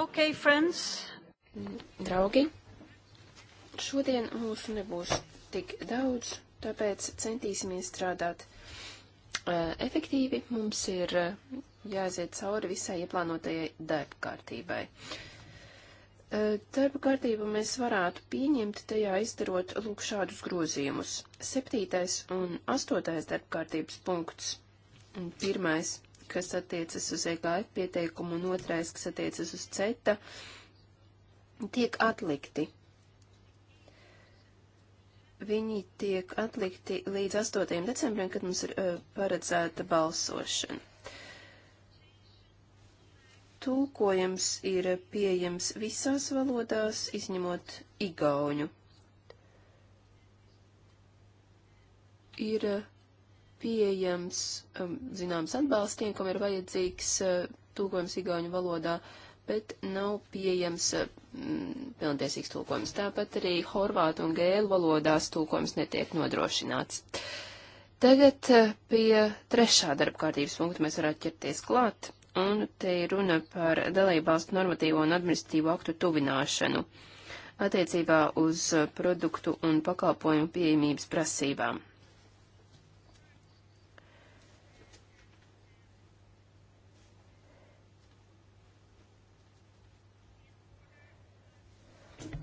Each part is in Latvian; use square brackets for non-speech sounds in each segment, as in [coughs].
Ok, friends. Draugi, šodien mūsu nebūs tik daudz, tāpēc centīsimies strādāt uh, efektīvi. Mums ir uh, jāiziet cauri visai ieplānotajai darba kārtībai. Uh, darba kārtību mēs varētu pieņemt, tajā izdarot lūk šādus grozījumus. Septītais un astotais darba kārtības punkts. Pirmais kas attiecas uz EGF pieteikumu un otrais, kas attiecas uz CETA, tiek atlikti. Viņi tiek atlikti līdz 8. decembrim, kad mums ir uh, paredzēta balsošana. Tūkojums ir pieejams visās valodās, izņemot igauņu. Ir uh, pieejams um, zināms atbalsts tiem, kam ir vajadzīgs uh, tulkojums igauņu valodā, bet nav pieejams uh, mm, pilntiesīgs tulkojums. Tāpat arī horvātu un gēlu valodās tulkojums netiek nodrošināts. Tagad uh, pie trešā darba kārtības punkta mēs varētu ķerties klāt, un te ir runa par dalībvalstu normatīvo un administratīvo aktu tuvināšanu attiecībā uz uh, produktu un pakalpojumu pieejamības prasībām.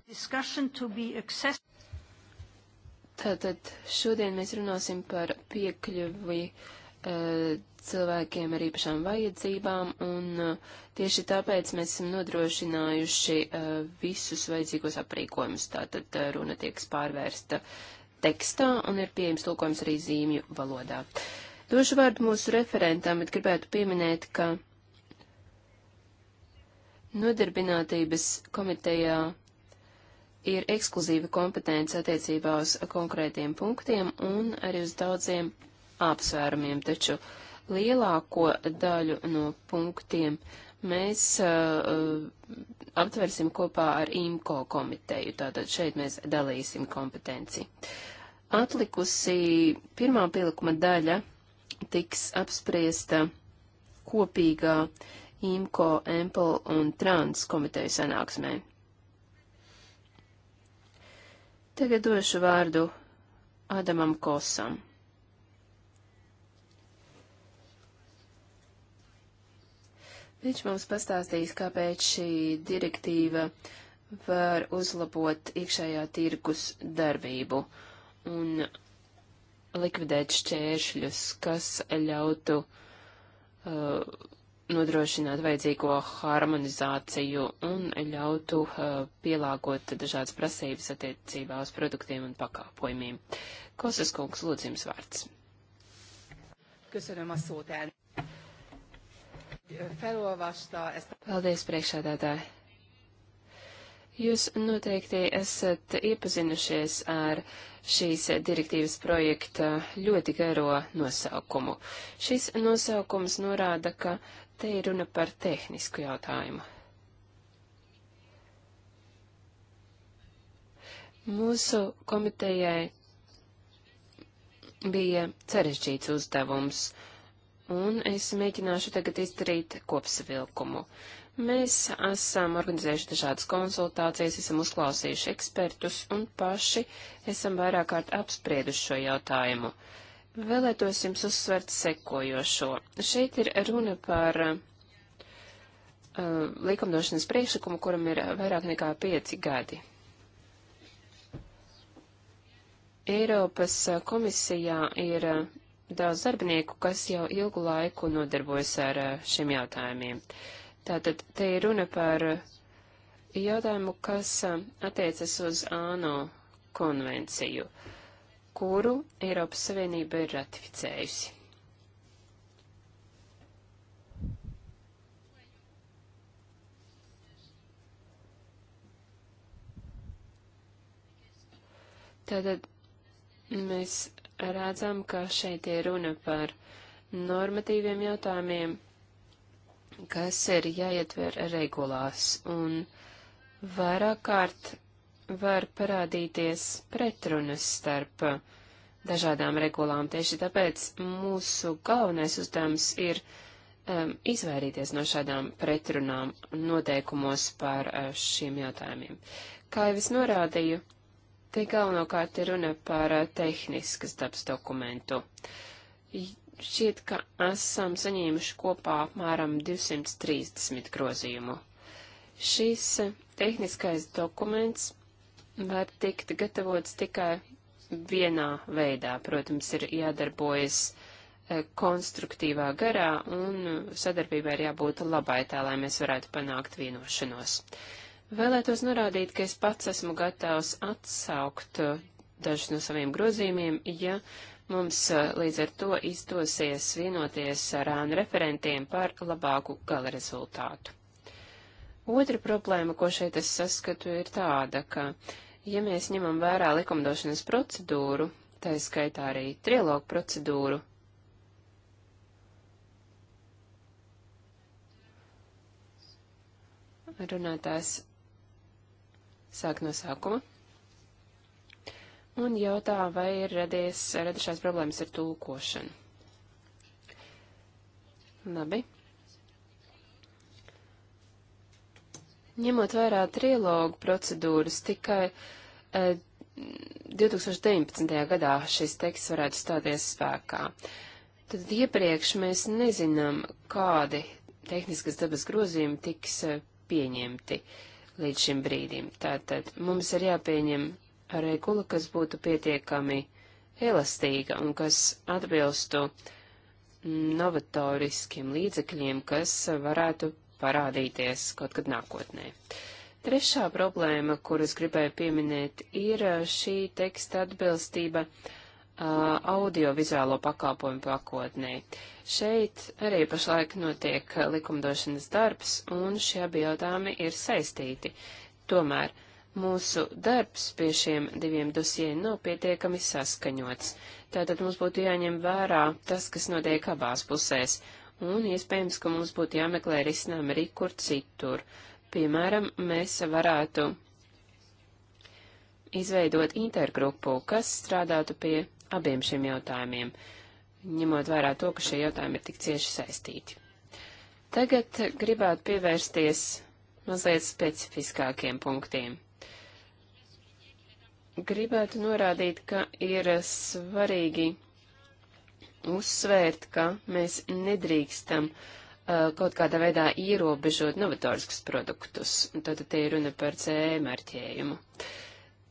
Tātad šodien mēs runāsim par piekļuvi uh, cilvēkiem ar īpašām vajadzībām, un uh, tieši tāpēc mēs esam nodrošinājuši uh, visus vajadzīgos aprīkojumus. Tātad runa tiek pārvērsta tekstā un ir pieejams tulkojums arī zīmju valodā. Došu vārdu mūsu referentam, bet gribētu pieminēt, ka Nodarbinātības komitejā ir ekskluzīva kompetence attiecībā uz konkrētiem punktiem un arī uz daudziem apsvērumiem, taču lielāko daļu no punktiem mēs uh, uh aptversim kopā ar IMCO komiteju, tātad šeit mēs dalīsim kompetenci. Atlikusi pirmā pielikuma daļa tiks apspriesta kopīgā IMCO, EMPL un TRANS komiteju sanāksmē. Tagad došu vārdu Adamam Kosam. Viņš mums pastāstīs, kāpēc šī direktīva var uzlabot iekšējā tirgus darbību un likvidēt šķēršļus, kas ļautu uh, nodrošināt vajadzīgo harmonizāciju un ļautu uh, pielāgot dažādas prasības attiecībā uz produktiem un pakāpojumiem. Kosas kungs, lūdzu jums vārds. Köszönöm a szót el. Felolvasta ezt. Paldies, priekšādātāji. Jūs noteikti esat iepazinušies ar šīs direktīvas projekta ļoti garo nosaukumu. Šis nosaukums norāda, ka Te ir runa par tehnisku jautājumu. Mūsu komitejai bija sarežģīts uzdevums, un es mēģināšu tagad izdarīt kopsavilkumu. Mēs esam organizējuši dažādas konsultācijas, esam uzklausījuši ekspertus un paši esam vairāk kārt apsprieduši šo jautājumu. Uh, Vēlētos jums uzsvert sekojošo. Šeit ir runa par uh, likumdošanas priekšlikumu, kuram ir vairāk nekā pieci gadi. Eiropas komisijā ir uh, daudz darbinieku, kas jau ilgu laiku nodarbojas ar uh, šiem jautājumiem. Tātad te ir runa par jautājumu, kas uh, attiecas uz ANO konvenciju kuru Eiropas Savienība ir ratificējusi. Tātad mēs redzam, ka šeit ir runa par normatīviem jautājumiem, kas ir jāietver regulās, un vairāk kārt var parādīties pretrunas starp dažādām regulām. Tieši tāpēc mūsu galvenais uzdevums ir um, izvairīties no šādām pretrunām noteikumos par uh, šiem jautājumiem. Kā jau es norādīju, te galvenokārt ir runa par uh, tehniskas dabas dokumentu. Šķiet, ka esam saņēmuši kopā apmēram 230 grozījumu. Šis uh, tehniskais dokuments var tikt gatavots tikai vienā veidā. Protams, ir jādarbojas e, konstruktīvā garā un sadarbībai ir jābūt labai tā, lai mēs varētu panākt vienošanos. Vēlētos norādīt, ka es pats esmu gatavs atsaukt dažus no saviem grozījumiem, ja mums e, līdz ar to izdosies vienoties ar ānu referentiem par labāku gala rezultātu. Otra problēma, ko šeit es saskatu, ir tāda, ka uh, ja mēs ņemam vērā likumdošanas procedūru, tā skaitā arī trilogu procedūru, runātājs sāk no sākuma un jautā, vai ir radies, radušās problēmas ar tulkošanu. Labi. Ņemot vērā trilogu procedūras, tikai uh, 2019. gadā šis teksts varētu stāties spēkā. Tad iepriekš mēs nezinām, kādi tehniskas dabas grozījumi tiks pieņemti līdz šim brīdim. Tātad mums ir jāpieņem regula, kas būtu pietiekami elastīga un kas atbilstu novatoriskiem līdzekļiem, kas varētu parādīties kaut kad nākotnē. Uh, Trešā problēma, kur es gribēju pieminēt, ir šī teksta atbilstība uh, audiovizuālo pakāpojumu pakotnē. Šeit arī pašlaik notiek likumdošanas darbs, un šie abi jautājumi ir saistīti. Tomēr mūsu darbs pie šiem diviem dosiem nav pietiekami saskaņots. Tātad mums būtu jāņem vērā tas, kas notiek abās pusēs, un iespējams, ka mums būtu jāmeklē risinājumi arī kur citur. Uh, Piemēram, mēs varētu izveidot intergrupu, kas strādātu pie abiem šiem jautājumiem, ņemot vērā to, ka šie jautājumi ir tik cieši saistīti. Tagad gribētu pievērsties mazliet specifiskākiem punktiem. Gribētu norādīt, ka ir svarīgi uzsvērt, ka mēs nedrīkstam uh, Uh, kaut kādā veidā ierobežot novatoriskus produktus. Tātad te ir runa par CE marķējumu.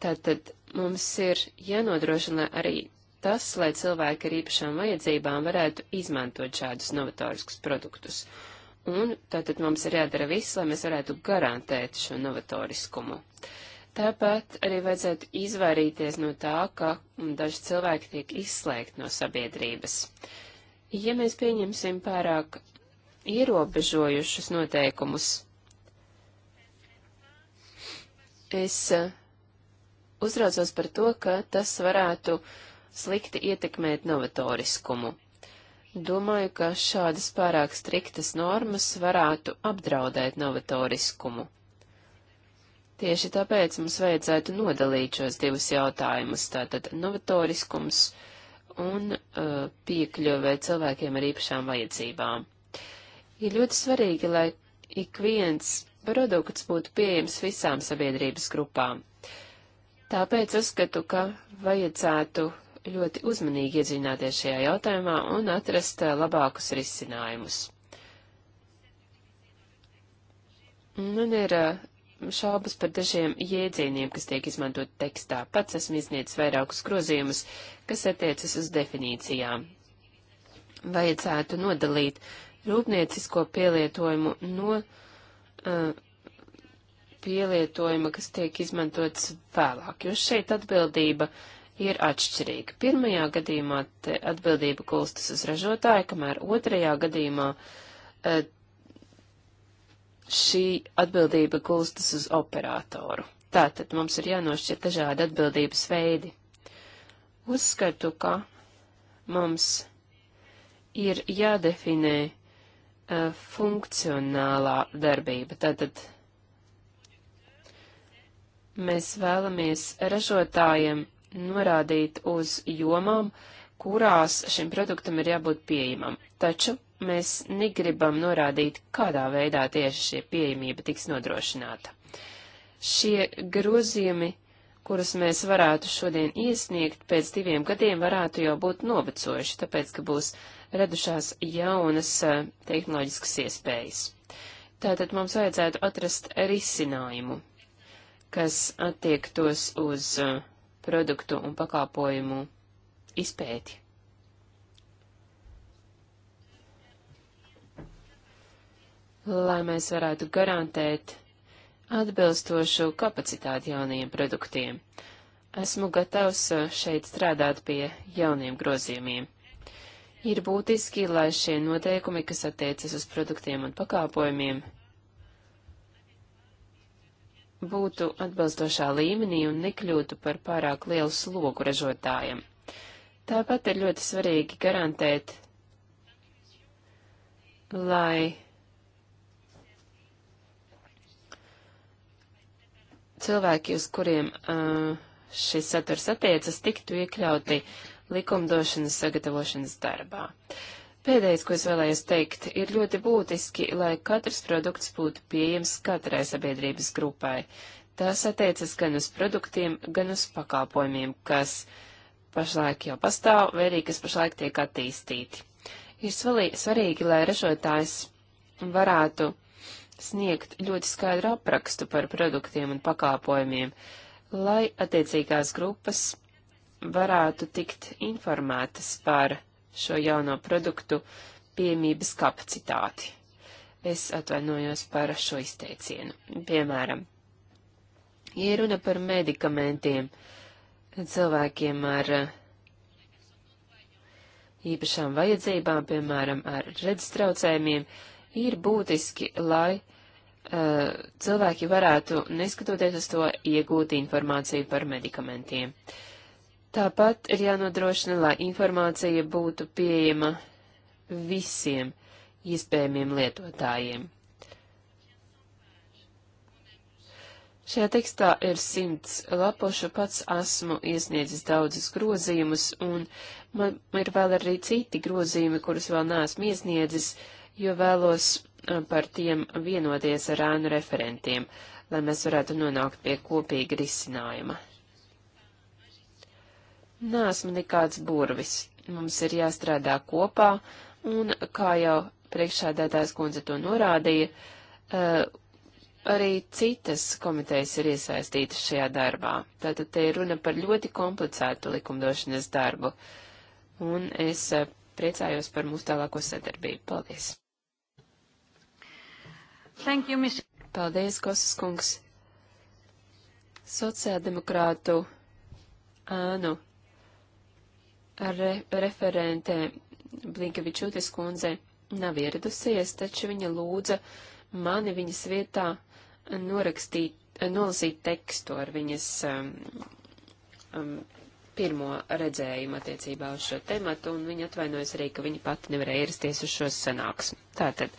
Tātad mums ir jānodrošina arī tas, lai cilvēki ar īpašām vajadzībām varētu izmantot šādus novatoriskus produktus. Un tātad mums ir jādara viss, lai mēs varētu garantēt šo novatoriskumu. Tāpat arī vajadzētu izvairīties no tā, ka daži cilvēki tiek izslēgti no sabiedrības. Ja mēs pieņemsim pārāk ierobežojušas noteikumus. Es eh, uzraucos par to, ka tas varētu slikti ietekmēt novatoriskumu. Domāju, ka šādas pārāk striktas normas varētu apdraudēt novatoriskumu. Tieši tāpēc mums vajadzētu nodalīt šos divus jautājumus - tātad novatoriskums un uh, piekļuve cilvēkiem ar īpašām vajadzībām. Ir ļoti svarīgi, lai ik viens produkts būtu pieejams visām sabiedrības grupām. Tāpēc uzskatu, ka vajadzētu ļoti uzmanīgi iedziļināties šajā jautājumā un atrast eh, labākus risinājumus. Man ir eh, šaubas par dažiem jēdzieniem, kas tiek izmantot tekstā. Pats esmu izniedzis vairākus grozījumus, kas attiecas uz definīcijām. Vajadzētu nodalīt uh, rūpniecisko pielietojumu no uh, pielietojuma, kas tiek izmantots vēlāk, jo šeit atbildība ir atšķirīga. Pirmajā gadījumā atbildība kulstas uz ražotāju, kamēr otrajā gadījumā uh, šī atbildība kulstas uz operatoru. Tātad mums ir jānošķir dažādi atbildības veidi. Uzskatu, ka mums ir jādefinē uh, funkcionālā darbība. Tātad mēs vēlamies ražotājiem norādīt uz jomām, kurās šim produktam ir jābūt pieejamam. Taču mēs negribam norādīt, kādā veidā tieši šie pieejamība tiks nodrošināta. Šie grozījumi, kurus mēs varētu šodien iesniegt, pēc diviem gadiem varētu jau būt novecojuši, tāpēc, ka būs radušās jaunas eh, tehnoloģiskas iespējas. Tātad mums vajadzētu atrast risinājumu, kas attiektos uz eh, produktu un pakāpojumu izpēti. Lai mēs varētu garantēt atbilstošu kapacitāti jaunajiem produktiem, esmu gatavs eh, šeit strādāt pie jauniem grozījumiem. Ir būtiski, lai šie noteikumi, kas attiecas uz produktiem un pakāpojumiem, būtu atbilstošā līmenī un nekļūtu par pārāk lielu slogu ražotājiem. Tāpat ir ļoti svarīgi garantēt, lai cilvēki, uz kuriem uh, šis saturs attiecas, tiktu iekļauti uh, likumdošanas sagatavošanas darbā. Pēdējais, ko es vēlējos teikt, ir ļoti būtiski, lai katrs produkts būtu pieejams katrai sabiedrības grupai. Tās attiecas gan uz produktiem, gan uz pakalpojumiem, kas pašlaik jau pastāv, vai arī kas pašlaik tiek attīstīti. Ir svarīgi, lai ražotājs varētu sniegt ļoti skaidru aprakstu par produktiem un pakāpojumiem, lai attiecīgās grupas varētu tikt informētas par šo jauno produktu piemības kapacitāti. Es atvainojos par šo izteicienu. Piemēram, ja runa par medikamentiem cilvēkiem ar īpašām vajadzībām, piemēram, ar redzstraucējumiem, ir būtiski, lai uh, cilvēki varētu, neskatoties uz to, iegūt informāciju par medikamentiem. Uh, Tāpat ir jānodrošina, lai informācija būtu pieejama visiem iespējamiem lietotājiem. Šajā tekstā ir simts lapušu, pats esmu iesniedzis daudzus grozījumus, un man ir vēl arī citi grozījumi, kurus vēl neesmu iesniedzis, jo vēlos par tiem vienoties ar ēnu referentiem, lai mēs varētu nonākt pie kopīga risinājuma. Nāsmu nekāds burvis. Mums ir jāstrādā kopā, un, kā jau priekšsādētājs kundze to norādīja, eh, arī citas komitejas ir iesaistītas šajā darbā. Tātad te ir runa par ļoti komplicētu likumdošanas darbu, un es eh, priecājos par mūsu tālāko sadarbību. Paldies! Thank you, Mr. Paldies, Kosas kungs! Sociāldemokrātu ānu re referente Blinkevičūtis kundze nav ieradusies, taču viņa lūdza mani viņas vietā norakstīt, nolasīt tekstu ar viņas um, um, pirmo redzējumu attiecībā uz šo tematu, un viņa atvainojas arī, ka viņa pati nevarēja ierasties uz šo sanāksmu. Tātad,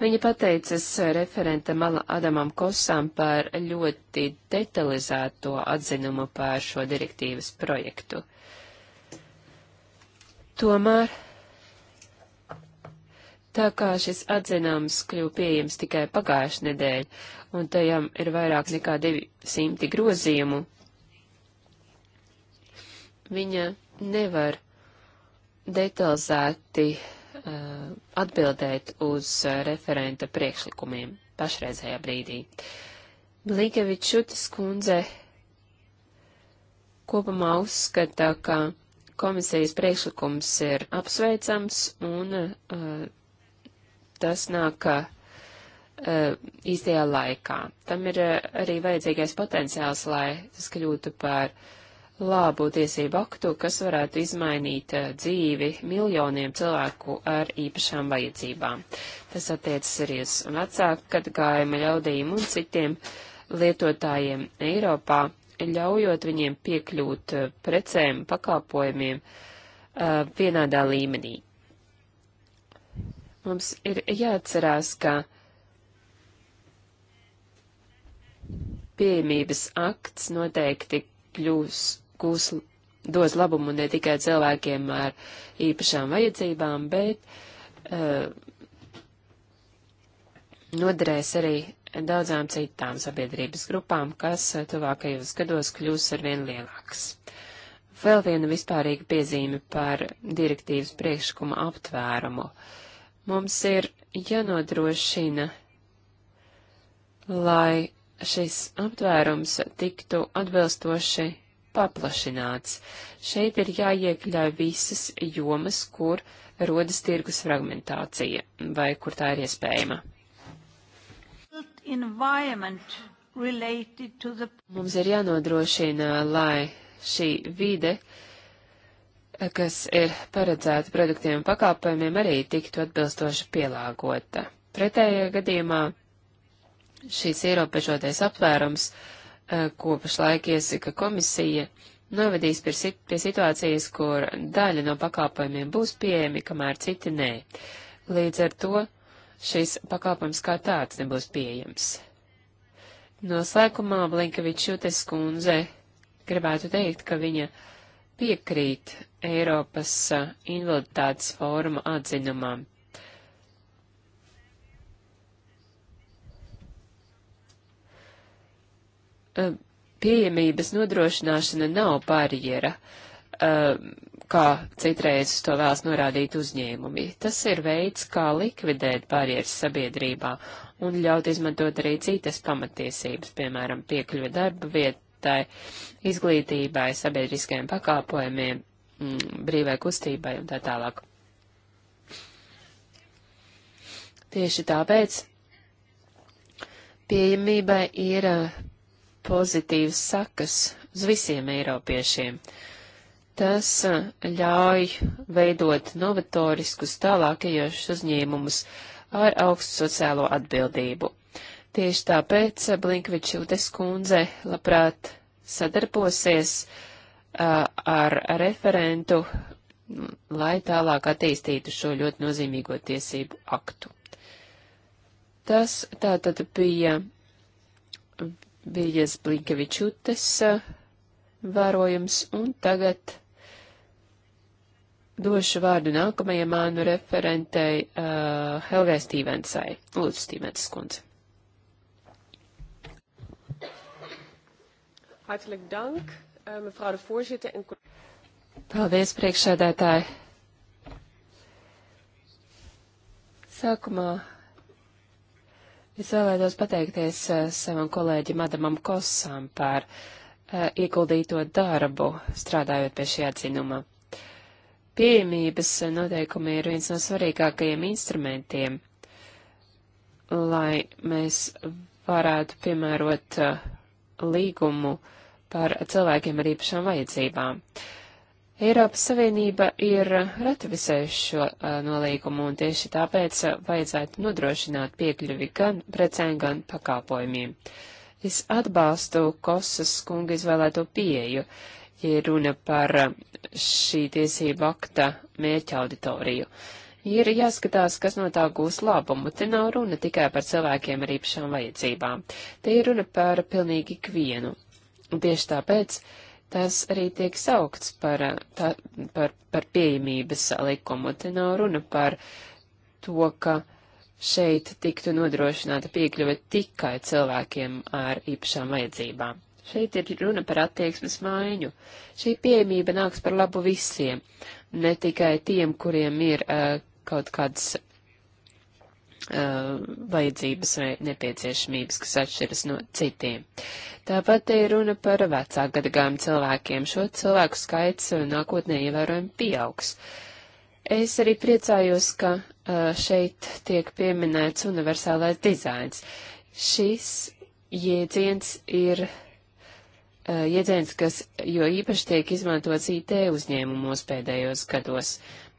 viņa pateicas referentam Adamam Kosam par ļoti detalizēto atzinumu par šo direktīvas projektu. Uh, Tomēr, tā kā šis atzinums kļuva pieejams tikai pagājušajā nedēļ, un tajam ir vairāk nekā 200 grozījumu, viņa nevar detalizēti uh, atbildēt uz uh, referenta priekšlikumiem pašreizējā brīdī. Blinkevičs Šutas kundze kopumā uzskata, ka Komisijas priekšlikums ir apsveicams un uh, tas nāk uh, īstajā laikā. Tam ir uh, arī vajadzīgais potenciāls, lai tas kļūtu par labu tiesību aktu, kas varētu izmainīt uh, dzīvi miljoniem cilvēku ar īpašām vajadzībām. Tas attiecas arī uz vecāku gadgājumu ļaudīm un citiem lietotājiem Eiropā ļaujot viņiem piekļūt eh, precēm, pakalpojumiem eh, vienādā līmenī. Mums ir jāatcerās, ka pieejamības akts noteikti kļūs, kūs, dos labumu ne tikai cilvēkiem ar īpašām vajadzībām, bet uh, noderēs arī daudzām citām sabiedrības grupām, kas tuvākajos gados kļūs arvien lielāks. Vēl viena vispārīga piezīme par direktīvas priekšlikuma aptvērumu. Mums ir jānodrošina, lai šis aptvērums tiktu atbilstoši paplašināts. Šeit ir jāiekļauj visas jomas, kur rodas tirgus fragmentācija vai kur tā ir iespējama the... Mums ir jānodrošina, lai šī vide, kas ir paredzēta produktiem un pakāpojumiem, arī tiktu atbilstoši pielāgota. Pretējā gadījumā šīs ierobežotais apvērums, eh, ko pašlaik iesaka komisija, novedīs pie, sit pie situācijas, kur daļa no pakāpojumiem būs pieejami, kamēr citi nē. Līdz ar to šis pakalpojums kā tāds nebūs pieejams. Noslēgumā Blinkevičūtes kundze gribētu teikt, ka viņa piekrīt Eiropas invaliditātes fóruma atzinumam. Pieejamības nodrošināšana nav barjera. Uh, kā citreiz to vēlas norādīt uzņēmumi. Tas ir veids, kā likvidēt barjeras sabiedrībā un ļaut izmantot arī citas pamatiesības, piemēram, piekļuvi darba vietai, izglītībai, sabiedriskajiem pakāpojumiem, mm, brīvai kustībai un tā tālāk. Tieši tāpēc pieejamībai ir eh, pozitīvas sakas uz visiem eiropiešiem. Uh, Tas ļauj veidot novatoriskus tālākajošus uzņēmumus ar augstu sociālo atbildību. Tieši tāpēc Blinkvičūtes kundze labprāt sadarbosies uh, ar referentu, lai tālāk attīstītu šo ļoti nozīmīgo tiesību aktu. Tas tātad bija Viljas Blinkevičūtes uh, vērojums, un tagad Došu vārdu nākamajai mānu referentei uh, Helgai Stīvensai. Lūdzu, Stīvens skundze. Hartelijk dank, uh, mevrouw de voorzitter en Paldies, priekšsēdētāji. Sākumā es vēlētos pateikties uh, savam kolēģim Adamam Kosam par uh, ieguldīto darbu, strādājot pie šī atzinuma. Pieejamības noteikumi ir viens no svarīgākajiem instrumentiem, lai mēs varētu piemērot uh, līgumu par cilvēkiem ar īpašām vajadzībām. Eiropas Savienība ir ratificējusi šo a, uh, nolīgumu, un tieši tāpēc a, uh, vajadzētu nodrošināt piekļuvi gan precēm, gan pakalpojumiem. Es atbalstu Kosas kunga izvēlēto pieeju ja runa par eh, šī tiesība akta mērķa auditoriju. Ir jāskatās, kas no tā gūs labumu. Te nav runa tikai par cilvēkiem ar īpašām vajadzībām. Te ir runa par pilnīgi ikvienu. Un tieši tāpēc tas arī tiek saukts par, eh, tā, par, par pieejamības likumu. Te nav runa par to, ka šeit tiktu nodrošināta piekļuve tikai cilvēkiem ar īpašām vajadzībām. Šeit ir runa par attieksmes maiņu. Šī pieejamība nāks par labu visiem, ne tikai tiem, kuriem ir uh, kaut kādas uh, vajadzības vai nepieciešamības, kas atšķiras no citiem. Tāpat te ir runa par vecāku gadagājumu cilvēkiem. Šo cilvēku skaits nākotnē ievērojami pieaugs. Es arī priecājos, ka uh, šeit tiek pieminēts universālais dizains. Šis jēdziens ir Eh, jēdziens, kas jo īpaši tiek izmantots IT uzņēmumos pēdējos gados.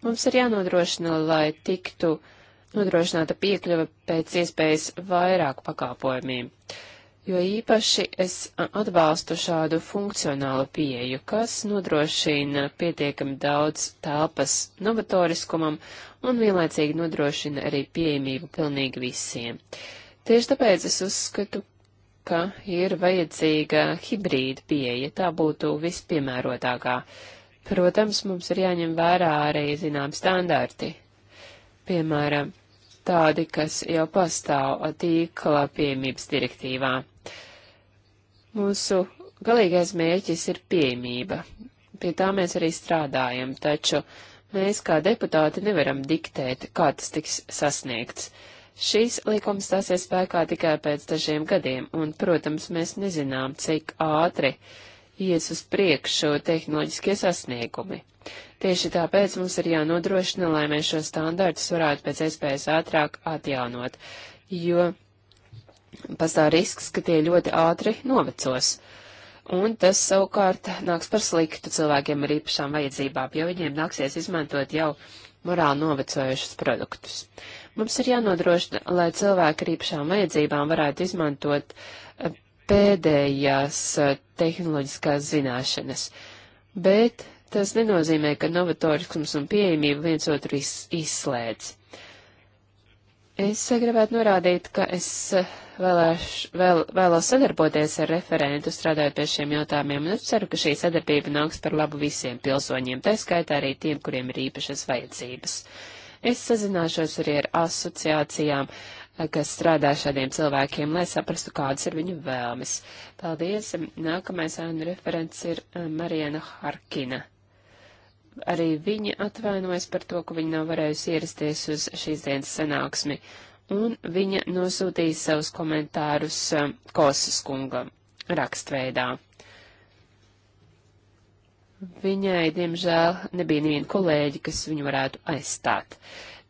Mums ir jānodrošina, lai tiktu nodrošināta piekļuva pēc iespējas vairāk pakalpojumiem. Jo īpaši es atbalstu šādu funkcionālu pieeju, kas nodrošina pietiekami daudz telpas novatoriskumam un vienlaicīgi nodrošina arī pieejamību pilnīgi visiem. Tieši tāpēc es uzskatu, ka ir vajadzīga hibrīda pieeja, tā būtu vispiemērotākā. Protams, mums ir jāņem vērā arī zinām standarti. Piemēram, tādi, kas jau pastāv tīkla pieejamības direktīvā. Mūsu galīgais mērķis ir pieejamība. Pie tā mēs arī strādājam, taču mēs kā deputāti nevaram diktēt, kā tas tiks sasniegts. Uh, Šīs likums stāsies spēkā tikai pēc dažiem gadiem, un, protams, mēs nezinām, cik ātri ies uz priekšu tehnoloģiskie sasniegumi. Tieši tāpēc mums ir jānodrošina, lai mēs šo standārtus varētu pēc iespējas ātrāk atjaunot, jo pastāv risks, ka tie ļoti ātri novecos. Un tas savukārt nāks par sliktu cilvēkiem ar īpašām vajadzībām, jo viņiem nāksies izmantot jau morāli novecojušus produktus. Mums ir jānodrošina, lai cilvēki ar īpašām vajadzībām varētu izmantot eh, pēdējās eh, tehnoloģiskās zināšanas. Bet tas nenozīmē, ka novatoriskums un pieejamība viens otru iz, izslēdz. Es eh, gribētu norādīt, ka es vēlēš, vēl, vēlos sadarboties ar referentu strādājot pie šiem jautājumiem, un es ceru, ka šī sadarbība nāks par labu visiem pilsoņiem, tā skaitā arī tiem, kuriem ir īpašas vajadzības. Uh, Es sazināšos arī ar asociācijām, eh, kas strādā šādiem cilvēkiem, lai saprastu, kādas ir viņu vēlmes. Paldies! Nākamais ēnu referents ir eh, Mariana Harkina. Arī viņa atvainojas par to, ka viņa nav varējusi ierasties uz šīs dienas sanāksmi, un viņa nosūtīja savus komentārus eh, Kosas kungam rakstveidā. Viņai, diemžēl, nebija neviena kolēģi, kas viņu varētu aizstāt.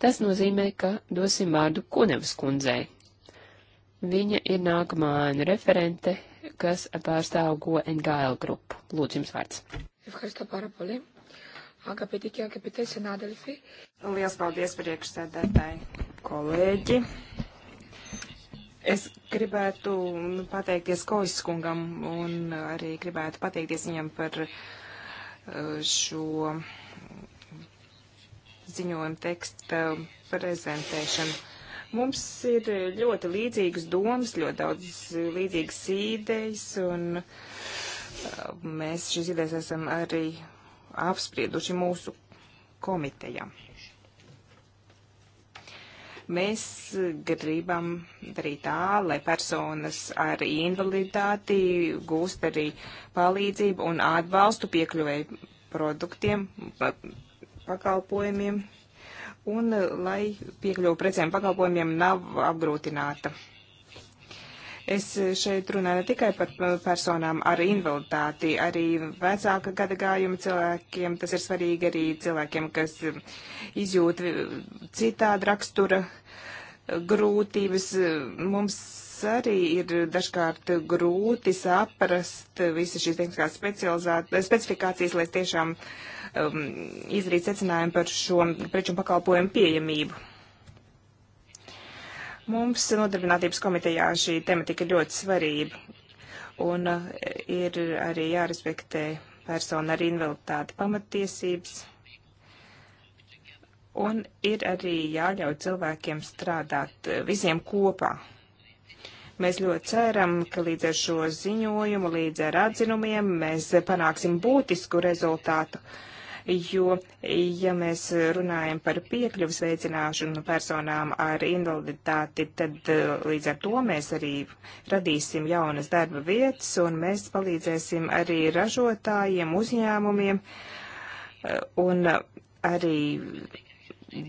Tas nozīmē, ka dosim vārdu Kunevas kundzei. Viņa ir nākamā ēnu referente, kas pārstāv GoNGL grupu. Lūdzu, jums vārds. Ευχαριστώ πάρα πολύ. Αγαπητοί και αγαπητές συνάδελφοι. Liels paldies priekšsēdētāji kolēģi. Es gribētu pateikties Koiskungam un arī gribētu pateikties viņam par uh, šo ziņojuma teksta prezentēšanu. Mums ir ļoti līdzīgas domas, ļoti daudz līdzīgas idejas, un um, mēs šīs idejas esam arī apsprieduši mūsu komitejā. Mēs gribam darīt tā, lai personas ar invaliditāti gūst arī palīdzību un atbalstu piekļuvēju produktiem, pakalpojumiem un lai piekļuvu precēm pakalpojumiem nav apgrūtināta. Es šeit runāju ne tikai par personām ar invaliditāti, arī vecāka gadagājuma cilvēkiem. Tas ir svarīgi arī cilvēkiem, kas izjūt citādi rakstura grūtības. Mums arī ir dažkārt grūti saprast visas šīs tehniskās specifikācijas, lai tiešām um, izrīt secinājumu par šo preču un pakalpojumu pieejamību. Mums nodarbinātības komitejā šī tematika ir ļoti svarība un eh, ir arī jārespektē persona ar invaliditāti pamatiesības. Un ir arī jāļauj cilvēkiem strādāt eh, visiem kopā. Mēs ļoti ceram, ka līdz ar šo ziņojumu, līdz ar atzinumiem mēs panāksim būtisku rezultātu. Uh, jo, ja mēs runājam par piekļuvas veicināšanu personām ar invaliditāti, tad eh, līdz ar to mēs arī radīsim jaunas darba vietas un mēs palīdzēsim arī ražotājiem, uzņēmumiem eh, un arī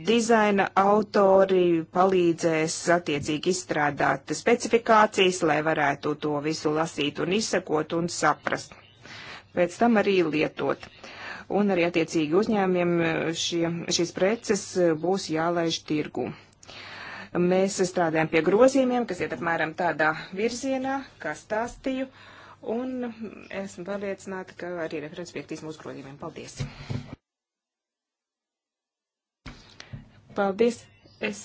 dizaina autori palīdzēs attiecīgi izstrādāt specifikācijas, lai varētu to visu lasīt un izsekot un saprast. Pēc tam arī lietot un arī attiecīgi uzņēmiem e, šie, šīs preces e, būs jālaiž tirgu. Mēs strādājam pie grozījumiem, kas iet apmēram tādā virzienā, kā stāstīju, un esmu pārliecināta, ka arī referents piektīs mūsu grozījumiem. Paldies! Paldies! Es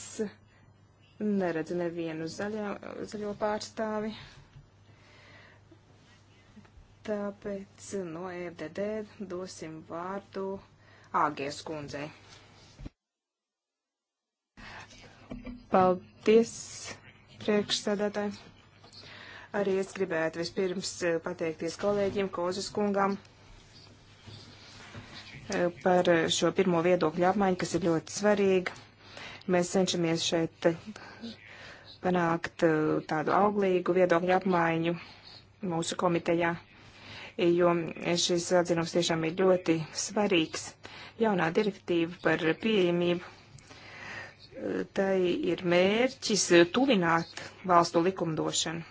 neredzu nevienu zaļo, zaļo pārstāvi. Tāpēc no nu, EFDD dosim vārdu Āgies kundzei. Paldies, priekšsēdētāji. Arī es gribētu vispirms eh, pateikties kolēģiem Kozes kungam eh, par šo pirmo viedokļu apmaiņu, kas ir ļoti svarīga. Mēs cenšamies šeit panākt eh, tādu auglīgu viedokļu apmaiņu mūsu komitejā jo šis atzinums tiešām ir ļoti svarīgs. Jaunā direktīva par pieejamību. Tai ir mērķis tuvināt valstu likumdošanu.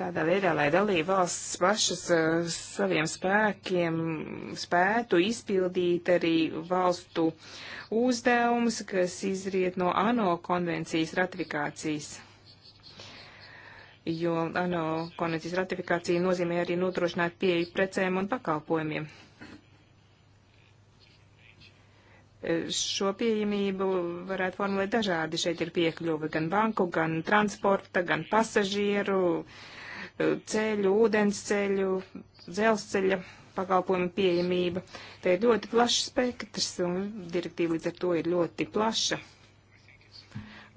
Tādā veidā, lai dalība valsts pašas eh, saviem spēkiem spētu izpildīt arī valstu uzdevumus, kas izriet no ANO konvencijas ratifikācijas jo ANO konvencijas ratifikācija nozīmē arī nodrošināt pieeju precēm un pakalpojumiem. E, šo pieejamību varētu formulēt dažādi. Šeit ir piekļuve gan banku, gan transporta, gan pasažieru, e, ceļu, ūdensceļu, dzelzceļa pakalpojumu pieejamība. Te ir ļoti plašs spektrs, un direktīva līdz ar to ir ļoti plaša.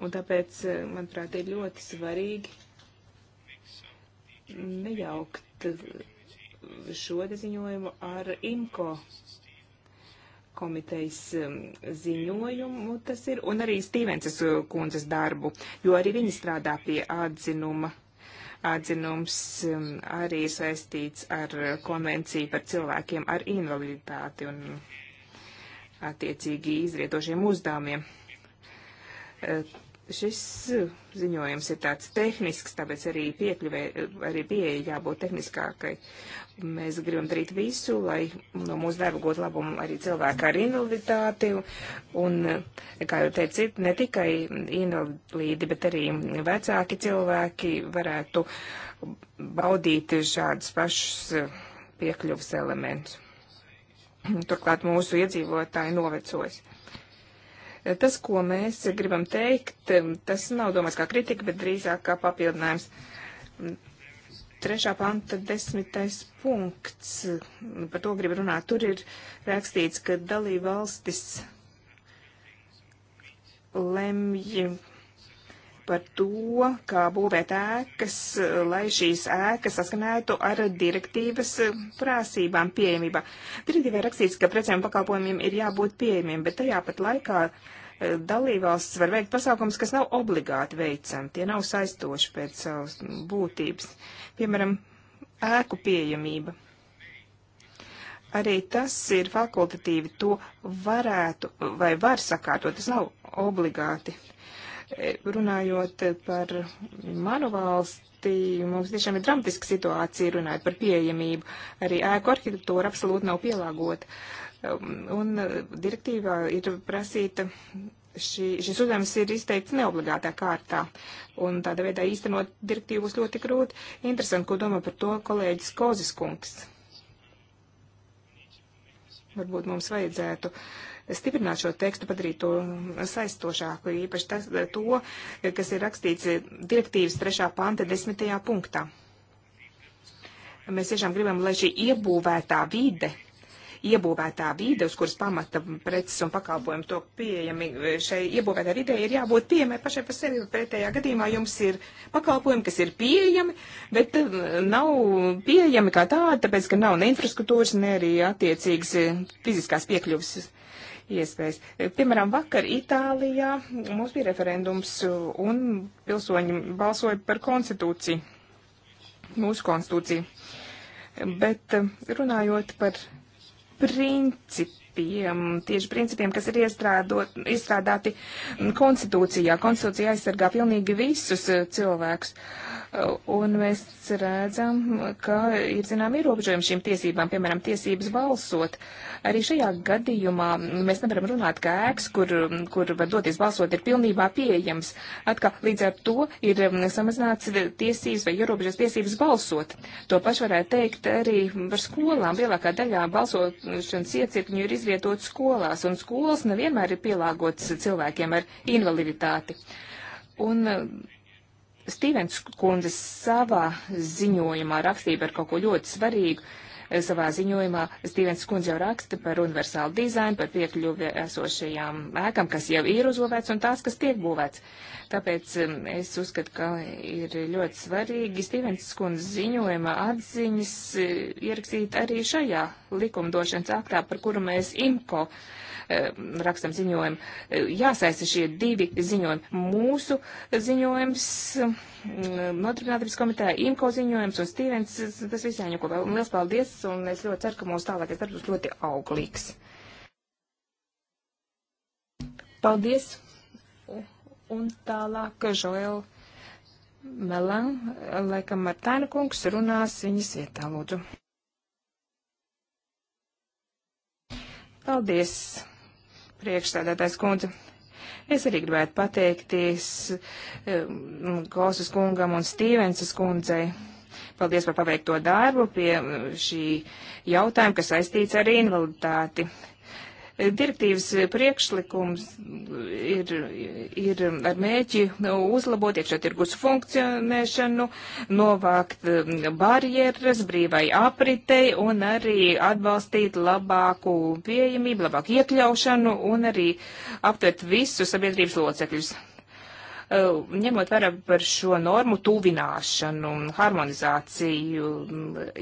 Un tāpēc, e, manuprāt, ir ļoti svarīgi nejaukt šo ziņojumu ar IMCO komitejas um, ziņojumu tas ir, un arī Stīvenses uh, kundzes darbu, jo arī viņi strādā pie atzinuma. Atzinums um, arī ir saistīts ar uh, konvenciju par cilvēkiem ar invaliditāti un attiecīgi izrietošiem uzdevumiem uh, Šis ziņojums ir tāds tehnisks, tāpēc arī piekļuvē, arī pieeja jābūt tehniskākai. Mēs gribam darīt visu, lai no mūsu darba gūtu labumu arī cilvēki ar invaliditāti. Un, kā jau teicu, ne tikai invalīdi, bet arī vecāki cilvēki varētu baudīt šādus pašus piekļuvas elementus. Turklāt mūsu iedzīvotāji novecojas. Tas, ko mēs gribam teikt, tas nav domāts kā kritika, bet drīzāk kā papildinājums. Trešā panta desmitais punkts, par to gribu runāt. Tur ir rakstīts, ka dalība valstis lemj par to, kā būvēt ēkas, lai šīs ēkas saskanētu ar direktīvas eh, prasībām pieejamībā. Direktīvā rakstīts, ka precēm un pakalpojumiem ir jābūt pieejamiem, bet tajā pat laikā eh, dalībvalsts var veikt pasākums, kas nav obligāti veicami, tie nav saistoši pēc savas būtības. Piemēram, ēku pieejamība. Arī tas ir fakultatīvi, to varētu vai var sakārtot, tas nav obligāti. Uh, Runājot par manu valsti, mums tiešām ir dramatiska situācija, runājot par pieejamību. Arī ēku arhitektūra absolūti nav pielāgota. Um, un uh, direktīvā ir prasīta šī, šis uzdevums ir izteikts neobligātā kārtā, un tādā veidā īstenot direktīvu būs ļoti grūti. Interesanti, ko domā par to kolēģis Kozis kungs. Varbūt mums vajadzētu stiprināt šo tekstu, padarīt to saistošāku, īpaši tas, to, kas ir rakstīts direktīvas trešā panta desmitajā punktā. Mēs tiešām gribam, lai šī iebūvētā vide, iebūvētā vide, uz kuras pamata preces un pakalpojumi to pieejami, šai iebūvētā vidē ir jābūt pieejamai pašai par sevi. Pretējā gadījumā jums ir pakalpojumi, kas ir pieejami, bet uh, nav pieejami kā tādi, tāpēc, ka nav ne infrastruktūras, ne arī attiecīgas uh, fiziskās piekļuvas iespējas. Piemēram, vakar Itālijā mums bija referendums uh, un pilsoņi balsoja par konstitūciju, mūsu konstitūciju. Bet uh, runājot par principu, pie tieši principiem, kas ir iestrādāti konstitūcijā. Konstitūcija aizsargā pilnīgi visus eh, cilvēkus. Eh, un mēs redzam, ka ir zinām ierobežojumi šīm tiesībām, piemēram, tiesības balsot. Arī šajā gadījumā mēs nevaram runāt, ka ēks, kur, kur var doties balsot, ir pilnībā pieejams. Atkal līdz ar to ir mm, samazināts tiesības vai ierobežas tiesības balsot. To pašu varētu teikt arī par skolām. Lielākā daļā balsošanas iecirkņu ir izvērsta izvietot skolās, un skolas nevienmēr ir pielāgotas cilvēkiem ar invaliditāti. Un eh, Stīvens kundze savā ziņojumā rakstīja par kaut ko ļoti svarīgu. Eh, savā ziņojumā Stīvens Skundze jau raksta par universālu dizainu, par piekļuvi esošajām ēkam, kas jau ir uzbūvēts un tās, kas tiek būvēts. Tāpēc eh, es uzskatu, ka ir ļoti svarīgi Stīvens Skundze ziņojuma atziņas eh, ierakstīt arī šajā likumdošanas aktā, par kuru mēs IMCO Ehm, rakstam ziņojumu. Ehm, jāsaista šie divi ziņojumi. Mūsu ziņojums, ehm, Notarbinātības komitē, IMCO ziņojums un Stīvens, tas viss jāņem kopā. Liels paldies, un es ļoti ceru, ka mūsu tālākais darbs būs ļoti auglīgs. Paldies! Un tālāk, Žoēl Melan, laikam Martāna kungs runās viņas vietā, lūdzu. Paldies! priekšstādātājs kundze. Es arī gribētu pateikties um, Gosas kungam un Stīvensas kundzei. Paldies par paveikto darbu pie šī jautājuma, kas saistīts ar invaliditāti. Direktīvas priekšlikums ir, ir ar mēķi uzlabot iekšā tirgus funkcionēšanu, novākt um, barjeras brīvai apritei un arī atbalstīt labāku pieejamību, labāku iekļaušanu un arī aptvert visus sabiedrības locekļus. Eh, ņemot vērā par šo normu tuvināšanu un harmonizāciju,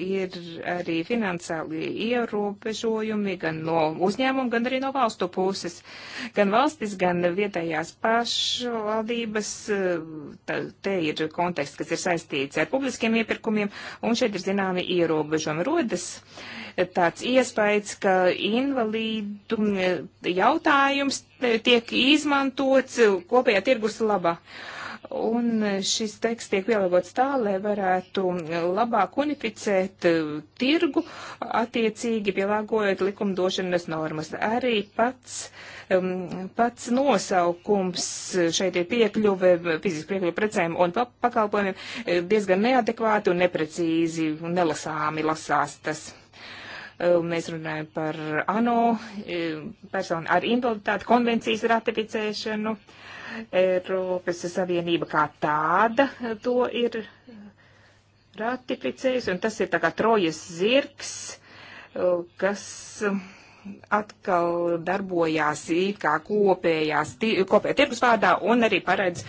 ir arī finansiāli ierobežojumi gan no uzņēmuma, gan arī no valstu puses. Gan valstis, gan vietējās pašvaldības, eh, te ir konteksts, kas ir saistīts ar publiskiem iepirkumiem, un šeit ir zināmi ierobežojumi. Rodas uh, tāds iespējas, ka invalīdu eh, jautājums tiek izmantots kopējā tirgus labā. Un eh, šis teksts tiek pielāgots tā, lai varētu eh, labāk unificēt tirgu, attiecīgi pielāgojot likumdošanas normas. Arī pats, pats nosaukums šeit ir piekļuve, fiziski piekļuve precēm un pakalpojumiem diezgan neadekvāti un neprecīzi un nelasāmi lasās tas. Eh, mēs runājam par ANO eh, personu ar invaliditāti konvencijas ratificēšanu. Eiropas Savienība kā tāda eh, to ir ratificējusi, un tas ir tā kā trojas zirgs, kas atkal darbojās kā kopējās, kopējā tirgus vārdā un arī paredz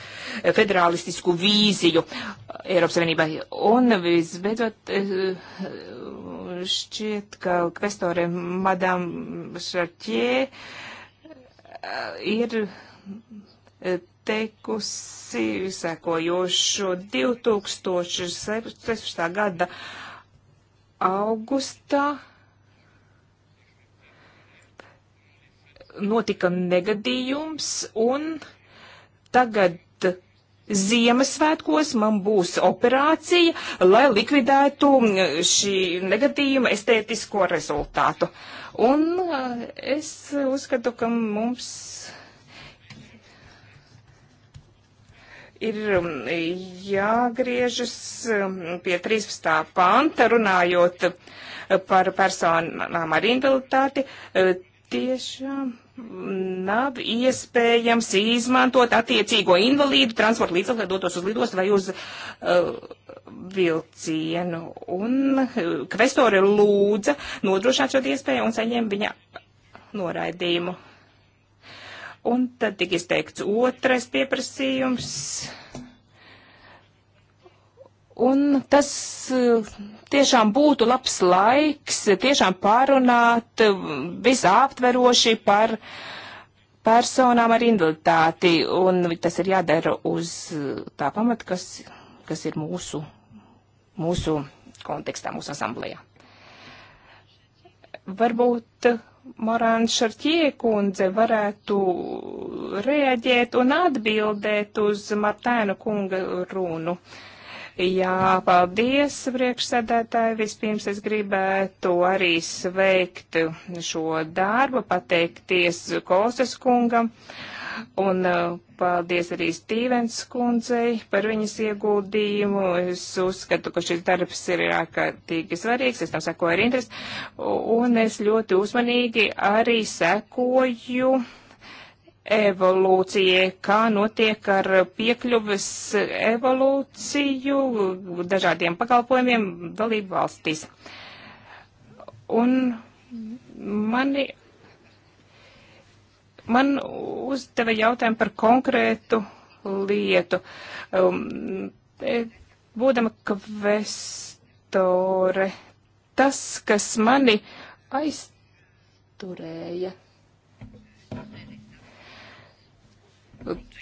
federālistisku vīziju Eiropas Savienībai. Un visbeidzot, šķiet, ka kvestoriem madām Šarķie eh, ir eh, teikusi sekojošu 2016. gada augustā notika negadījums un tagad Ziemassvētkos man būs operācija, lai likvidētu mm, šī negadījuma estētisko rezultātu. Un eh, es uzskatu, ka mums ir mm, jāgriežas mm, pie 13. panta, runājot eh, par personām ar invaliditāti. Eh, tiešām nav iespējams izmantot attiecīgo invalīdu transporta līdzekli, lai dotos uz lidostu vai uz uh, vilcienu. Un uh, kvestori lūdza nodrošināt šo iespēju un saņem viņa noraidījumu. Un tad tika izteikts otrais pieprasījums Un tas eh, tiešām būtu labs laiks tiešām pārunāt eh, visaptveroši par personām ar invaliditāti. Un tas ir jādara uz eh, tā pamata, kas, kas ir mūsu, mūsu kontekstā, mūsu asamblējā. Varbūt Morāna Šarķie kundze varētu reaģēt un atbildēt uz Martēna kunga runu. Uh, Jā, paldies, priekšsēdētāji. Vispirms es gribētu arī sveikt šo darbu, pateikties Kostas kungam. Un uh, paldies arī Stīvens kundzei par viņas ieguldījumu. Es uzskatu, ka šis darbs ir ārkārtīgi svarīgs, es tam sekoju ar interesi. Un es ļoti uzmanīgi arī sekoju evolūcijai, kā notiek ar piekļuves evolūciju dažādiem pakalpojumiem dalību valstīs. Un mani, man uzdeva jautājumu par konkrētu lietu. Um, būdama kvestore, tas, kas mani aizturēja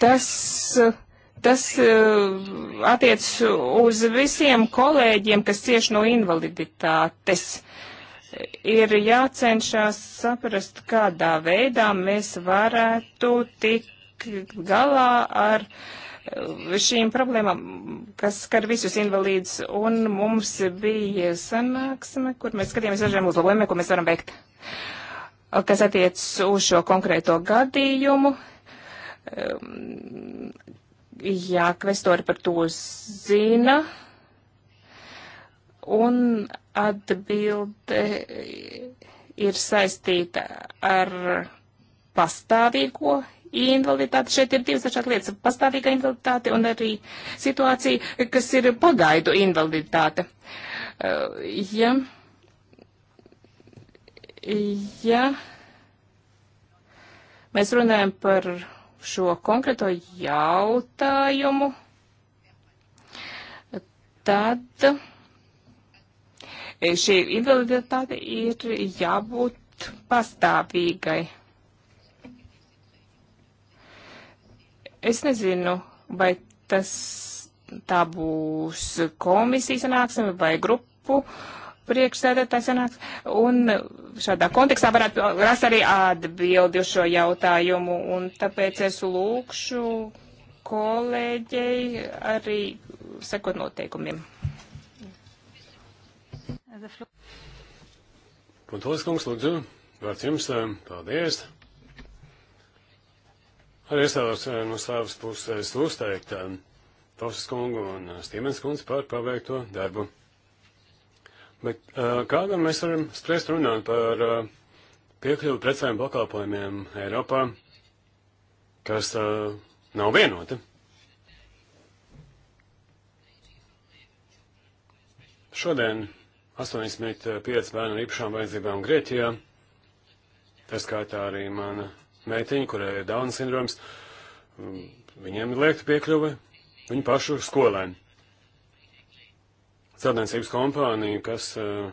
Tas, tas eh, attiec uz visiem kolēģiem, kas cieši no invaliditātes. Ir jācenšas saprast, kādā veidā mēs varētu tikt galā ar eh, šīm problēmām, kas skar visus invalīdus, un mums bija sanāksme, kur mēs skatījāmies dažiem uzlabojumiem, ko mēs varam veikt, kas attiec uz šo konkrēto gadījumu. Um, jā, kvestori par to zina. Un atbilde ir saistīta ar pastāvīgo invaliditāti. Šeit ir divas dažādas lietas - pastāvīga invaliditāte un arī situācija, kas ir pagaidu invaliditāte. Uh, ja, ja mēs runājam par šo konkrēto jautājumu, tad e, šī invaliditāte ir jābūt pastāvīgai. Es nezinu, vai tas tā būs komisijas sanāksme vai grupu uh, priekšsēdētājs sanāks. Un šādā kontekstā varētu rast arī atbildi uz šo jautājumu. Un tāpēc es lūkšu kolēģei arī sekot noteikumiem. Puntolis kungs, lūdzu, vārds jums, eh, paldies. Arī es vēlos eh, no savas puses uzteikt eh, Tausas kungu un Stīmens kungs par paveikto darbu. Bet kā gan mēs varam spriest runāt par piekļuvu precēm pakalpojumiem Eiropā, kas nav vienoti? Šodien 85 bērnu ar īpašām vajadzībām Grieķijā, tas kā tā arī mana meitiņa, kurai ir Dauna sindroms, viņiem ir liekta piekļuve viņu pašu skolēm celtniecības kompāniju, kas, eh,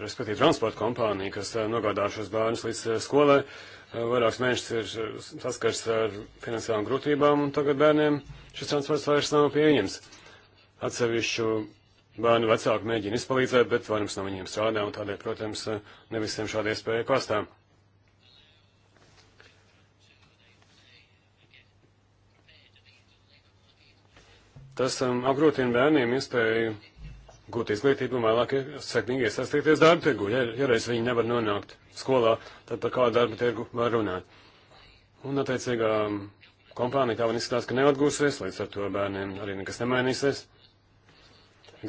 respektīvi transporta kompāniju, kas eh, nogādā šos bērnus līdz eh, skolai. Vairākus mēnešus ir saskars ar finansiālām grūtībām, un tagad bērniem šis transports vairs nav pieejams. Atsevišķu bērnu vecāki mēģina izpalīdzēt, bet vairums no viņiem strādā, un tādēļ, protams, ne visiem šāda iespēja pastāv. Tas um, apgrūtina bērniem iespēju gūt izglītību un vēlāk sekmīgi iesaistīties darba tirgu. Ja, ja reiz viņi nevar nonākt skolā, tad par kādu darba tirgu var runāt. Un, attiecīgā, um, kompānija tā var izskatās, ka neatgūsies, līdz ar to bērniem arī nekas nemainīsies.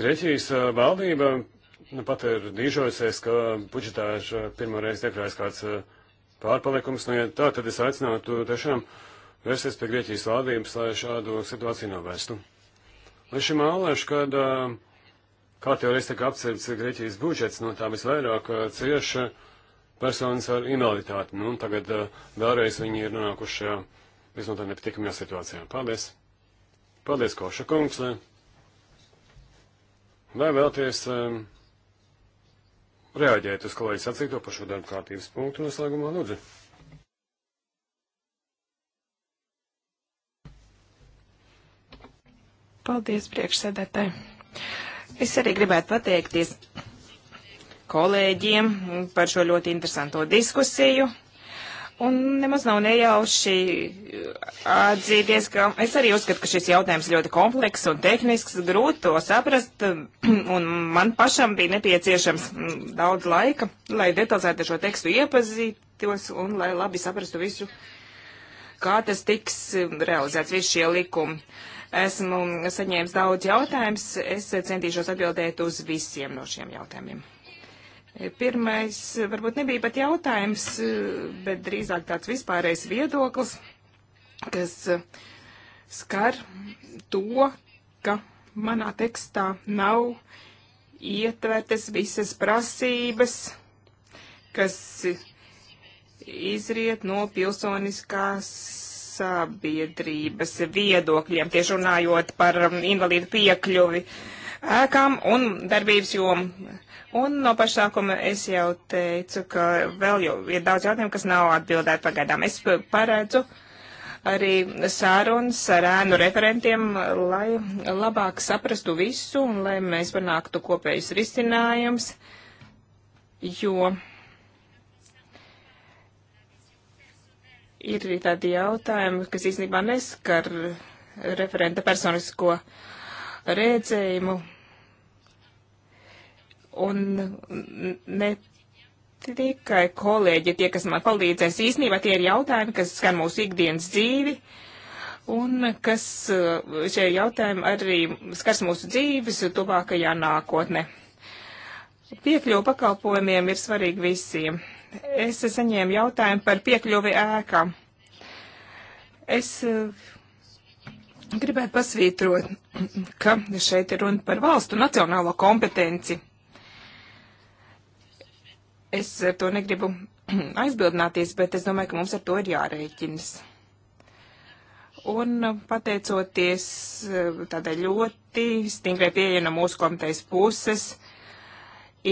Grieķijas uh, valdība nu, pat ir dīžojusies, ka budžetā ir uh, pirmoreiz iekrājas kāds uh, pārpalikums. Nu, ja tā, tad es aicinātu tiešām vērsties pie Grieķijas valdības, lai šādu situāciju novērstu. Līdz šim ālēšu, kad kā jau reiz tika apcerts Grieķijas budžets, no tā visvairāk uh, cieši personas ar invaliditāti. Nu, tagad uh, vēlreiz viņi ir nonākuši šajā uh, visnotaļ nepatīkamajā situācijā. Paldies! Paldies, Koša kungs! Vai vēlties um, reaģēt uz kolēģis atcīto par šo darbu kārtības punktu noslēgumā, lūdzu? Paldies, priekšsēdētāji. Es arī gribētu pateikties kolēģiem par šo ļoti interesanto diskusiju. Un nemaz nav nejauši atzīties, ka es arī uzskatu, ka šis jautājums ļoti komplekss un tehnisks, grūti to saprast, [clears throat] un man pašam bija nepieciešams daudz laika, lai detalizēti šo tekstu iepazītos un lai labi saprastu visu, kā tas tiks realizēts, visi šie likumi. Uh, Esmu saņēmis daudz jautājumus. Es centīšos atbildēt uz visiem no šiem jautājumiem. Pirmais varbūt nebija pat jautājums, bet drīzāk tāds vispārējs viedoklis, kas skar to, ka manā tekstā nav ietvertas visas prasības, kas izriet no pilsoniskās sabiedrības viedokļiem, tieši runājot par um, invalīdu piekļuvi ēkām un darbības jomu. Un no pašsākuma es jau teicu, ka vēl jau ir daudz jautājumu, kas nav atbildēti pagaidām. Es paredzu arī sārunas ar ēnu referentiem, lai labāk saprastu visu un lai mēs panāktu kopējus risinājumus, jo. ir arī tādi jautājumi, kas īstenībā neskar referenta personisko redzējumu un ne tikai kolēģi, tie, kas man palīdzēs, īstenībā tie ir jautājumi, kas skan mūsu ikdienas dzīvi, un kas uh, šie jautājumi arī skars mūsu dzīves tuvākajā nākotnē. Piekļuva pakalpojumiem ir svarīgi visiem. Es saņēmu jautājumu par piekļuvi ēkām. Es eh, gribētu pasvītrot, [clears throat] ka šeit ir runa par valstu nacionālo kompetenci. Es ar to negribu [clears throat] aizbildināties, bet es domāju, ka mums ar to ir jārēķinas. Un pateicoties eh, tādai ļoti stingrai pieeja no mūsu komitejas puses,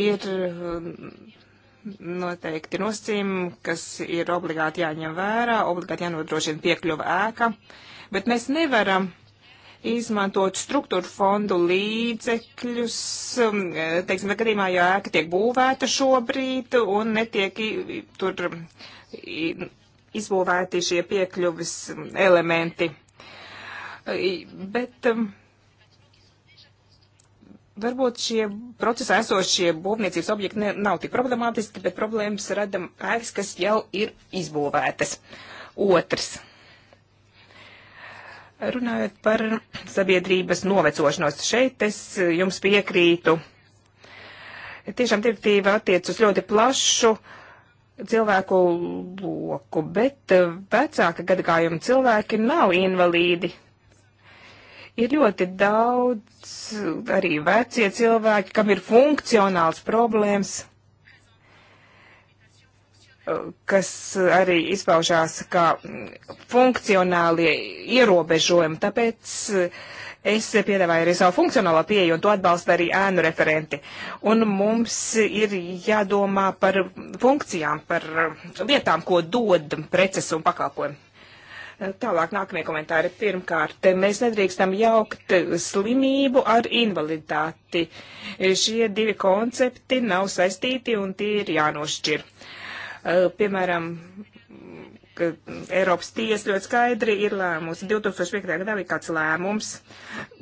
ir eh, noteikti nosacījumi, kas ir obligāti jāņem vērā, obligāti jānodrošina piekļuva ēka, bet mēs nevaram izmantot struktūru fondu līdzekļus, um, teiksim, gadījumā, jo ēka tiek būvēta šobrīd un netiek tur izbūvēti šie piekļuvis um, elementi. Bet um, Varbūt šie procesā esošie būvniecības objekti ne, nav tik problemātiski, bet problēmas radam ēkas, kas jau ir izbūvētas. Otrs. Runājot par sabiedrības novecošanos, šeit es jums piekrītu. Tiešām direktīva attiec uz ļoti plašu cilvēku loku, bet vecāka gadagājuma cilvēki nav invalīdi Ir ļoti daudz arī vecie cilvēki, kam ir funkcionāls problēmas, kas arī izpaužās kā funkcionālie ierobežojumi. Tāpēc es piedāvāju arī savu funkcionālo pieeju, un to atbalsta arī ēnu referenti. Un mums ir jādomā par funkcijām, par lietām, ko dod preces un pakalpojumi. Eh, tālāk nākamie komentāri. Pirmkārt, eh, mēs nedrīkstam jaukt slimību ar invaliditāti. Eh, šie divi koncepti nav saistīti un tie ir jānošķir. Piemēram, Eiropas tiesa ļoti skaidri ir lēmusi. 2005. gadā bija kāds lēmums,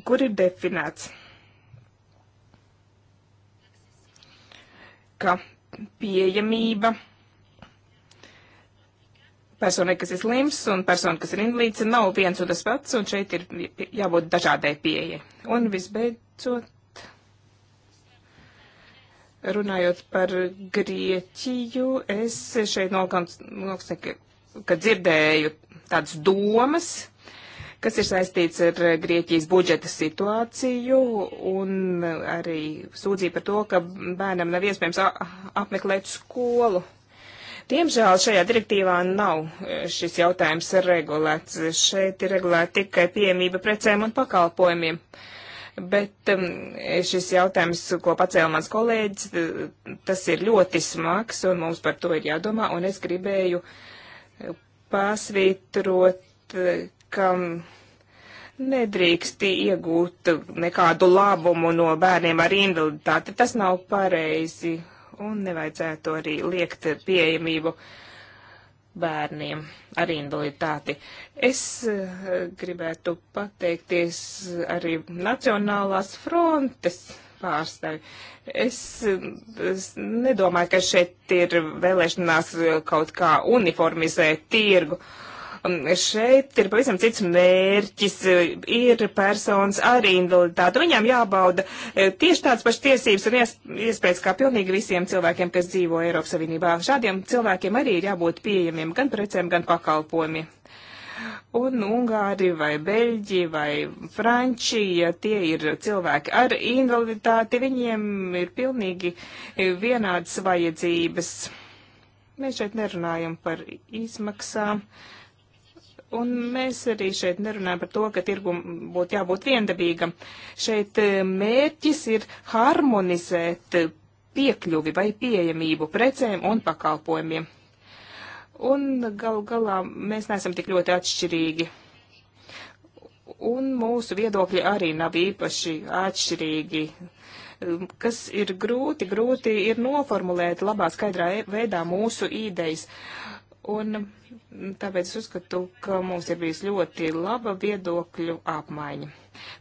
kur ir definēts, ka pieejamība personai, kas ir slims un persona, kas ir invalīds, nav viens un tas pats, un šeit ir jābūt dažādai pieeja. Un visbeidzot, runājot par Grieķiju, es šeit nokams, ka dzirdēju tādas domas, kas ir saistīts ar Grieķijas budžeta situāciju un arī sūdzību par to, ka bērnam nav iespējams apmeklēt skolu. Diemžēl šajā direktīvā nav e, šis jautājums regulēts. Šeit ir regulēta tikai pieejamība precēm un pakalpojumiem. Bet um, e, šis jautājums, ko pacēla mans kolēģis, tas ir ļoti smags un mums par to ir jādomā. Un es gribēju e, pasvītrot, ka nedrīkst iegūt nekādu labumu no bērniem ar invaliditāti. Tas nav pareizi un nevajadzētu arī liekt pieejamību bērniem ar invaliditāti. Es eh, gribētu pateikties arī Nacionālās frontes pārstāvi. Es, eh, es nedomāju, ka šeit ir vēlēšanās eh, kaut kā uniformizēt tirgu. Uh, Šeit ir pavisam cits mērķis, ir personas ar invaliditāti. Viņām jābauda e, tieši tāds pašs tiesības un iespējas kā pilnīgi visiem cilvēkiem, kas dzīvo Eiropas Savienībā. Šādiem cilvēkiem arī ir jābūt pieejamiem gan precēm, gan pakalpojumiem un Ungāri vai Beļģi vai Franči, ja tie ir cilvēki ar invaliditāti, viņiem ir pilnīgi vienādas vajadzības. Mēs šeit nerunājam par izmaksām. Uh, Un mēs arī šeit nerunājam par to, ka tirgum būtu jābūt viendabīgam. Šeit eh, mērķis ir harmonizēt eh, piekļuvi vai pieejamību precēm un pakalpojumiem. Un gal galā mēs neesam tik ļoti atšķirīgi. Un mūsu viedokļi arī nav īpaši atšķirīgi um, kas ir grūti, grūti ir noformulēt labā, skaidrā e-, veidā mūsu idejas. Un Tāpēc es uzskatu, ka mums ir bijis ļoti laba viedokļu apmaiņa.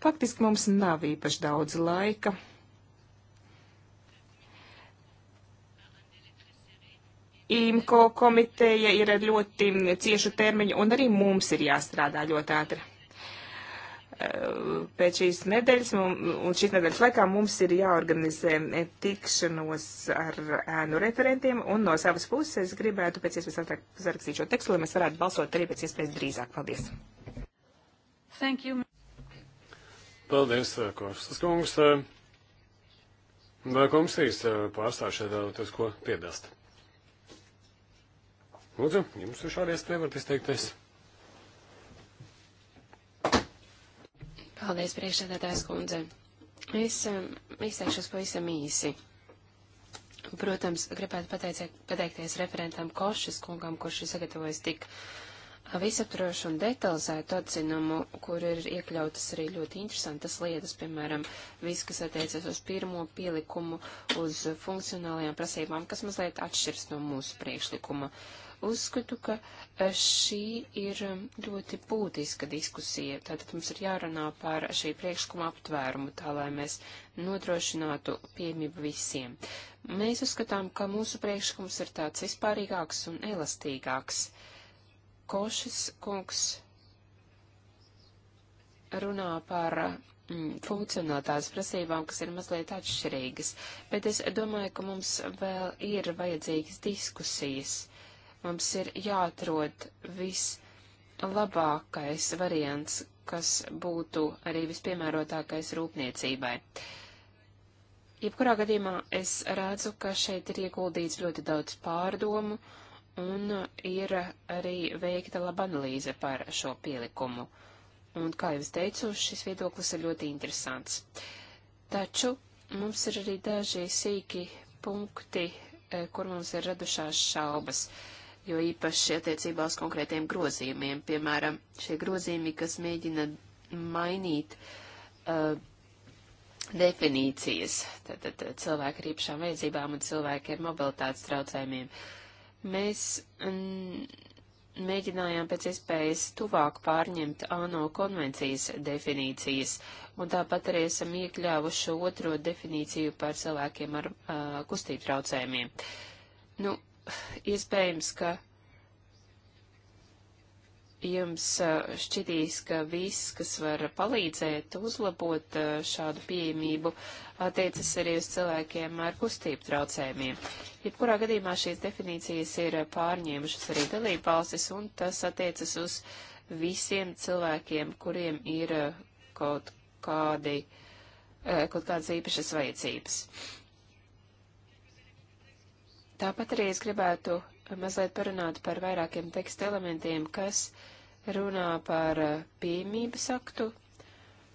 Faktiski mums nav īpaši daudz laika. IMCO komiteja ir ar ļoti ciešu termiņu, un arī mums ir jāstrādā ļoti ātri pēc šīs nedēļas un šīs nedēļas laikā mums ir jāorganizē tikšanos ar ēnu referentiem, un no savas puses es gribētu pēc iespējas ātrāk sarakstīt šo tekstu, lai mēs varētu balsot arī pēc iespējas drīzāk. Paldies! Thank you. Paldies, eh, Korsas kungs. Eh. Vai komisijas eh, pārstāvšai vēlaties ko piebilst? Lūdzu, jums ir šādi iespēja, varat izteikties. Paldies, priekšsēdētājs kundze. Es um, izteikšos pavisam īsi. Protams, gribētu pateicēt, pateikties referentam Košas kungam, kurš ir sagatavojis tik visaptrošu un detalizētu atzinumu, kur ir iekļautas arī ļoti interesantas lietas, piemēram, viss, kas attiecas uz pirmo pielikumu, uz funkcionālajām prasībām, kas mazliet atšķirs no mūsu priekšlikuma. Uh, Uzskatu, ka eh, šī ir eh, ļoti būtiska diskusija. Tātad mums ir jārunā par šī priekšlikuma aptvērumu, tā lai mēs nodrošinātu piemību visiem. Mēs uzskatām, ka mūsu priekšlikums ir tāds vispārīgāks un elastīgāks. Košas kungs runā par mm, funkcionalitātes prasībām, kas ir mazliet atšķirīgas, bet es domāju, ka mums vēl ir vajadzīgas diskusijas Mums ir jāatrod vislabākais variants, kas būtu arī vispiemērotākais rūpniecībai. Jebkurā gadījumā es redzu, ka šeit ir ieguldīts ļoti daudz pārdomu un ir arī veikta laba analīze par šo pielikumu. Un, kā jau es teicu, šis viedoklis ir ļoti interesants. Taču mums ir arī daži sīki punkti, eh, kur mums ir radušās šaubas. Uh, jo īpaši attiecībā uz konkrētiem grozījumiem. Piemēram, šie grozījumi, kas mēģina mainīt uh, definīcijas tātad, cilvēku ar īpašām vajadzībām un cilvēku ar mobilitātes traucējumiem. Mēs mm, mēģinājām pēc iespējas tuvāk pārņemt ANO konvencijas definīcijas, un tāpat arī esam iekļāvuši otro definīciju par cilvēkiem ar uh, kustību traucējumiem. Nu, iespējams, ka jums šķitīs, ka viss, kas var palīdzēt uzlabot šādu pieejamību, attiecas arī uz cilvēkiem ar kustību traucējumiem. Jebkurā gadījumā šīs definīcijas ir pārņēmušas arī dalībvalstis, un tas attiecas uz visiem cilvēkiem, kuriem ir kaut kādi, kaut kādas īpašas vajadzības. Tāpat arī es gribētu mazliet parunāt par vairākiem teksta elementiem, kas runā par eh, pieejamības aktu,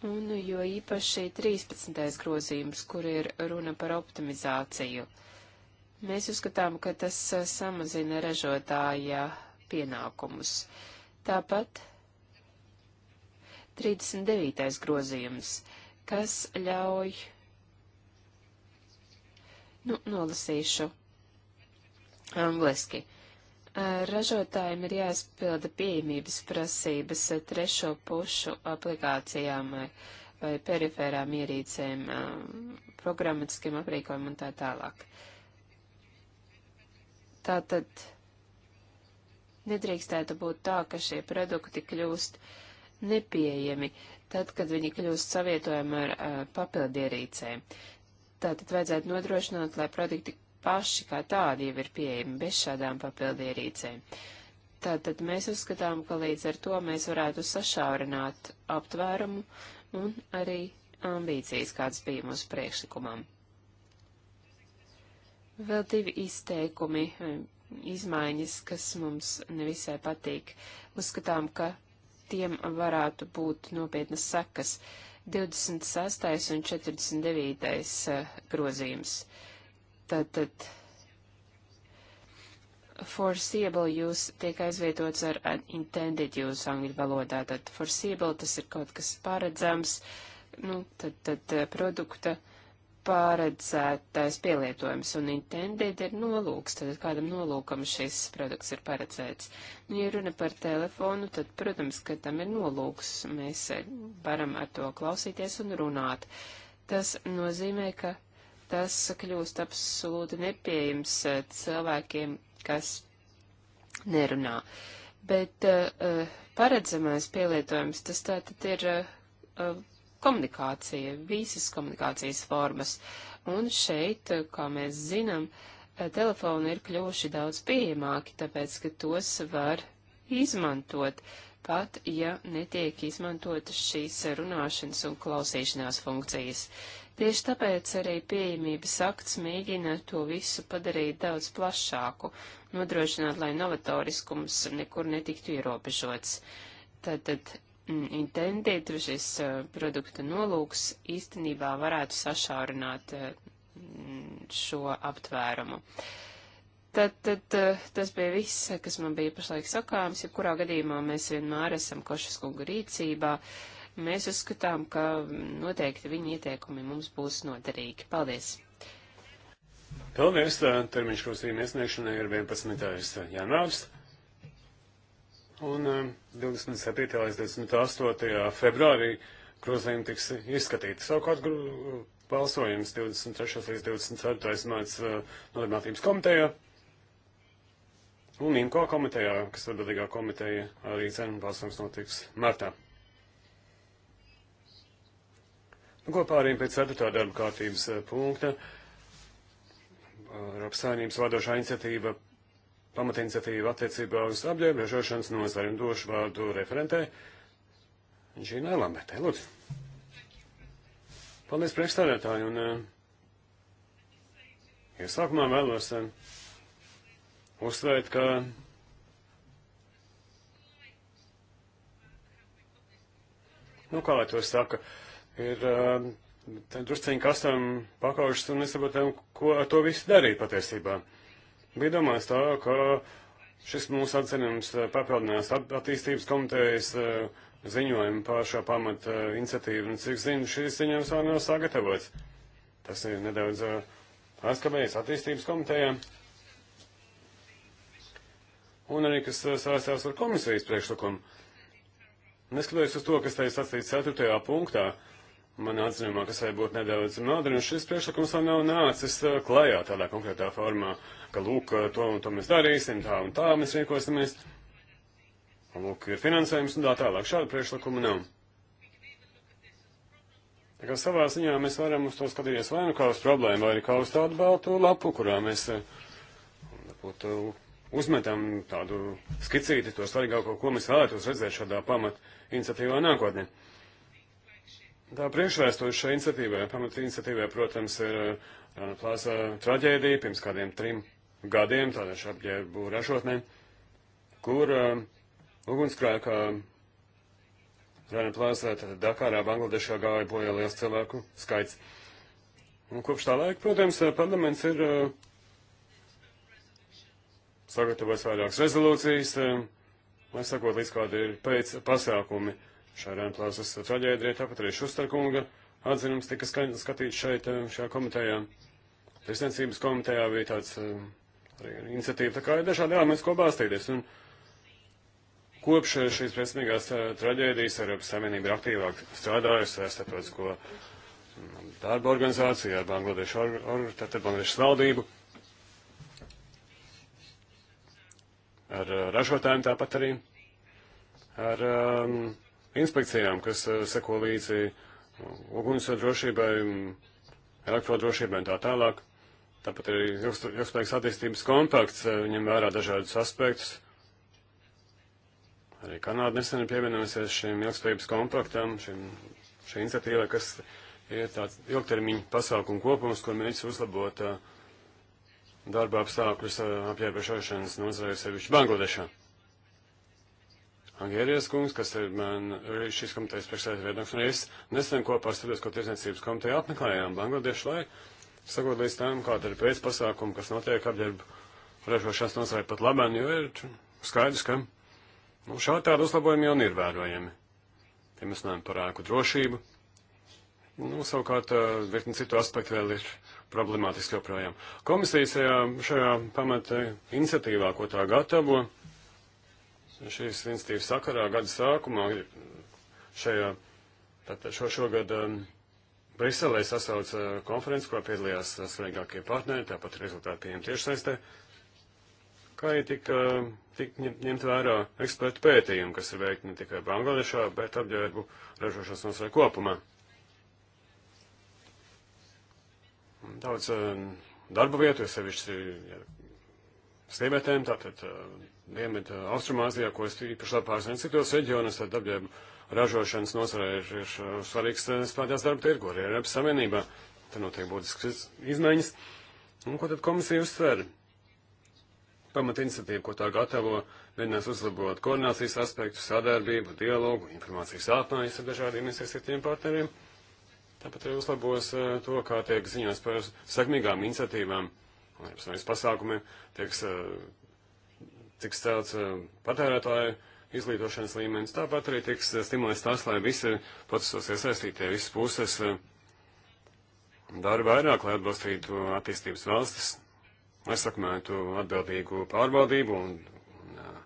un jo īpaši 13. grozījums, kur ir runa par optimizāciju. Mēs uzskatām, ka tas eh, samazina ražotāja pienākumus. Tāpat 39. grozījums, kas ļauj. Nu, nolasīšu angliski. Ražotājiem ir jāizpilda pieejamības prasības trešo pušu aplikācijām vai perifērām ierīcēm, um, programmatiskiem aprīkojumam un tā tālāk. Tātad nedrīkstētu būt tā, ka šie produkti kļūst nepieejami tad, kad viņi kļūst savietojami ar uh, papildierīcēm. Tātad vajadzētu nodrošināt, lai produkti paši kā tādi jau ir pieejami bez šādām papildierīcēm. Tātad mēs uzskatām, ka līdz ar to mēs varētu sašaurināt aptvērumu un arī ambīcijas, kādas bija mūsu priekšlikumam. Vēl divi izteikumi, eh, izmaiņas, kas mums nevisai patīk. Uzskatām, ka tiem varētu būt nopietnas sekas. 26. un 49. Eh, grozījums. Uh, Tātad foreseeable use tiek aizvietots ar intended use angļu valodā. Tad foreseeable tas ir kaut kas paredzams, nu, tad, tad eh, produkta paredzētais pielietojums un intended ir nolūks, tad kādam nolūkam šis produkts ir paredzēts. Nu, ja runa par telefonu, tad, protams, ka tam ir nolūks, mēs eh, varam ar to klausīties un runāt. Tas nozīmē, ka tas kļūst absolūti nepieejams eh, cilvēkiem, kas nerunā. Bet uh, paredzamais pielietojums, tas tātad ir uh, komunikācija, visas komunikācijas formas. Un šeit, kā mēs zinām, telefoni ir kļuvuši daudz pieejamāki, tāpēc, ka tos var izmantot, pat ja netiek izmantotas šīs runāšanas un klausīšanās funkcijas. Tieši tāpēc arī pieejamības akts mēģina to visu padarīt daudz plašāku, nodrošināt, lai novatoriskums nekur netiktu ierobežots. Tātad mm, intendēt šis produkta nolūks īstenībā varētu sašaurināt mm, šo aptvērumu. Tad, tad tas bija viss, kas man bija pašlaik sakāms. Jebkurā gadījumā mēs vienmēr esam Košas kunga rīcībā. Uh, Mēs uzskatām, ka noteikti viņa ieteikumi mums būs noderīgi. Paldies! Paldies! Termiņš klausījuma iesniegšanai ir 11. janvārs. Un 27. Eh, līdz 28. februārī grozījumi tiks izskatīti. Savukārt balsojums 23. līdz 24. mārts eh, nodarbinātības komitejā. Un Inko komitejā, kas atbildīgā komiteja, arī cenu balsojums notiks martā. Nu, Kopā arī pēc 4. darba kārtības eh, punkta Eiropas Savienības vadošā iniciatīva, pamatiniciatīva attiecībā uz apģērbiežošanas nozari un došu vārdu referentē Žīnai Lambertē. Lūdzu. Paldies priekšstādētāji un iesākumā eh, ja vēlos eh, uzsvērt, ka Nu, kā lai to saka, ir um, drusciņi kasam pakaušas un nesaprotam, ko ar to visu darīt patiesībā. Bija domāts tā, ka šis mūsu atzinums uh, papildinās at attīstības komitejas uh, ziņojumu par šo pamatu uh, iniciatīvu, un cik zinu, šis ziņojums vēl nav sagatavots. Tas ir nedaudz aizkavējies attīstības komitejā. Un arī, kas sāstās ar komisijas priekšlikumu. Neskatoties uz to, kas te ir sacīts 4. punktā, uh, Man atzinumā, kas vai būtu nedaudz nodarījums, šis priekšlikums vēl nav nācis uh, klajā tādā konkrētā formā, ka lūk, uh, to un to mēs darīsim, tā un tā mēs rīkosimies. Un lūk, ir finansējums un tā tālāk. Šādu priekšlikumu nav. Tā kā savā ziņā mēs varam uz to skatīties vai nu kā uz problēmu, vai arī kā uz tādu baltu lapu, kurā mēs uh, būtu uzmetam tādu skicīti to svarīgāko, ko mēs vēlētos redzēt šādā pamat iniciatīvā nākotnē. Tā priekšvēsture šai iniciatīvai, pamat iniciatīvai, protams, ir Rana uh, Plāza traģēdija pirms kādiem trim gadiem, tādā šapģērbu ražotnē, kur uh, ugunskrēkā Rana Plāza, tad Dakārā, Bangladešā gāja bojā liels cilvēku skaits. Un kopš tā laika, protams, uh, parlaments ir uh, sagatavojis vairākas rezolūcijas, uh, lai sakot, līdz kādi ir pēc pasākumi. Uh, Šā Rēnplāzes traģēdrija, tāpat arī Šustarkunga atzinums tika skatīts šeit, šajā komitejā. Tiesniecības komitejā bija tāds arī iniciatīva, tā kā ir dažādi elementi, ko bāstīties. Un kopš šīs briesmīgās eh, traģēdijas Eiropas Savienība ir aktīvāk strādājusi ar starptautisko darba organizāciju, ar Bangladešu, or, or, tātad Bangladešas valdību, ar eh, ražotājiem tāpat arī, ar um, inspekcijām, kas eh, seko līdzi mm, uguns drošībai, mm, elektrodrošībai un tā tālāk. Tāpat arī ilgspējīgas attīstības kompakts eh, ņem vērā dažādus aspektus. Arī Kanāda nesen ir pievienojusies šim ilgspējības kompaktam, šim, šī iniciatīva, kas ir tāds ilgtermiņa pasākumu kopums, kur mēģis uzlabot eh, darba apstākļus apģērba šošanas nozarē sevišķi Bangladešā. Angērijas kungs, kas ir man eh, šīs komitejas priekšsēdētājs viedoklis, un es nesen kopā ar Studijas tirsniecības komiteju apmeklējām Bangladešu, lai sakot līdz tam, kāda ir pēcpasākuma, kas notiek apģērbu ražošanas nozarē pat labāk, jo ir skaidrs, ka nu, šādi tādi uzlabojumi jau ir vērojami. Te mēs runājam par ēku drošību. Nu, savukārt, eh, virkni citu aspektu vēl ir problemātiski joprojām. Komisija šajā pamata iniciatīvā, ko tā gatavo, šīs institīvas sakarā gada sākumā šajā, tātad šo šogad um, Briselē sasauc uh, konferences, kurā piedalījās uh, svarīgākie partneri, tāpat rezultāti pieņem tiešsaistē, kā arī tika, tika ņem, ņemt vērā ekspertu pētījumi, kas ir veikti ne tikai Bangladešā, bet apģērbu ražošanas nozarē kopumā. Daudz uh, darba vietu, jo sevišķi ja, sievietēm, tātad eh, Dienvidu eh, Austrumāzijā, ko es īpaši labi pārzinu citos reģionos, tad apģērbu ražošanas nozarē ir, ir eh, svarīgs spēļās darba tirgu, arī Eiropas Savienībā. Tad notiek būtiskas izmaiņas. Un ko tad komisija uzsver? Pamat iniciatīva, ko tā gatavo, mēģinās uzlabot koordinācijas aspektu, sadarbību, dialogu, informācijas apmaiņas ar dažādiem iesaistītiem partneriem. Tāpat arī uzlabos to, kā tiek ziņās par sekmīgām iniciatīvām Eiropas Savienības pasākumiem tieks, eh, tiks celts eh, patērētāju izglītošanas līmenis. Tāpat arī tiks eh, stimulēts tas, lai visi procesos iesaistītie, visas puses dara vairāk, lai atbalstītu attīstības valstis, lai sakmētu atbildīgu pārvaldību un, un,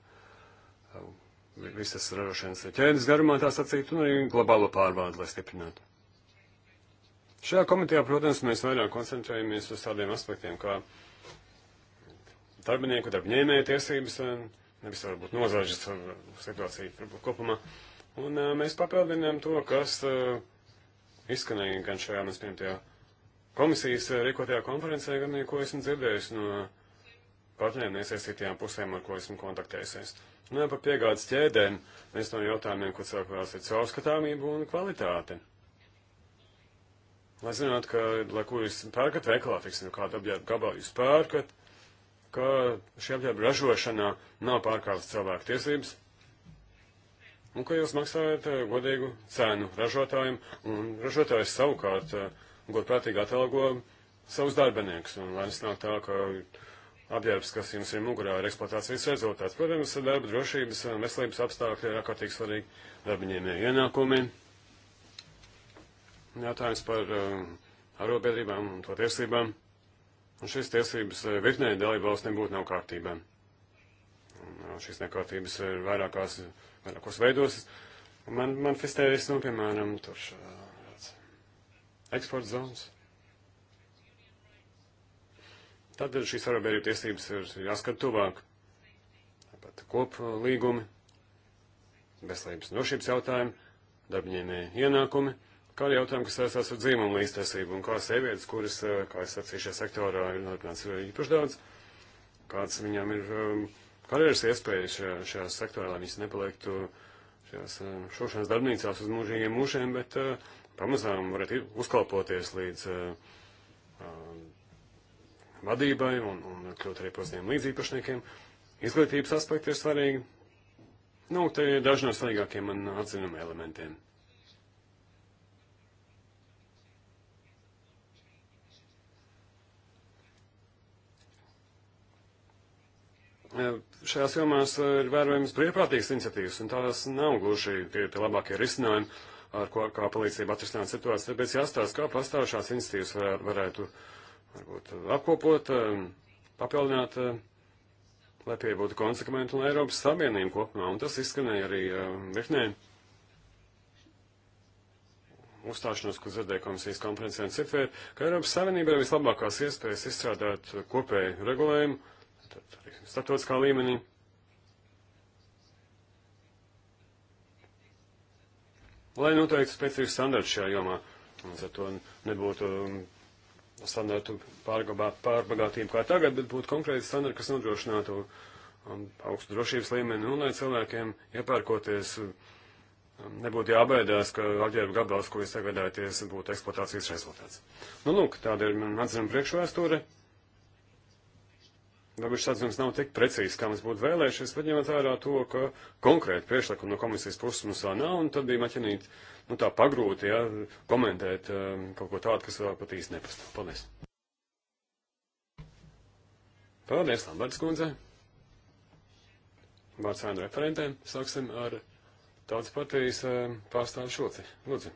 un visas ražošanas ķēdes garumā tā sacīt, un arī globālo pārvaldi, lai stiprinātu. Šajā komitejā, protams, mēs vairāk koncentrējamies uz tādiem aspektiem, kā darbinieku, darbņēmēju tiesības, nevis varbūt nozāžas situācija varbūt kopumā. Un mēs papildinām to, kas izskanēja gan šajā mēs pieņemtajā komisijas rīkotajā konferencē, gan ko esmu dzirdējis no partneriem iesaistītajām pusēm, ar ko esmu kontaktējusies. Nē, nu, par piegādes ķēdēm, viens no jautājumiem, ko cilvēku vēlas, ir caurskatāmība un kvalitāte. Lai zinātu, ka, lai ko jūs pērkat veikalā, fiksim, nu, kādu apģērbu gabalu jūs pērkat, ka šī apģērba ražošanā nav pārkāptas cilvēku tiesības, un ka jūs maksājat eh, godīgu cenu ražotājiem, un ražotājs savukārt eh, godprātīgi atalgo savus darbiniekus, un lai nesnāk tā, ka apģērbs, kas jums ir mugurā, ir eksploatācijas rezultāts. Protams, darba drošības, eh, veselības apstākļi ir ārkārtīgi svarīgi darbiņiem ienākumiem jautājums par eh, arotbiedrībām un to tiesībām. Un šīs tiesības eh, virknē dalībvalsts nebūtu nav kārtībā. Un eh, šīs nekārtības ir vairākās, vairākos veidos. Man, man fistējas, nu, piemēram, tur eksporta zonas. Tad šīs arotbiedrību tiesības ir jāskat tuvāk. Tāpat kopu līgumi, veselības nošības jautājumi, darbņēmēja ienākumi kā arī jautājumi, kas saistās ar dzīvumu līdztiesību un kā sievietes, kuras, eh, kā es sacīju, šajā sektorā ir nodarbināts eh, īpaši daudz, kāds viņām ir um, karjeras iespējas šajā, šajā sektorā, lai viņas nepaliktu šajās eh, šošanas darbnīcās uz mūžīgiem mūžiem, bet pamazām varētu uzkalpoties līdz um, vadībai un, un kļūt arī pozitīviem līdzīpašniekiem. Izglītības aspekti ir svarīgi. Nu, te ir daži no svarīgākiem man atzinuma elementiem. E, šajās jomās e, ir vērojams brīvprātīgas iniciatīvas, un tās nav gluži tie, tie labākie risinājumi, ar ko kā palīdzību atrisināt situāciju. Tāpēc jāstāsta, kā pastāvošās iniciatīvas var, varētu varbūt, apkopot, e, papildināt, lai tie būtu konsekventi un Eiropas Savienība kopumā. Un tas izskanēja arī virknē uzstāšanos, ko dzirdēja komisijas konferencē un citvēr, ka Eiropas Savienībai vislabākās iespējas izstrādāt kopēju regulējumu statotiskā līmenī. Lai noteikti spēcīgi standarti šajā jomā, un ar to nebūtu um, standartu pārbagātību kā tagad, bet būtu konkrēti standarti, kas nodrošinātu um, augstu drošības līmeni, un lai cilvēkiem iepērkoties um, nebūtu jābaidās, ka apģērba gabals, ko jūs sagādājaties, būtu eksploatācijas rezultāts. Nu, lūk, tāda ir man atzinuma priekšvēsture. Varbūt šāds jums nav tik precīzi, kā mēs būtu vēlējušies, bet ņemot vērā to, ka konkrēti priekšlikumi no komisijas puses mums vēl nav, un tad bija maķinīt, nu tā pagrūti, ja, komentēt um, kaut ko tādu, kas vēl pat īsti nepastāv. Paldies. Paldies, Lamberts kundze. Vārds ēnu referentēm. Sāksim ar tautas partijas um, pārstāvu šoci. Lūdzu.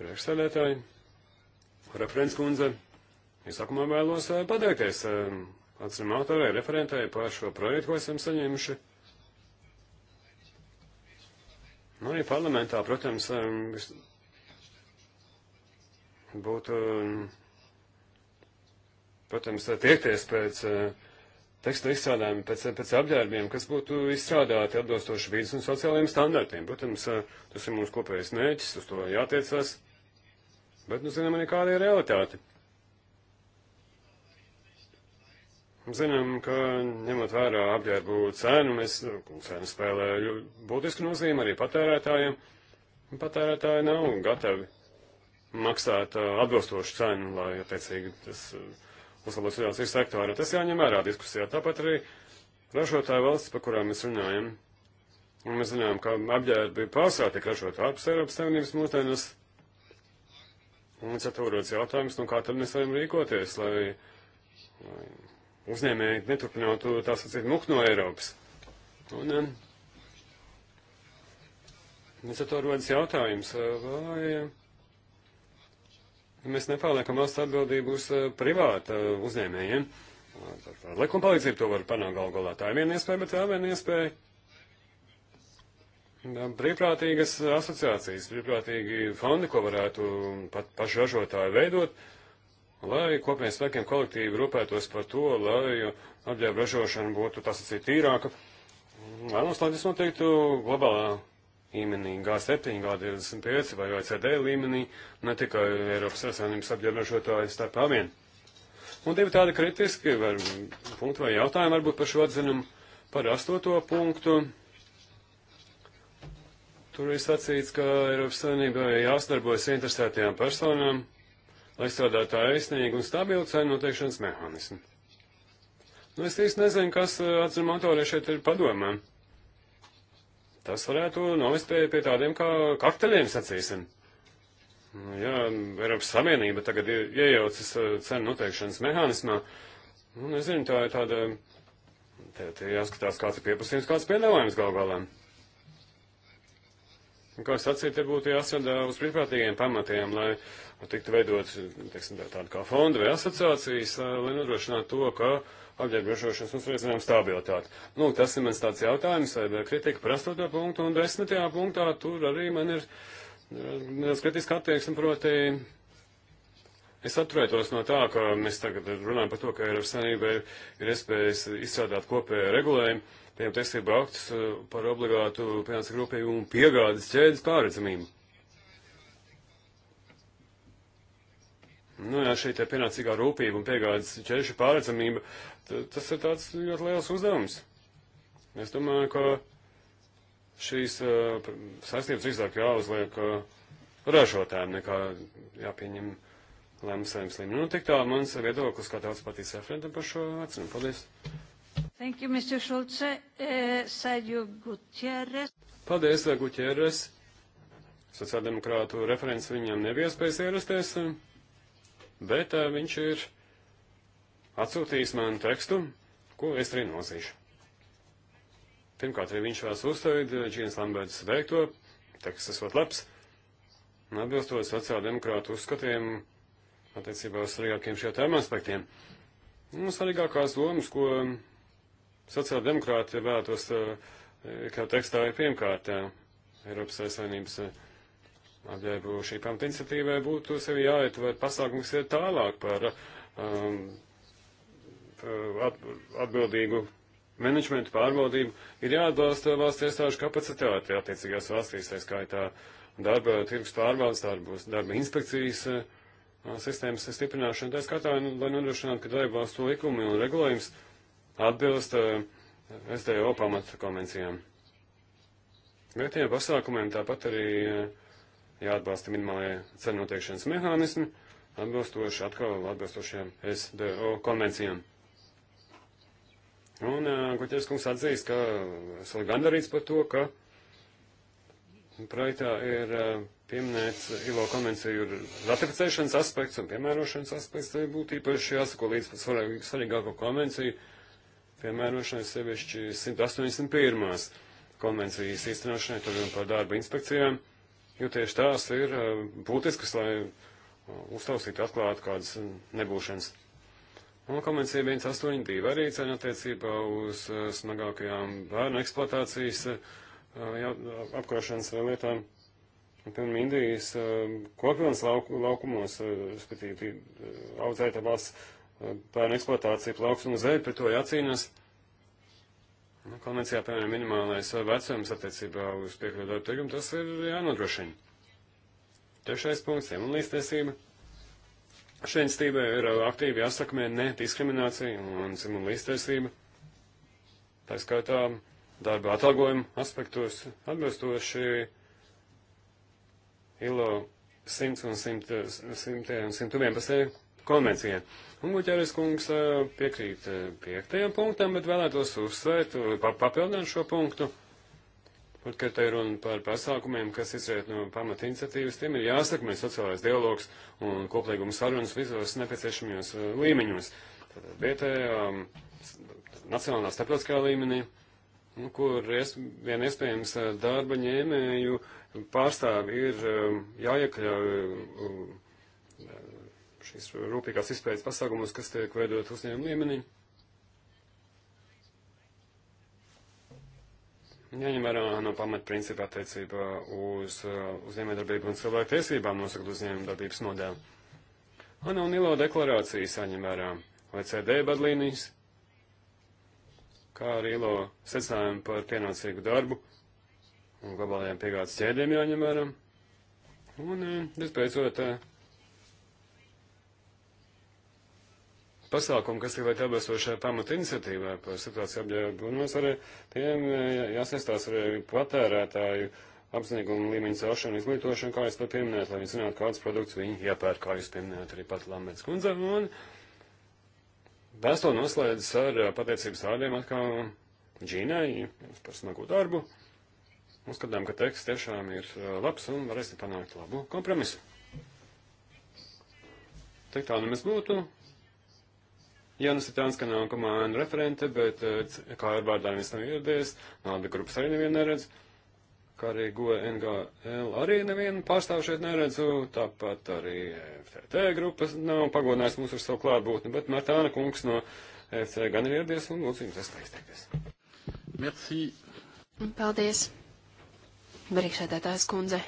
Priekšsēdētāji referents kundze. Es sākumā vēlos eh, pateikties eh, atceram autorai, referentai par šo projektu, ko esam saņēmuši. Nu, arī parlamentā, protams, eh, būtu, protams, tiekties pēc teksta izstrādājuma, pēc, pēc apģērbiem, kas būtu izstrādāti atbilstoši vīdes un sociālajiem standartiem. Protams, tas ir mūsu kopējais mērķis, uz to jātiecas. Bet, nu, zinām, arī kāda ir realitāte. Zinām, ka ņemot vērā apģērbu cenu, mēs, nu, cena spēlē būtisku nozīmi arī patērētājiem. Patērētāji nav gatavi maksāt uh, atbilstošu cenu, lai, attiecīgi, tas uh, uzlabotu situāciju sektoru. Tas jāņem vērā diskusijā. Tāpat arī ražotāju valsts, par kurām mēs runājam. Un mēs zinām, ka apģērbi pārsvarā tiek ražoti ārpus Eiropas Savienības mūsdienas. Un līdz ar to rodas jautājums, nu kā tad mēs varam rīkoties, lai, lai uzņēmēji neturpinātu tā sacīt muku no Eiropas. Un um, līdz ar to rodas jautājums, uh, vai uh, mēs nepārliekam valsts atbildību uz uh, privāta uzņēmējiem. Ar likumpalīdzību to var panākt galgolā. Tā ir viena iespēja, bet vēl viena iespēja Brīvprātīgas asociācijas, brīvprātīgi fondi, ko varētu pat pašu ražotāju veidot, lai kopējiem spēkiem kolektīvi rūpētos par to, lai apģērba ražošana būtu tas acīt tīrāka. Vēlams, lai tas noteiktu globālā līmenī, G7, G25 vai OECD līmenī, ne tikai Eiropas Savienības apģērba ražotāju starpā vien. Un divi tādi kritiski var, punkti vai jautājumi varbūt par šo atzinumu, par astoto punktu. Tur ir sacīts, ka Eiropas Savienībai jāsadarbojas interesētajām personām, lai strādātu taisnīgi un stabilu cenu noteikšanas mehānismu. Nu, es īsti nezinu, kas eh, atzinuma autoriem šeit ir padomā. Tas varētu novest pie, pie tādiem kā karteļiem, sacīsim. Nu, jā, Eiropas Savienība tagad ir iejaucas eh, cenu noteikšanas mehānismā. Nu, nezinu, tā ir tāda, te, te jāskatās, kāds ir pieprasījums, kāds piedāvājums gal galā. Un, kā sacīt, te būtu jāsadā uh, uz brīvprātīgiem pamatiem, lai tiktu veidot, teiksim, tā, tādu kā fondu vai asociācijas, uh, lai nodrošinātu to, ka apģērbošošanas uzreizinājuma stabilitāti. Nu, tas ir mans tāds jautājums, vai kritika par astoto punktu, un desmitajā punktā tur arī man ir uh, nedaudz kritiska attieksme, proti, es atturētos no tā, ka mēs tagad runājam par to, ka Eiropas Savienība ir, ir iespējas izstrādāt kopēju regulējumu, pieņemt tiesību aktus eh, par obligātu pienācīgu rūpību un piegādes ķēdes pārredzamību. Nu, jā, šī te pienācīgā rūpība un piegādes ķēžu pārredzamība, tas ir tāds ļoti liels uzdevums. Es domāju, ka šīs uh, saistības izdāk jāuzliek uh, ražotājiem, nekā jāpieņem lēmums saviem slimiem. Nu, tik tā mans viedoklis, kā tāds patīs referentam par šo atzinu. Paldies! Thank you, Mr. Šulce. Eh, uh, Sēģu Gutieres. Paldies, Gutieres. Sociāldemokrātu referents viņam nebija iespējas ierasties, bet eh, viņš ir atsūtījis man tekstu, ko es arī nosīšu. Pirmkārt, arī viņš vēlas uzstāvīt uh, Džīnas Lambertas veikto, teksts esot labs, un atbilstot sociāldemokrātu uzskatiem attiecībā uz svarīgākiem šiem tēma aspektiem. Un nu, svarīgākās domas, ko Sociāla demokrāti vēlētos, eh, kā tekstā ir pirmkārt, eh, Eiropas Savienības eh, apģērbu šī pamata iniciatīvai būtu sevi jāietver pasākums iet tālāk par um, atbildīgu menedžmentu pārvaldību. Ir jāatbalsta valsts iestāžu kapacitāte attiecīgās valstīs, tā skaitā darba tirgus pārvaldes darbus, darba inspekcijas uh, sistēmas stiprināšana. Tā skatā, nu, lai nodrošinātu, ka darba valstu likumi un regulējums uh, atbilst eh, SDO pamata konvencijām. Vietējiem pasākumiem tāpat arī eh, jāatbalsta minimālajie cenu noteikšanas mehānismi, atbilstoši atkal atbilstošiem SDO konvencijām. Un eh, Guķers kungs atzīst, ka esmu gandarīts par to, ka projektā ir pieminēts ILO konvenciju ratificēšanas aspekts un piemērošanas aspekts, tai būtu īpaši jāsako līdz svarīgāko konvenciju piemērošanai sevišķi 181. konvencijas īstenošanai, tad un par darba inspekcijām, jo tieši tās ir eh, būtiskas, lai eh, uztaustītu atklātu kādas nebūšanas. Un konvencija 182 arī cena attiecībā uz eh, smagākajām bērnu eksploatācijas apkarošanas lietām. Piemēram, Indijas kopienas lauk, laukumos, respektīvi, audzēta valsts pērn eksploatācija plauks un zēļ, pret to jācīnās. Nu, konvencijā, piemēram, minimālais vecums attiecībā uz piekļuvu darba tirgumu, tas ir jānodrošina. Trešais punkts - imunlīstiesība. Šai institīvai ir aktīvi jāsakmē ne diskriminācija un imunlīstiesība. Tā skaitā darba atalgojuma aspektos atbilstoši ILO 100 un 100, 100, 111 konvencijai. Un Guķeris kungs piekrīt piektajam punktam, bet vēlētos uzsvērt, papildināt šo punktu. Un, kad te ir runa par pasākumiem, kas izriet no pamata iniciatīvas, tiem ir jāsakmē sociālais dialogs un koplīgums sarunas visos nepieciešamajos līmeņos. Tātad vietējā, nacionālā, starptautiskā līmenī, nu, kur ies, vien iespējams darba ņēmēju pārstāvi ir jāiekļauj šīs rūpīgās izpējas pasākumus, kas tiek veidot uzņēmumu līmenī. Jāņem vērā no pamatprincipa attiecībā uz uh, uzņēmējdarbību un cilvēku tiesībām nosakot uzņēmējdarbības modeli. ANO un ILO deklarācijas jāņem vērā OECD badlīnijas, kā arī ILO secinājumi par pienācīgu darbu un globālajām piegādes ķēdēm jāņem vērā. Un, uh, visbeidzot, uh, pasākumi, kas ir atbilstošai pamata iniciatīvai par situāciju apģērbu nozarē, tiem e, jāsaistās ar patērētāju apzinīgumu līmeņu celšanu, izglītošanu, kā jūs pat pieminējat, lai viņi zinātu, kādas produktus viņi iepērk, kā jūs pieminējat arī pat Lamets kundze. Un vēstuli noslēdzas ar e, pateicības vārdiem atkal Džīnai par smagu darbu. Uzskatām, ka teksts tiešām ir e, labs un varēsim panākt labu kompromisu. Tik tā nu mēs būtu. Jānis ir tāds, ka nav komāna referente, bet eh, kā ar vārdā viens nav ieradies, nāda grupas arī nevienu neredz, kā arī GO e, NGL arī nevienu pārstāvu šeit neredzu, tāpat arī FTT grupas nav pagodinājis mūs ar savu klātbūtni, bet Martāna kungs no FC gan ir ieradies un lūdzu jums iespēju izteikties. Merci. Paldies. Brīkšētētājs kundze.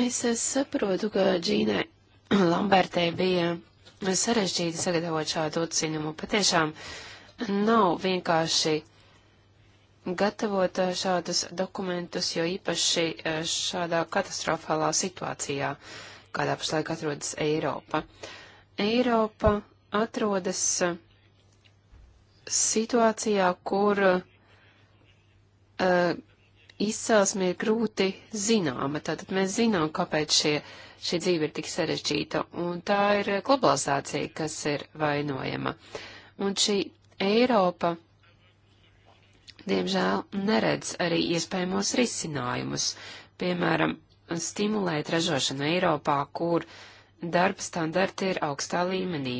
Es saprotu, ka Džīnai [coughs] Lambertē bija sarežģīti sagatavot šādu atzinumu. Patiešām nav vienkārši gatavot eh, šādus dokumentus, jo īpaši eh, šādā katastrofālā situācijā, kādā pašlaik atrodas Eiropa. Eiropa atrodas eh, situācijā, kur uh, izcelsme ir grūti zināma. Tātad mēs zinām, kāpēc šie, šī dzīve ir tik sarežģīta, un tā ir globalizācija, kas ir vainojama. Un šī Eiropa, diemžēl, neredz arī iespējamos risinājumus, piemēram, stimulēt ražošanu Eiropā, kur darba standarti ir augstā līmenī.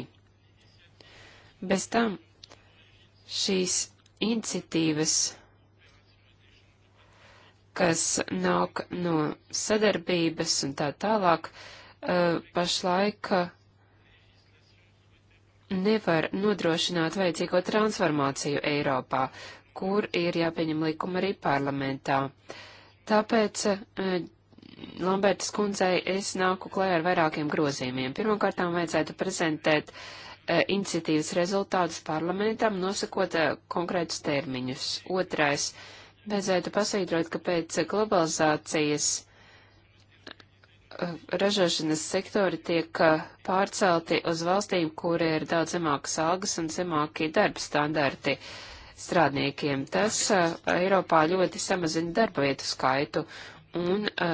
Bez tam šīs iniciatīvas kas nāk no sadarbības un tā tālāk, eh, pašlaik eh, nevar nodrošināt vajadzīgo transformāciju Eiropā, kur ir jāpieņem likuma arī parlamentā. Tāpēc eh, Lambertas kundzei es nāku klajā ar vairākiem grozījumiem. Pirmkārtām vajadzētu prezentēt iniciatīvas rezultātus parlamentam, nosakot konkrētus termiņus. Otrais Vajadzētu pasvītrot, ka pēc globalizācijas eh, ražošanas sektori tiek eh, pārcelti uz valstīm, kur ir daudz zemākas algas un zemāki darba standarti strādniekiem. Tas uh, Eiropā ļoti samazina darba vietu skaitu un uh,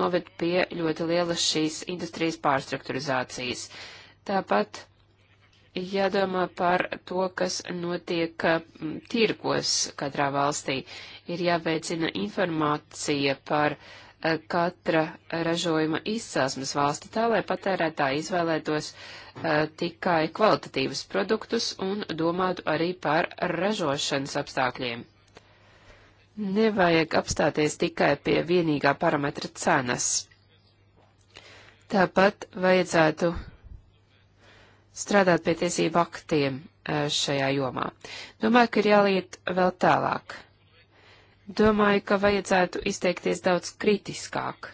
noved pie ļoti lielas šīs industrijas pārstrukturizācijas. Tāpat jādomā par to, kas notiek uh, tirgos katrā valstī. Uh, ir jāveicina informācija par e, katra ražojuma izcelsmes valsti tā, lai patērētāji izvēlētos uh, tikai kvalitatīvas produktus un domātu arī par ražošanas apstākļiem. Nevajag apstāties tikai pie vienīgā parametra cenas. Tāpat vajadzētu strādāt pie tiesību aktiem e, šajā jomā. Domāju, ka ir jāliet vēl tālāk. Domāju, ka vajadzētu izteikties daudz kritiskāk.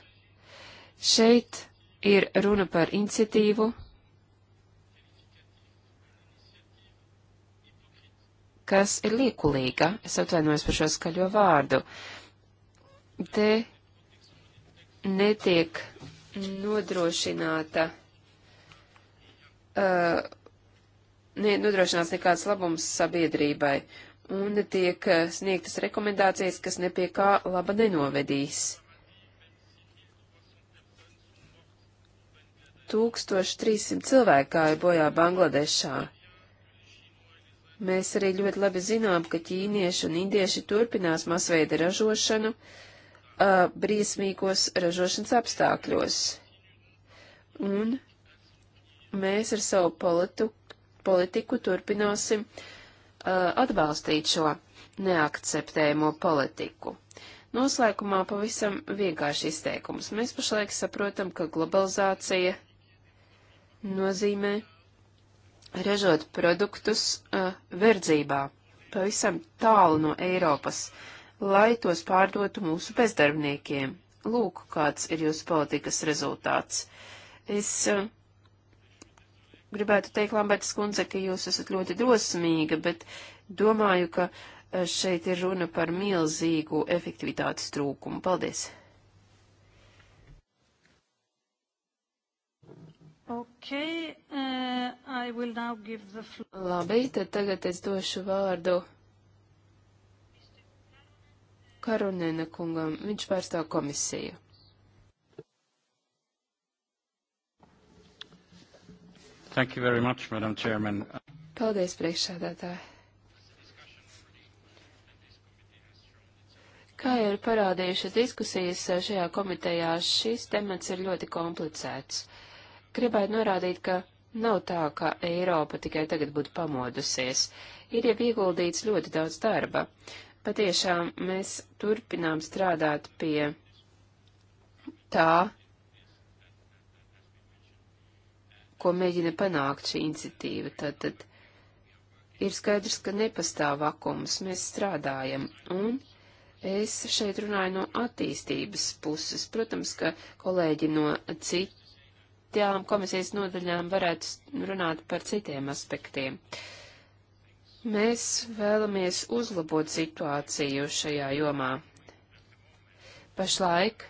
Šeit ir runa par iniciatīvu, kas ir liekulīga, es atvainojos par šo skaļo vārdu. Te netiek nodrošināta, uh, ne, nodrošināts nekāds labums sabiedrībai. Uh, un tiek eh, sniegtas rekomendācijas, kas nepie kā laba nenovedīs. 1300 cilvēku gāja bojā Bangladešā. Mēs arī ļoti labi zinām, ka ķīnieši un indieši turpinās masveida ražošanu uh, briesmīgos ražošanas apstākļos. Un mēs ar savu politiku, politiku turpināsim uh, Uh, atbalstīt šo neakceptējumu politiku. Noslēgumā pavisam vienkārši izteikums. Mēs pašlaik saprotam, ka globalizācija nozīmē ražot produktus uh, verdzībā, pavisam tālu no Eiropas, lai tos pārdotu mūsu bezdarbniekiem. Lūk, kāds ir jūsu politikas rezultāts. Es uh, gribētu teikt, Lamberts kundze, ka jūs esat ļoti drosmīga, bet domāju, ka eh, šeit ir runa par milzīgu efektivitātes trūkumu. Paldies! Okay, uh, I will now give the floor. Labi, tad tagad es došu vārdu Karunena kungam. Viņš pārstāv komisiju. Thank you very much, Madam Chairman. Paldies, priekšsēdētāji. Kā ir parādījušas diskusijas šajā komitejā, šis temats ir ļoti komplicēts. Gribētu norādīt, ka nav tā, ka Eiropa tikai tagad būtu pamodusies. Ir jau ieguldīts ļoti daudz darba. Patiešām mēs turpinām strādāt pie tā, ko mēģina panākt šī iniciatīva. Tātad ir skaidrs, ka nepastāv vakums, mēs strādājam, un es šeit runāju no attīstības puses. Protams, ka kolēģi no citām komisijas nodaļām varētu runāt par citiem aspektiem. Mēs vēlamies uzlabot situāciju šajā jomā. Pašlaik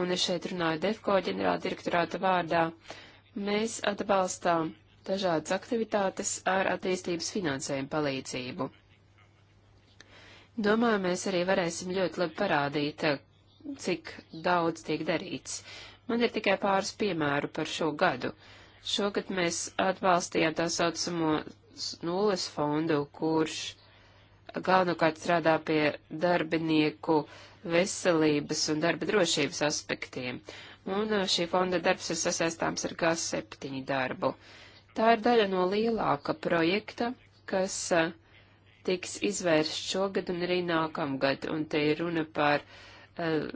un es šeit runāju DEFCO ģenerāla direktorāta vārdā, mēs atbalstām dažādas aktivitātes ar attīstības finansējumu palīdzību. Domāju, mēs arī varēsim ļoti labi parādīt, cik daudz tiek darīts. Man ir tikai pāris piemēru par šo gadu. Šogad mēs atbalstījām tā saucamo nulles fondu, kurš galvenokārt strādā pie darbinieku veselības un darba drošības aspektiem, un uh, šī fonda darbs ir sasaistāms ar G7 darbu. Tā ir daļa no lielāka projekta, kas uh, tiks izvērsts šogad un arī nākamgad, un te ir runa par uh,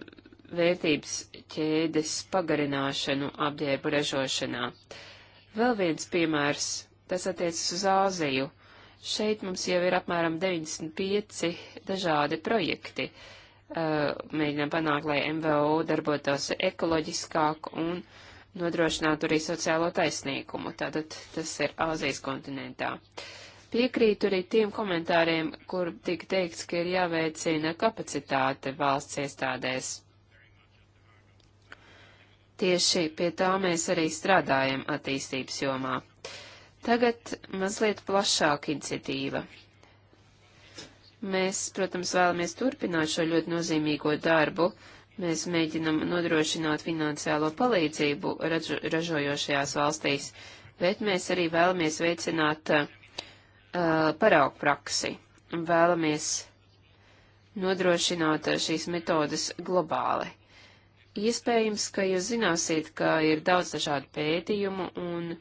vērtības ķēdes pagarināšanu apģērbu ražošanā. Vēl viens piemērs, tas attiecas uz Āziju. Uh, Šeit mums jau ir apmēram 95 dažādi projekti. Mēģinām panākt, lai MVO darbotos ekoloģiskāk un nodrošinātu arī sociālo taisnīgumu. Tātad tas ir Āzijas kontinentā. Piekrītu arī tiem komentāriem, kur tika teikts, ka ir jāveicina kapacitāte valsts iestādēs. Tieši pie tā mēs arī strādājam attīstības jomā. Uh, Tagad mazliet plašāka iniciatīva. Mēs, protams, vēlamies turpināt šo ļoti nozīmīgo darbu. Mēs mēģinam nodrošināt finansiālo palīdzību ražo, ražojošajās valstīs, bet mēs arī vēlamies veicināt uh, uh paraugu praksi un vēlamies nodrošināt uh, šīs metodas globāli. Iespējams, ka jūs zināsiet, ka ir daudz dažādu pētījumu un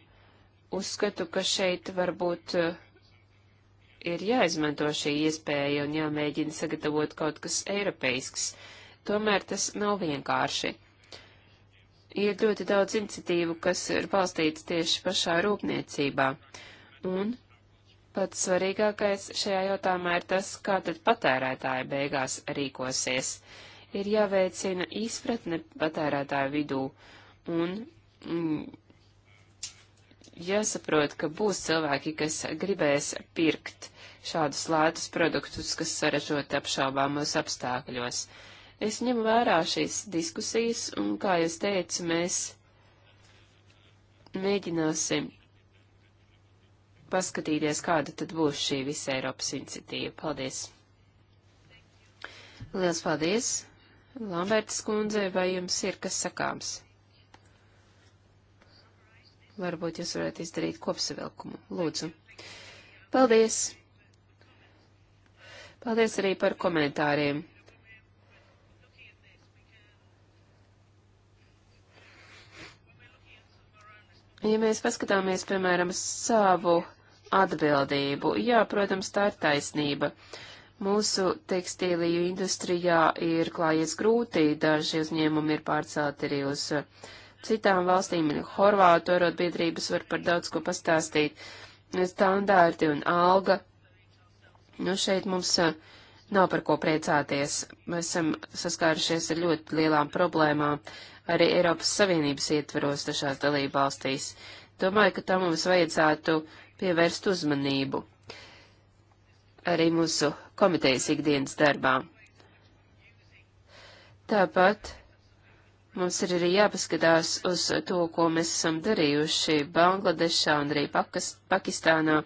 uzskatu, ka šeit varbūt eh, ir jāizmanto šī iespēja un jāmēģina sagatavot kaut kas eiropeisks. Tomēr tas nav vienkārši. Ir ļoti daudz iniciatīvu, kas ir balstīts tieši pašā rūpniecībā. Un pats svarīgākais šajā jautājumā ir tas, kā tad patērētāji beigās rīkosies. Ir jāveicina izpratne patērētāju vidū un mm, jāsaprot, ka būs cilvēki, kas gribēs pirkt šādus lētus produktus, kas saražoti apšaubāmos apstākļos. Es ņemu vērā šīs diskusijas, un, kā jūs teicu, mēs mēģināsim paskatīties, kāda tad būs šī visa Eiropas iniciatīva. Paldies! Liels paldies! Lambertas kundze, vai jums ir kas sakāms? Varbūt jūs varat izdarīt kopsavilkumu. Lūdzu. Paldies! Paldies arī par komentāriem. Ja mēs paskatāmies, piemēram, savu atbildību, jā, protams, tā ir taisnība. Mūsu tekstīliju industrijā ir klājies grūti, daži uzņēmumi ir pārcelti arī uz uh, citām valstīm, un Horvātu arotbiedrības var par daudz ko pastāstīt, standārti un alga. Nu, šeit mums eh, nav par ko priecāties. Mēs esam saskārušies ar ļoti lielām problēmām arī Eiropas Savienības ietveros dažās dalību valstīs. Domāju, ka tam mums vajadzētu pievērst uzmanību arī mūsu komitejas ikdienas darbā. Tāpat Mums ir arī jāpaskatās uz to, ko mēs esam darījuši Bangladešā un arī Pakas, Pakistānā,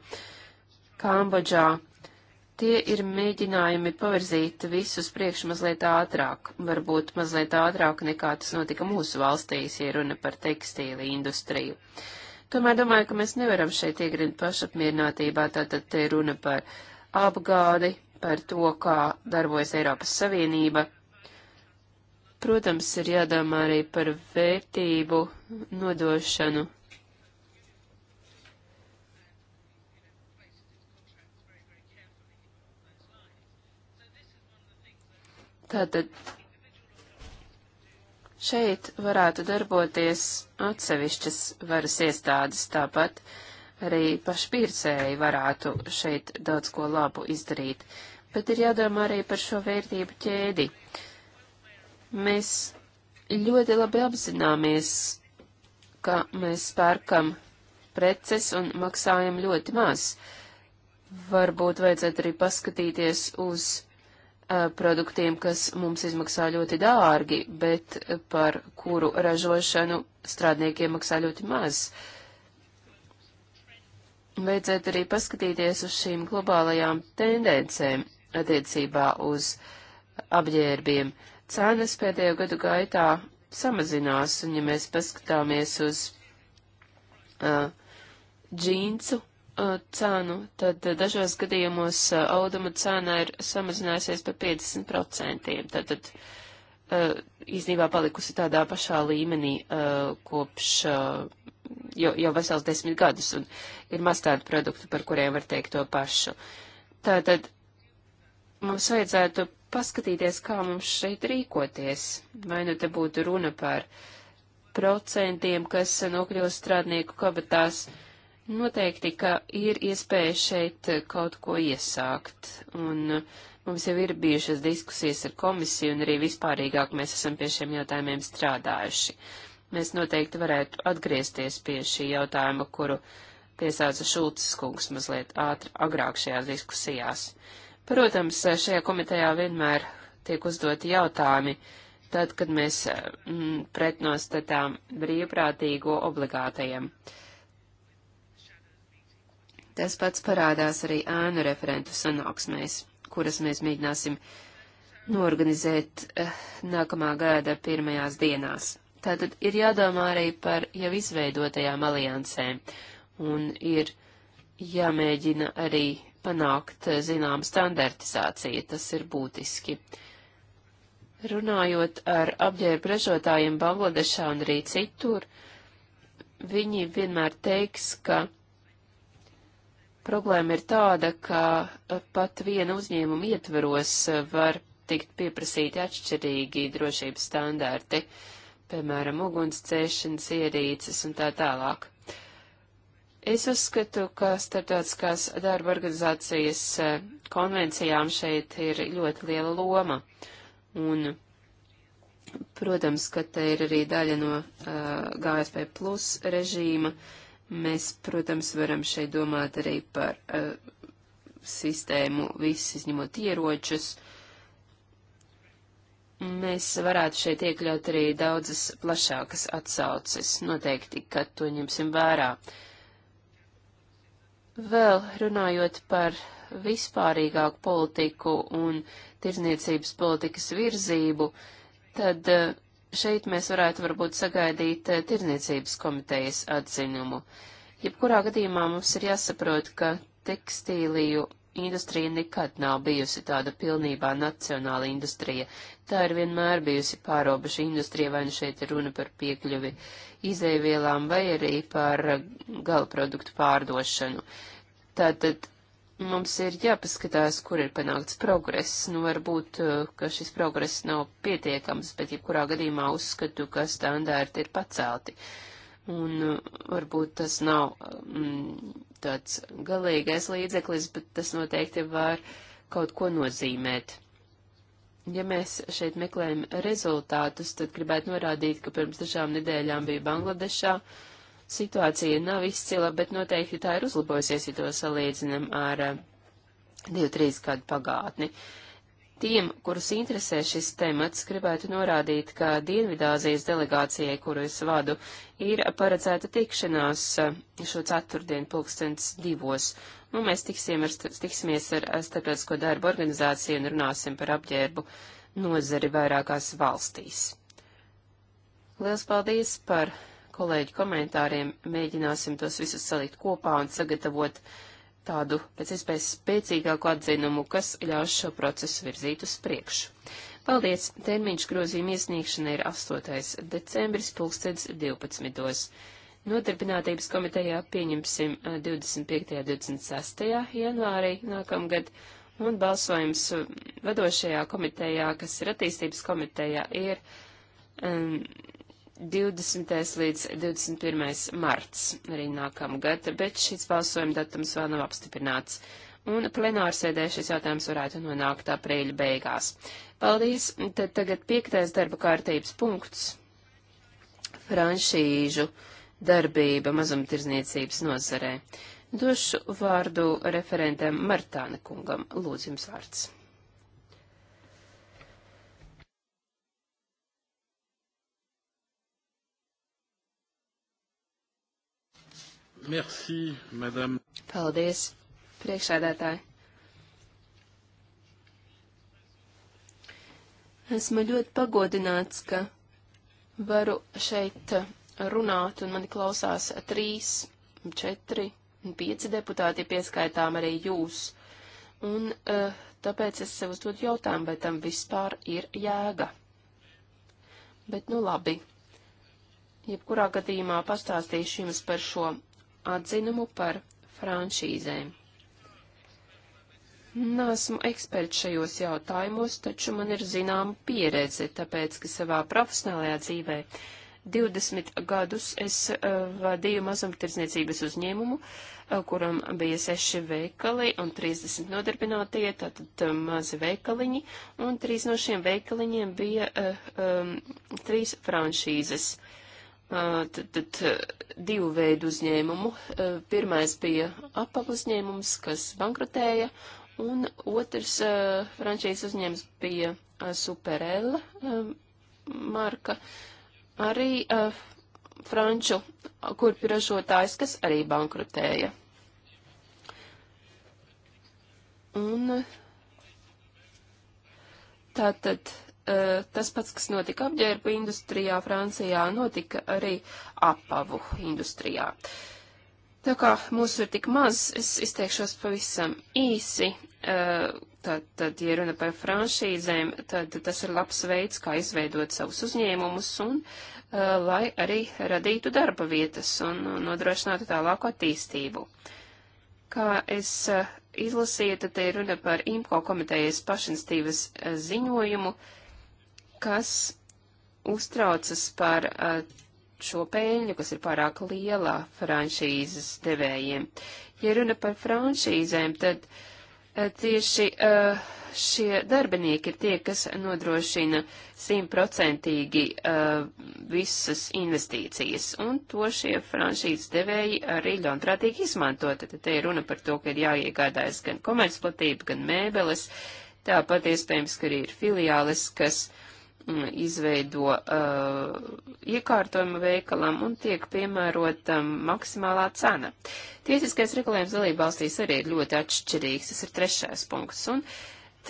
Kambodžā. Tie ir mēģinājumi pavirzīt visus priekš mazliet ātrāk, varbūt mazliet ātrāk nekā tas notika mūsu valstīs, ja runa par tekstīlu industriju. Tomēr domāju, ka mēs nevaram šeit iegrint pašapmierinātībā, tātad te runa par apgādi, par to, kā darbojas Eiropas Savienība Protams, ir jādomā arī par vērtību nodošanu. Tātad šeit varētu darboties atsevišķas varas iestādes, tāpat arī pašpircēji varētu šeit daudz ko labu izdarīt, bet ir jādomā arī par šo vērtību ķēdi. Uh, Mēs ļoti labi apzināmies, ka mēs pērkam preces un maksājam ļoti maz. Varbūt vajadzētu arī paskatīties uz produktiem, kas mums izmaksā ļoti dārgi, bet par kuru ražošanu strādniekiem maksā ļoti maz. Vajadzētu arī paskatīties uz šīm globālajām tendencēm attiecībā uz apģērbiem. Uh, cenas pēdējo gadu gaitā samazinās, un ja mēs paskatāmies uz uh, džīnsu uh, cenu, tad uh, dažos gadījumos uh, auduma cena ir samazinājusies par 50%. Tātad uh, īsnībā palikusi tādā pašā līmenī uh, kopš uh, jau, jau vesels desmit gadus, un ir maz tādu produktu, par kuriem var teikt to pašu. Tātad mums vajadzētu paskatīties, kā mums šeit rīkoties. Vai nu te būtu runa par procentiem, kas nokļūst strādnieku kabatās. Noteikti, ka ir iespēja šeit kaut ko iesākt, un uh, mums jau ir bijušas diskusijas ar komisiju, un arī vispārīgāk mēs esam pie šiem jautājumiem strādājuši. Mēs noteikti varētu atgriezties pie šī jautājuma, kuru piesāca Šulcis kungs mazliet ātri agrāk šajās diskusijās. Uh, Protams, šajā komitejā vienmēr tiek uzdoti jautājumi, tad, kad mēs mm, pretnostatām brīvprātīgo obligātajiem. Tas pats parādās arī ēnu referentu sanāksmēs, kuras mēs mēģināsim norganizēt eh, nākamā gada pirmajās dienās. Tātad ir jādomā arī par jau izveidotajām aliansēm, un ir jāmēģina arī panākt eh, zinām standartizāciju, tas ir būtiski. Runājot ar apģērbu ražotājiem Bangladešā un arī citur, viņi vienmēr teiks, ka problēma ir tāda, ka eh, pat viena uzņēmuma ietveros eh, var tikt pieprasīti atšķirīgi drošības standarti, piemēram, ugunsdzēšanas ierīces un tā tālāk. Es uzskatu, ka starptautiskās darba organizācijas e, konvencijām šeit ir ļoti liela loma. Un, protams, ka te ir arī daļa no uh, e, GSP plus režīma. Mēs, protams, varam šeit domāt arī par uh, sistēmu viss izņemot ieročus. Mēs varētu šeit iekļaut arī daudzas plašākas atsauces. Noteikti, ka to ņemsim vērā. Uh, Vēl runājot par vispārīgāku politiku un tirzniecības politikas virzību, tad eh, šeit mēs varētu varbūt sagaidīt eh, tirzniecības komitejas atzinumu. Jebkurā gadījumā mums ir jāsaprot, ka tekstīliju industrija nekad nav bijusi tāda pilnībā nacionāla industrija. Tā ir vienmēr bijusi pārobeža industrija, vai nu šeit ir runa par piekļuvi izēvielām, vai arī par galproduktu pārdošanu. Tātad mums ir jāpaskatās, kur ir panākts progress. Nu, varbūt, eh, ka šis progress nav pietiekams, bet jebkurā gadījumā uzskatu, ka standārti ir pacelti. Uh, Un uh, varbūt tas nav mm, tāds galīgais līdzeklis, bet tas noteikti var kaut ko nozīmēt. Ja mēs šeit meklējam rezultātus, tad gribētu norādīt, ka pirms dažām nedēļām bija Bangladešā. Situācija nav izcila, bet noteikti tā ir uzlabojusies, ja to salīdzinam ar 2-3 uh, gadu pagātni. Uh, Tiem, kurus interesē šis temats, gribētu norādīt, ka Dienvidāzijas delegācijai, kuru es vadu, ir paredzēta tikšanās eh, šo ceturtdienu pulkstens divos, un nu, mēs ar, tiksimies ar Starptautisko darbu organizāciju un runāsim par apģērbu nozari vairākās valstīs. Liels paldies par kolēģu komentāriem, mēģināsim tos visus salikt kopā un sagatavot uh, tādu pēc iespējas spēcīgāku atzinumu, kas ļaus šo procesu virzīt uz priekšu. Paldies! Termiņš grozījuma iesniegšana ir 8. decembris 2012. Nodarbinātības komitejā pieņemsim 25. un 26. janvārī nākamgad, un balsojums vadošajā komitejā, kas ir attīstības komitejā, ir um, 20. līdz 21. marts arī nākamgad, bet šis balsojuma datums vēl nav apstiprināts. Un plenārsēdē šis jautājums varētu nonākt aprīļa beigās. Paldies! Tad tagad piektais darba kārtības punkts - franšīžu darbība mazumtirzniecības nozarē. Došu vārdu referentam Martāna kungam. Lūdzu, jums vārds. Merci, madame. Paldies, priekšsēdētāji. Esmu ļoti pagodināts, ka varu šeit runāt, un mani klausās trīs, četri, pieci deputāti, pieskaitām arī jūs. Un uh, tāpēc es sev uzdodu jautājumu, vai tam vispār ir jēga. Bet nu labi. Jebkurā gadījumā pastāstīšu jums par šo atzinumu par franšīzēm. Nāsmu eksperts šajos jautājumos, taču man ir zināma pieredze, tāpēc, ka savā profesionālajā dzīvē 20 gadus es uh, vadīju mazumtirdzniecības uzņēmumu, uh, kuram bija 6 veikali un 30 nodarbinātie, tātad uh, mazi veikaliņi, un 3 no šiem veikaliņiem bija uh, um, 3 franšīzes. Uh, tad, tad divu veidu uzņēmumu. Pirmais bija apakuzņēmums, kas bankrotēja, un otrs frančīzes uzņēmums bija Superl marka. Arī franču kurpju ražotājs, kas arī bankrotēja. Un tātad Eh, tas pats, kas notika apģērbu industrijā Francijā, notika arī apavu industrijā. Tā kā mūsu ir tik maz, es izteikšos pavisam īsi. Eh, tad, tad, ja runa par franšīzēm, tad tas ir labs veids, kā izveidot savus uzņēmumus un eh, lai arī radītu darba vietas un nodrošinātu tālāku attīstību. Kā es izlasīju, tad te ir runa par IMCO komitejas pašinstīvas ziņojumu, uh, kas uztraucas par eh, šo peļņu, kas ir pārāk liela franšīzes devējiem. Ja runa par franšīzēm, tad eh, tieši eh, šie darbinieki ir tie, kas nodrošina simtprocentīgi visas investīcijas, un to šie franšīzes devēji arī ļaunprātīgi izmanto. Tad te ir runa par to, ka ir jāiegādājas gan komercplatība, gan mēbeles, tāpat iespējams, ka arī ir filiālis, kas Mm, izveido uh, iekārtojumu veikalam un tiek piemērota maksimālā cena. Tiesiskais regulējums dalībvalstīs arī ir ļoti atšķirīgs, tas ir trešais punkts. Un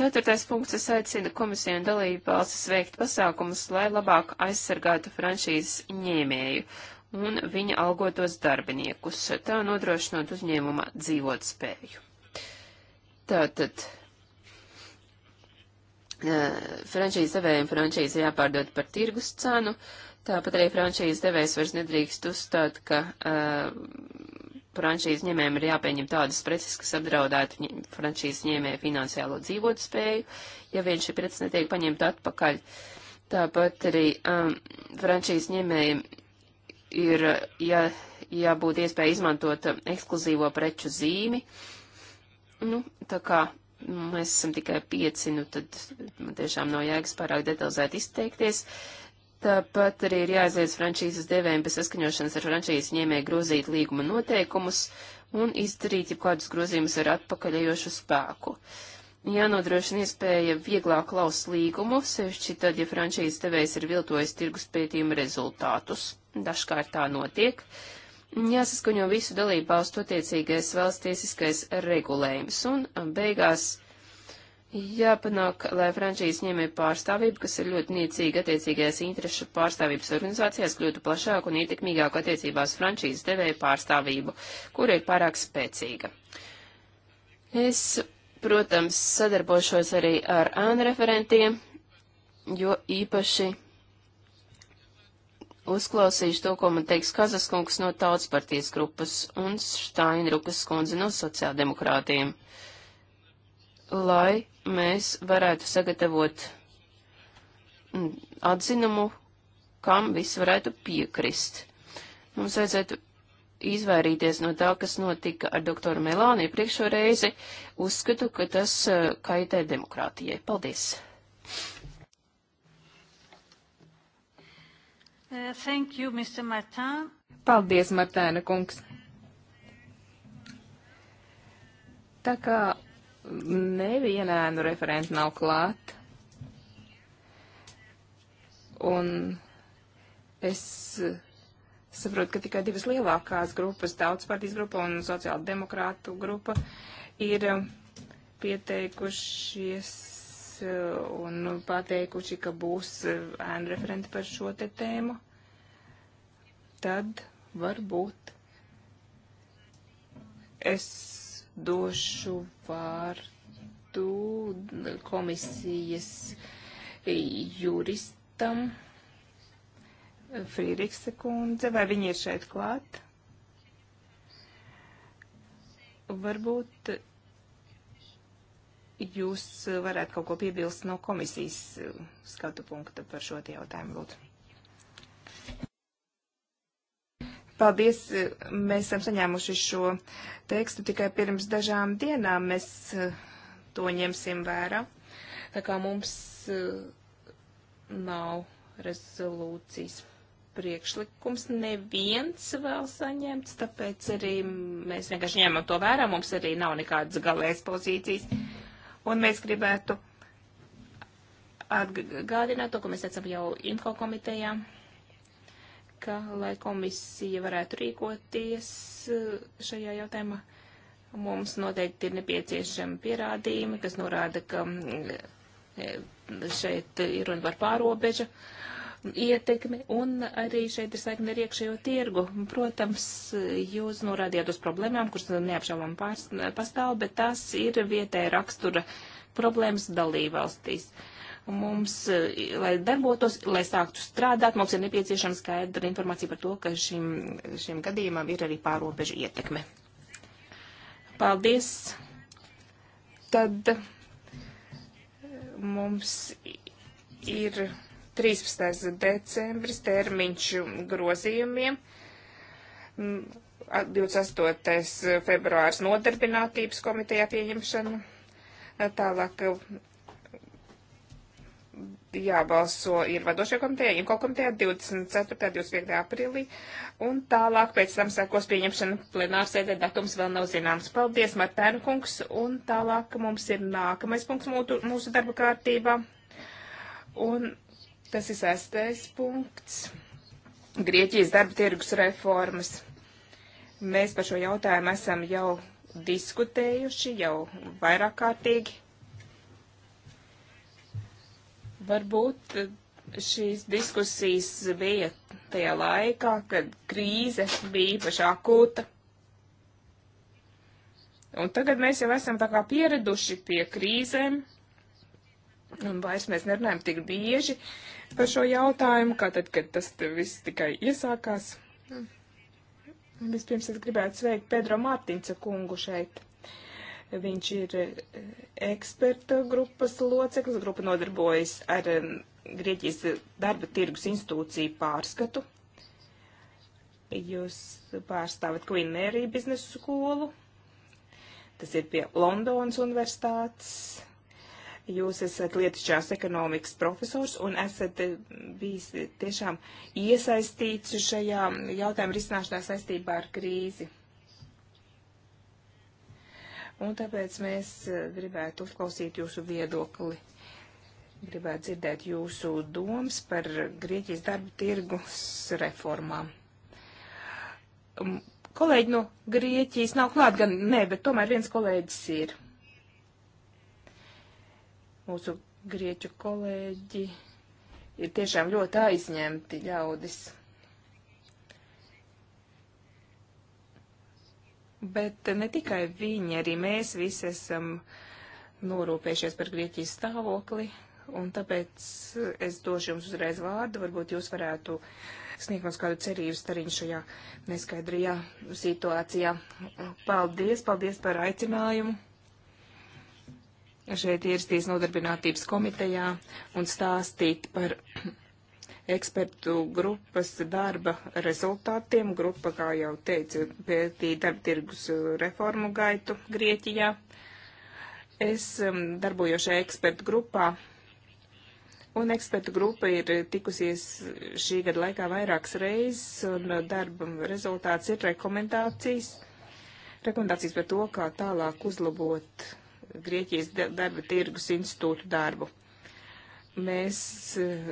ceturtais punkts, es aicinu komisiju un dalībvalstis veikt pasākumus, lai labāk aizsargātu franšīzes ņēmēju un viņa algotos darbiniekus, tā nodrošinot uzņēmuma dzīvotspēju. Tātad frančīzes devējiem frančīze jāpārdod par tirgus cenu, tāpat arī frančīzes devējs vairs nedrīkst uzstāt, ka uh, frančīzes ņēmējiem ir jāpieņem tādas preces, kas apdraudētu frančīzes ņēmēju finansiālo dzīvotspēju, ja vien šī preces netiek paņemta atpakaļ. Tāpat arī um, frančīzes ņēmējiem ir jā, jābūt iespēja izmantot ekskluzīvo preču zīmi. Nu, tā kā Mēs esam tikai pieci, nu tad man tiešām nav jēgas pārāk detalizēti izteikties. Tāpat arī ir jāizliedz frančīzes devējiem bez saskaņošanas ar frančīzes ņēmēju grozīt līguma noteikumus un izdarīt jau kādus grozījumus ar atpakaļējošu spēku. Jānodrošina iespēja vieglāk laust līgumu, sevišķi tad, ja frančīzes devējs ir viltojis tirgus pētījuma rezultātus. Dažkārt tā notiek. Uh, jāsaskaņo visu dalību valstu attiecīgais valsts tiesiskais regulējums, un um, beigās jāpanāk, lai franšīzes ņēmēja pārstāvība, kas ir ļoti niecīga attiecīgajās interešu pārstāvības organizācijās, kļūtu plašāk un ietekmīgāk attiecībās franšīzes devēja pārstāvību, kur ir pārāk spēcīga. Es, protams, sadarbošos arī ar ānu referentiem, jo īpaši uzklausīšu to, ko man teiks Kazaskungs no Tautas partijas grupas un Štainrukas kundze no sociāldemokrātiem, lai mēs varētu sagatavot mm, atzinumu, kam viss varētu piekrist. Mums vajadzētu izvairīties no tā, kas notika ar doktoru Melāni priekšo reizi. Uzskatu, ka tas eh, kaitē demokrātijai. Paldies! Uh, thank you, Mr. Martin. Paldies, Martēna kungs. Tā kā neviena ēnu referenta nav klāt, un es saprotu, ka tikai divas lielākās grupas, Tautas partijas grupa un Sociāla demokrātu grupa, ir pieteikušies Eh, un pateikuši, ka būs eh, ēnu referenti par šo te tēmu, tad varbūt es došu vārdu komisijas juristam eh, Frīrikse kundze, vai viņi ir šeit klāt? Varbūt jūs eh, varētu kaut ko piebilst no komisijas eh, skatu punkta par šo jautājumu, lūdzu. Paldies, eh, mēs esam saņēmuši šo tekstu tikai pirms dažām dienām, mēs to ņemsim vērā. Tā kā mums nav rezolūcijas priekšlikums neviens vēl saņemts, tāpēc arī mēs vienkārši ņēmam to vērā, mums arī nav nekādas galējas pozīcijas. Mm. Un mēs gribētu atgādināt to, ko mēs teicām jau info komitejā, ka, lai komisija varētu rīkoties uh, šajā jautājumā, mums noteikti ir nepieciešami pierādījumi, kas norāda, ka mm, e, šeit ir runa par pārobežu ietekmi, un arī šeit ir saikne ar iekšējo tirgu. Protams, jūs norādījāt uz problēmām, kuras neapšaubām pastāv, bet tās ir vietēja rakstura problēmas dalībvalstīs. Mums, lai darbotos, lai sāktu strādāt, mums ir nepieciešama skaidra informācija par to, ka šim, šim gadījumam ir arī pārobežu ietekme. Paldies! Tad mums ir 13. decembris termiņš grozījumiem. 28. februārs nodarbinātības komitejā pieņemšana. Tālāk jābalso ir vadošajā komitejā, IMCO komitejā 24. 25. aprīlī, un tālāk pēc tam sākos pieņemšana plenārsēdē, datums vēl nav zināms. Paldies, Martēnu kungs, un tālāk mums ir nākamais punkts mūsu, mūsu darba kārtībā, un Tas ir sestais punkts. Grieķijas darba tirgus reformas. Mēs par šo jautājumu esam jau diskutējuši, jau vairāk kārtīgi. Varbūt eh, šīs diskusijas bija tajā laikā, kad krīze bija īpaši akūta. Un tagad mēs jau esam tā kā pieraduši pie krīzēm, un vairs mēs nerunājam tik bieži par šo jautājumu, kā tad, kad tas viss tikai iesākās. Vispirms es gribētu sveikt Pedro Mārtiņca kungu šeit. Viņš ir eh, eksperta grupas loceklis, grupa nodarbojas ar Grieķijas darba tirgus institūciju pārskatu. Jūs pārstāvat Queen Mary biznesu skolu. Tas ir pie Londonas universitātes Jūs esat lietušķās ekonomikas profesors un esat eh, bijis tiešām iesaistīts šajā jautājuma risināšanā saistībā ar krīzi. Un tāpēc mēs eh, gribētu uzklausīt jūsu viedokli. Gribētu dzirdēt jūsu domas par Grieķijas darba tirgus reformām. Kolēģi no Grieķijas nav klāt gan, nē, bet tomēr viens kolēģis ir. Mūsu grieķu kolēģi ir tiešām ļoti aizņemti ļaudis. Bet ne tikai viņi, arī mēs visi esam norūpējušies par Grieķijas stāvokli, un tāpēc es došu jums uzreiz vārdu, varbūt jūs varētu sniegt mums kādu cerību stariņu šajā neskaidrajā situācijā. Paldies, paldies par aicinājumu! šeit ierasties nodarbinātības komitejā un stāstīt par [clears throat] ekspertu grupas darba rezultātiem. Grupa, kā jau teicu, pētīja darba tirgus reformu gaitu Grieķijā. Es um, darbojos šajā ekspertu grupā, un ekspertu grupa ir tikusies šī gada laikā vairākas reizes, un darba rezultāts ir rekomendācijas. Rekomendācijas par to, kā tālāk uzlabot Grieķijas darba tirgus institūtu darbu. Mēs eh,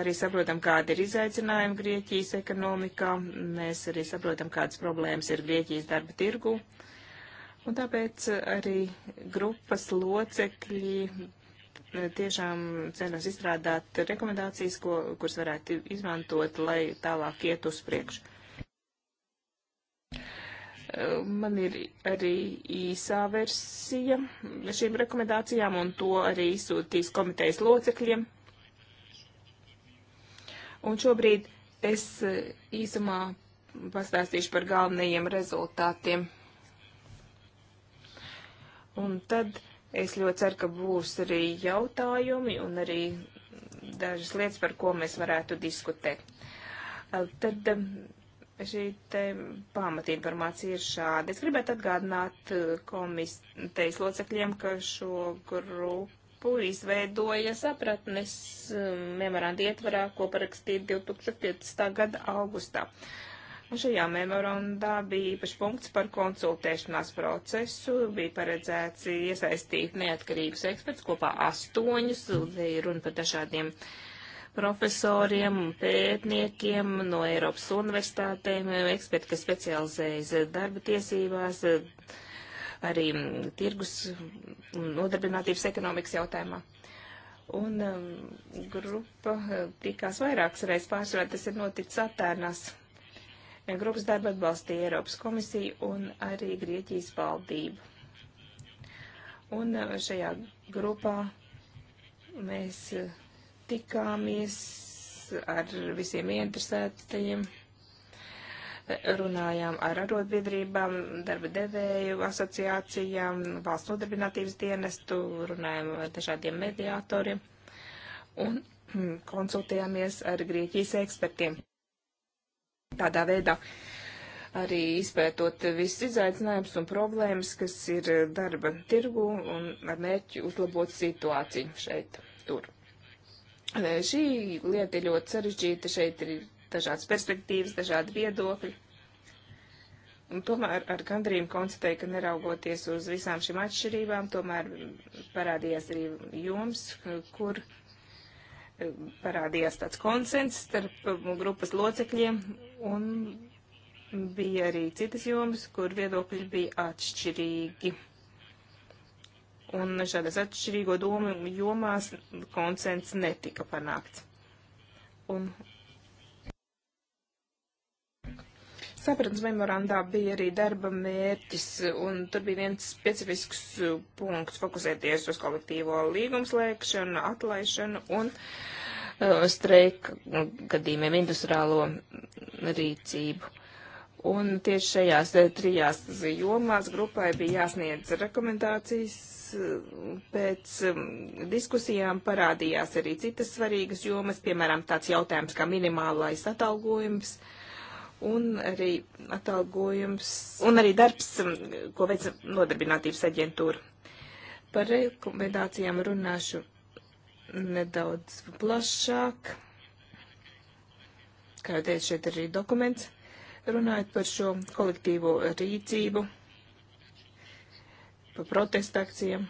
arī saprotam, kāda ir izaicinājuma Grieķijas ekonomikā. Mēs arī saprotam, kādas problēmas ir Grieķijas darba tirgu. Un tāpēc arī grupas locekļi eh, tiešām cenos izstrādāt rekomendācijas, ko, kuras varētu izmantot, lai tālāk iet uz priekšu. Man ir arī īsā versija šīm rekomendācijām, un to arī izsūtīs komitejas locekļiem. Un šobrīd es īsumā pastāstīšu par galvenajiem rezultātiem. Un tad es ļoti ceru, ka būs arī jautājumi un arī dažas lietas, par ko mēs varētu diskutēt. Tad šī te pamatinformācija ir šāda. Es gribētu atgādināt eh, komitejas locekļiem, ka šo grupu izveidoja sapratnes eh, memorandu ietvarā, ko parakstīja 2015. gada augustā. Un šajā memorandā bija īpaši punkts par konsultēšanās procesu, bija paredzēts iesaistīt neatkarīgus eksperts kopā astoņus, bija runa par dažādiem uh, profesoriem un pētniekiem no Eiropas universitātēm, eksperti, kas specializējas darba tiesībās, arī tirgus un nodarbinātības ekonomikas jautājumā. Un um, grupa tikās vairākas reizes pārsvarā, tas ir noticis attērnās. Grupas darba atbalstīja Eiropas komisiju un arī Grieķijas valdību. Un uh, šajā grupā mēs uh, tikāmies ar visiem ieinteresētajiem, runājām ar arotbiedrībām, darba devēju asociācijām, valsts nodarbinātības dienestu, runājām ar dažādiem mediātoriem un [clears throat] konsultējāmies ar Grieķijas ekspertiem. Tādā veidā arī izpētot visus izaicinājumus un problēmas, kas ir darba tirgu un ar mērķi uzlabot situāciju šeit, tur. Šī lieta ir ļoti sarežģīta, šeit ir dažādas perspektīvas, dažādi viedokļi. Un tomēr ar gandarījumu konstatēju, ka neraugoties uz visām šīm atšķirībām, tomēr parādījās arī jums, kur eh, parādījās tāds konsens starp eh, grupas locekļiem, un bija arī citas jomas, kur viedokļi bija atšķirīgi un šādās atšķirīgo domu jomās konsens netika panākts. Un sapratnes memorandā bija arī darba mērķis, un tur bija viens specifisks punkts fokusēties uz kolektīvo līgumslēgšanu, atlaišanu un uh, streika nu, gadījumiem industriālo rīcību. Un tieši šajās trijās jomās grupai bija jāsniedz rekomendācijas pēc um, diskusijām parādījās arī citas svarīgas jomas, piemēram, tāds jautājums kā minimālais atalgojums un arī atalgojums un arī darbs, um, ko veic nodarbinātības aģentūra. Par rekomendācijām runāšu nedaudz plašāk. Kā jau teicu, šeit ir arī dokuments. Runājot par šo kolektīvo rīcību par protesta akcijām.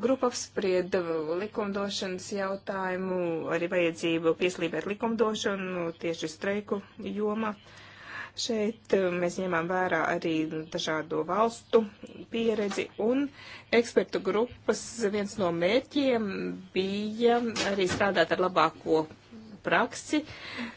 Grupa apsprieda likumdošanas jautājumu, arī vajadzību pieslībēt likumdošanu tieši streiku jomā. Šeit mēs ņemam vērā arī dažādo valstu pieredzi un ekspertu grupas viens no mērķiem bija arī strādāt ar labāko praksi,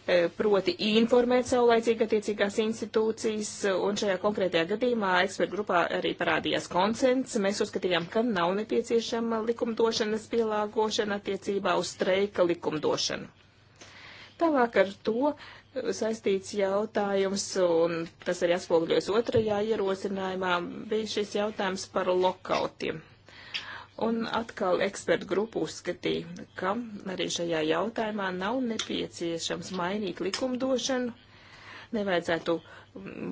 e, proti informēt saulēcīgi attiecīgās institūcijas, un šajā konkrētajā gadījumā ekspertu grupā arī parādījās konsens. Mēs uzskatījām, ka nav nepieciešama likumdošanas pielāgošana attiecībā uz streika likumdošanu. Tālāk ar to e, saistīts jautājums, un tas arī atspoguļojas otrajā ierosinājumā, bija šis jautājums par lokautiem. Un atkal ekspertu grupu uzskatīja, ka arī šajā jautājumā nav nepieciešams mainīt likumdošanu, nevajadzētu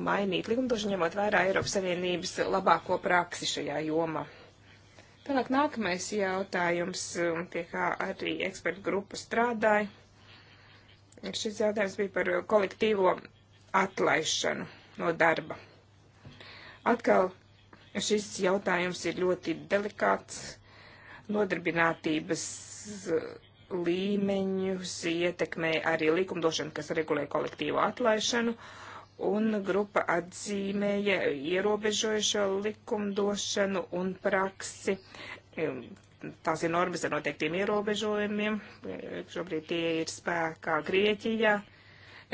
mainīt likumdošanu, ņemot vērā Eiropas Savienības labāko praksi šajā jomā. Tālāk nākamais jautājums, pie kā arī ekspertu grupa strādāja. Šis jautājums bija par kolektīvo atlaišanu no darba. Atkal Šis jautājums ir ļoti delikāts. Nodarbinātības uh, līmeņus ietekmē arī likumdošana, kas regulē kolektīvo atlaišanu, un grupa atzīmēja ierobežojušo likumdošanu un praksi. Um, tās ir normas ar noteiktiem ierobežojumiem. Uh, šobrīd tie ir spēkā Grieķijā.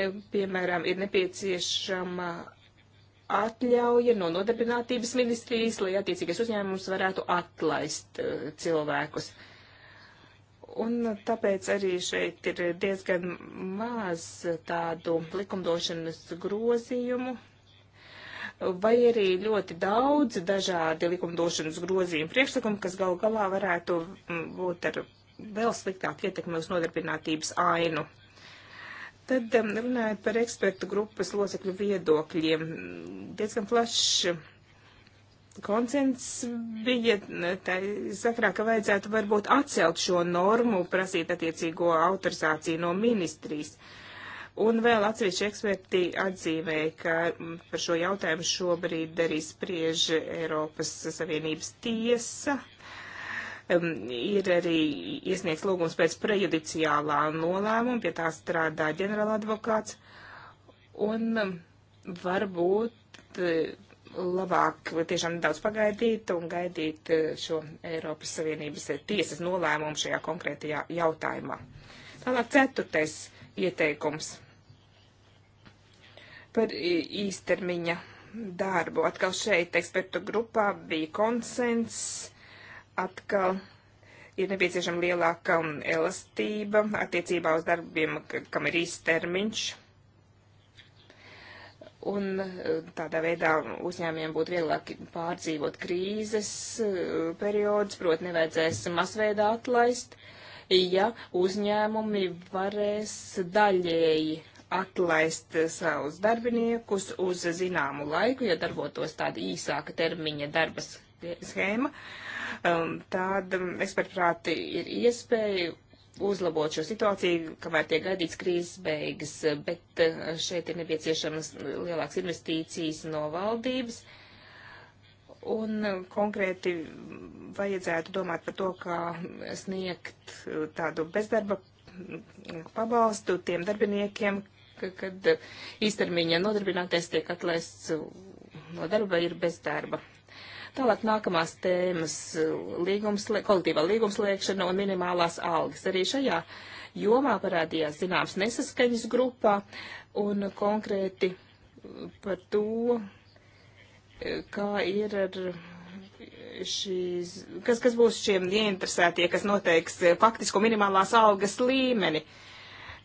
Um, piemēram, ir nepieciešama atļauja no nodarbinātības ministrijas, lai attiecīgais uzņēmums varētu atlaist eh, cilvēkus. Un tāpēc arī šeit ir diezgan maz tādu likumdošanas grozījumu, vai arī ļoti daudz dažādi likumdošanas grozījumi priekšlikumi, kas gal galā varētu mm, būt ar vēl sliktāku ietekmi uz nodarbinātības ainu. Tad um, runājot par ekspertu grupas locekļu viedokļiem, diezgan plašs konsens bija tā sakrā, ka vajadzētu varbūt atcelt šo normu, prasīt attiecīgo autorizāciju no ministrijas. Un vēl atsevišķi eksperti atzīmēja, ka par šo jautājumu šobrīd arī spriež Eiropas Savienības tiesa. Uh, ir arī iesniegts lūgums pēc prejudiciālā nolēmuma, pie tā strādā ģenerāla advokāts, un varbūt e, labāk tiešām nedaudz pagaidīt un gaidīt e, šo Eiropas Savienības tiesas nolēmumu šajā konkrētajā jautājumā. Tālāk ceturtais ieteikums par īstermiņa darbu. Atkal šeit ekspertu grupā bija konsens atkal ir nepieciešama lielāka um, elastība attiecībā uz darbiem, kam ir īsts termiņš. Un uh, tādā veidā uzņēmiem būtu vieglāk pārdzīvot krīzes uh, periodus, proti nevajadzēs masveidā atlaist, ja uzņēmumi varēs daļēji atlaist savus darbiniekus uz zināmu laiku, ja darbotos tāda īsāka termiņa darbas schēma. Uh, Um, tad, um, es prāt, ir iespēja uzlabot šo situāciju, kamēr tiek gaidīts krīzes beigas, bet uh, šeit ir nepieciešamas lielākas investīcijas no valdības. Un uh, konkrēti vajadzētu domāt par to, kā sniegt uh, tādu bezdarba pabalstu tiem darbiniekiem, kad īstermiņa nodarbinātais tiek atlaists no darba ir bez darba. Tālāk nākamās tēmas līgums, kolektīvā līgumslēgšana un minimālās algas. Arī šajā jomā parādījās zināms nesaskaņas grupā un konkrēti par to, kā ir ar šīs, kas, kas būs šiem ieinteresētie, kas noteiks faktisko minimālās algas līmeni. Uh,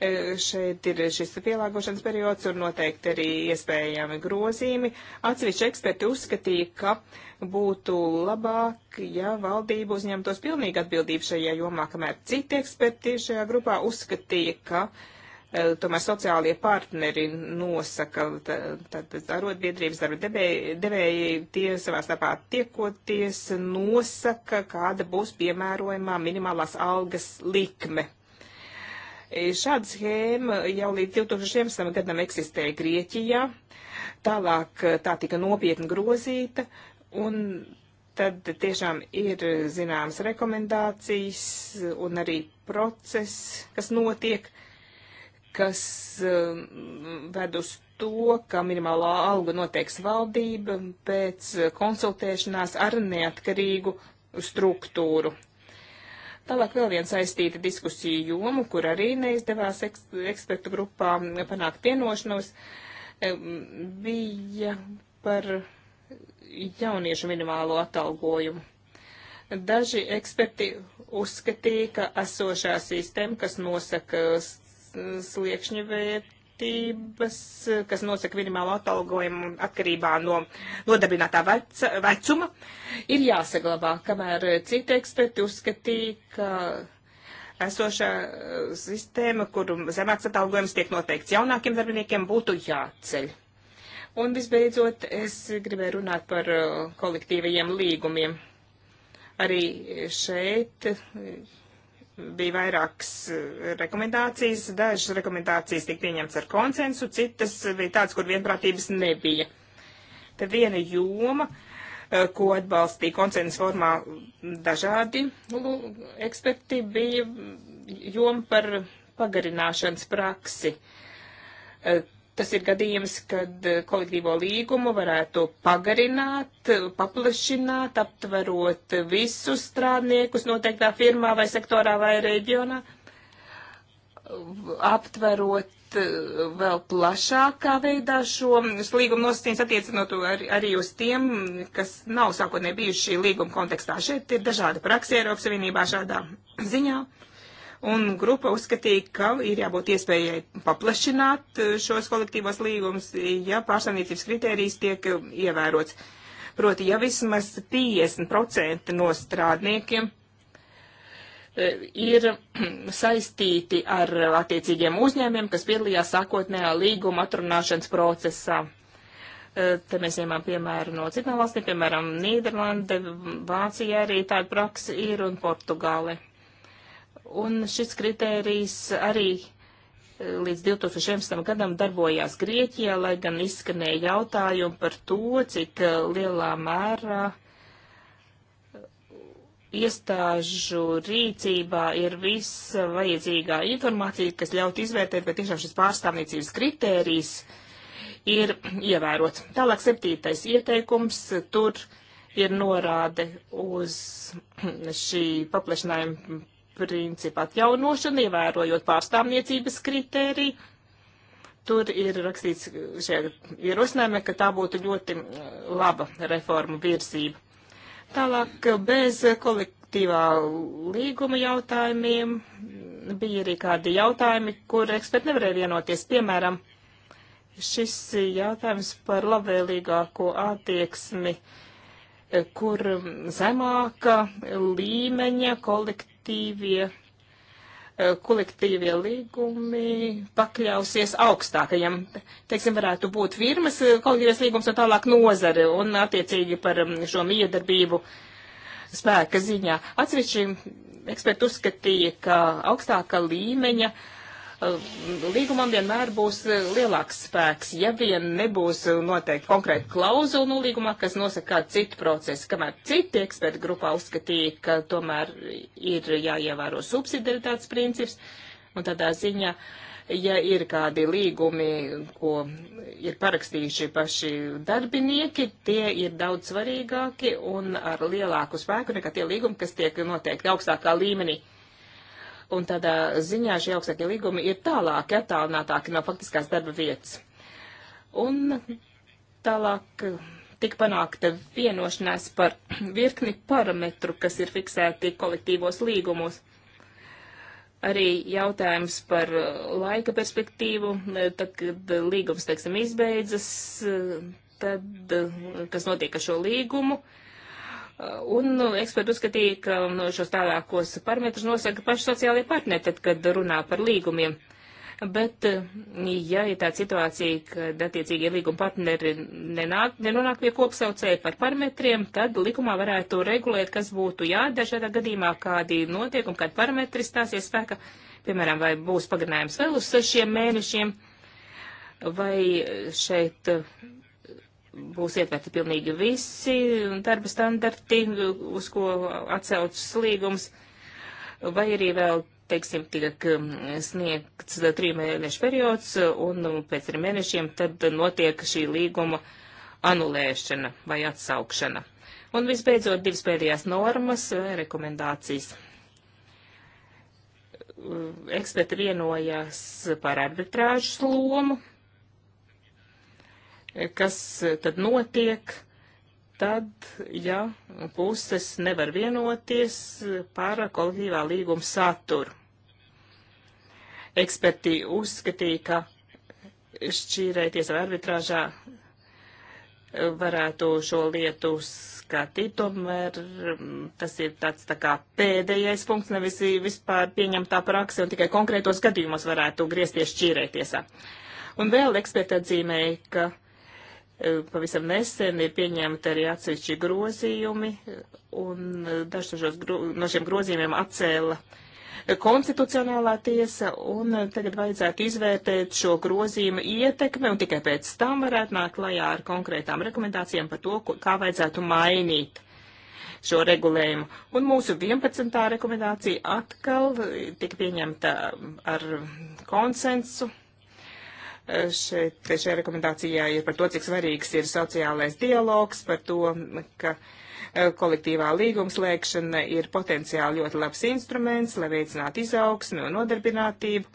E, šeit ir šis pielāgošanas periods un noteikti arī iespējami grozīmi. Atsevišķi eksperti uzskatīja, ka būtu labāk, ja valdība uzņemtos pilnīgi atbildību šajā jomā, kamēr citi eksperti šajā grupā uzskatīja, ka e, tomēr sociālie partneri nosaka, tad arotbiedrības darba devēji tie savā starpā tiekoties nosaka, kāda būs piemērojumā minimālās algas likme. E, šāda schēma jau līdz 2011. gadam eksistēja Grieķijā, tālāk e, tā tika nopietni grozīta, un tad tiešām ir zināmas rekomendācijas un arī process, kas notiek, kas e, ved uz to, ka minimālā alga noteiks valdība pēc konsultēšanās ar neatkarīgu struktūru. Tālāk vēl viena saistīta diskusija joma, kur arī neizdevās eks ekspertu grupā panākt vienošanos, bija par jauniešu minimālo atalgojumu. Daži eksperti uzskatīja, ka esošā sistēma, kas nosaka sliekšņu vērt, vērtības, kas nosaka minimālo atalgojumu atkarībā no nodarbinātā veca, vecuma, ir jāsaglabā, kamēr citi eksperti uzskatīja, ka esošā sistēma, kur zemāks atalgojums tiek noteikts jaunākiem darbiniekiem, būtu jāceļ. Un visbeidzot, es gribēju runāt par uh, kolektīvajiem līgumiem. Arī šeit bija vairākas eh, rekomendācijas. Dažas rekomendācijas tika pieņemts ar konsensu, citas bija tādas, kur vienprātības nebija. Tad viena joma, eh, ko atbalstīja konsensu formā dažādi eksperti, bija joma par pagarināšanas praksi eh, Tas ir gadījums, kad eh, kolektīvo līgumu varētu pagarināt, paplašināt, aptverot visus strādniekus noteiktā firmā vai sektorā vai reģionā, aptverot eh, vēl plašākā veidā šo līguma nosacījums attiecinot arī, arī uz tiem, kas nav sākotnēji bijuši šī līguma kontekstā. Šeit ir dažāda praksa Eiropas Savienībā šādā [clears throat] ziņā. Uh, un grupa uzskatīja, ka ir jābūt iespējai paplašināt eh, šos kolektīvos līgumus, ja pārstāvniecības kritērijas tiek eh, ievērots. Proti, ja vismaz 50% no strādniekiem eh, ir [clears throat] saistīti ar attiecīgiem uzņēmiem, kas piedalījās sākotnējā līguma atrunāšanas procesā. Te mēs ņemam piemēru no citām valstīm, piemēram, Nīderlande, Vācija arī tāda praksa ir un Portugāle. Un šis kritērijs arī e, līdz 2011. gadam darbojās Grieķijā, lai gan izskanēja jautājumi par to, cik e, lielā mērā e, iestāžu rīcībā ir viss vajadzīgā informācija, kas ļaut izvērtēt, vai tiešām šis pārstāvniecības kritērijs ir [clears throat] ievērots. Tālāk septītais ieteikums, tur ir norāde uz [clears throat] šī paplašinājuma principu atjaunošanu, ievērojot pārstāvniecības kritēriju. Tur ir rakstīts šajā ierosinājumā, ka tā būtu ļoti mm, laba reforma virzība. Tālāk bez kolektīvā līguma jautājumiem bija arī kādi jautājumi, kur eksperti nevarēja vienoties. Piemēram, šis jautājums par labvēlīgāko attieksmi, kur zemāka līmeņa kolektīva kolektīvie, eh, kolektīvie līgumi pakļausies augstākajam. Teiksim, varētu būt firmas eh, kolektīvies līgums un tālāk nozare un attiecīgi par mm, šo miedarbību spēka ziņā. Atsevišķi eksperti uzskatīja, ka augstāka līmeņa uh, līgumam vienmēr būs lielāks spēks, ja vien nebūs noteikti konkrēti klauzulu no līgumā, kas nosaka kādu citu procesu, kamēr citi eksperti grupā uzskatīja, ka tomēr ir jāievēro subsidiaritātes princips, un tādā ziņā, ja ir kādi līgumi, ko ir parakstījuši paši darbinieki, tie ir daudz svarīgāki un ar lielāku spēku nekā tie līgumi, kas tiek noteikti augstākā līmenī un tādā ziņā šie augstākie līgumi ir tālāk, attālinātāki no faktiskās darba vietas. Un tālāk tika panākta vienošanās par [clears throat] virkni parametru, kas ir fiksēti kolektīvos līgumos. Arī jautājums par uh, laika perspektīvu, tad, kad līgums, teiksim, izbeidzas, uh, tad, uh, kas notiek ar šo līgumu, uh, Un nu, eksperti uzskatīja, ka no nu, šos tālākos parametrus nosaka paši sociālajie partneri, tad, kad runā par līgumiem. Bet, ja ir tāda situācija, kad attiecīgie līguma partneri nenāk, nenonāk pie kopsaucēja par parametriem, tad likumā varētu regulēt, kas būtu jādara šādā gadījumā, kādi notiekumi, kādi parametri stāsies spēka, piemēram, vai būs pagarinājums vēl uz sešiem mēnešiem, vai šeit būs ietverti pilnīgi visi darba standarti, uz ko atsaucas līgums, vai arī vēl, teiksim, tiek um, sniegts trīs mēnešu periods, un um, pēc trim mēnešiem tad notiek šī līguma anulēšana vai atsaukšana. Un visbeidzot, divas pēdējās normas vai eh, rekomendācijas. Uh, eksperti vienojās par arbitrāžu lomu kas eh, tad notiek, tad, ja puses nevar vienoties par kolektīvā līguma saturu. Eksperti uzskatīja, ka šķīrēties vai arbitrāžā eh, varētu šo lietu skatīt, tomēr mm, tas ir tāds tā kā pēdējais punkts, nevis vispār pieņemtā praksa, un tikai konkrētos gadījumos varētu griezties šķīrētiesā. Un vēl eksperti atzīmēja, ka Eh, pavisam nesen ir pieņemti arī atsevišķi grozījumi, eh, un eh, dažos gro, no šiem grozījumiem atcēla konstitucionālā tiesa, un tagad vajadzētu izvērtēt šo grozījumu ietekmi, un tikai pēc tam varētu nākt klajā ar konkrētām rekomendācijām par to, kā vajadzētu mainīt šo regulējumu. Un mūsu 11. rekomendācija atkal tika pieņemta ar konsensu Šeit, šajā rekomendācijā ir par to, cik svarīgs ir sociālais dialogs, par to, ka e, kolektīvā līguma slēgšana ir potenciāli ļoti labs instruments, lai veicinātu izaugsmi un nodarbinātību.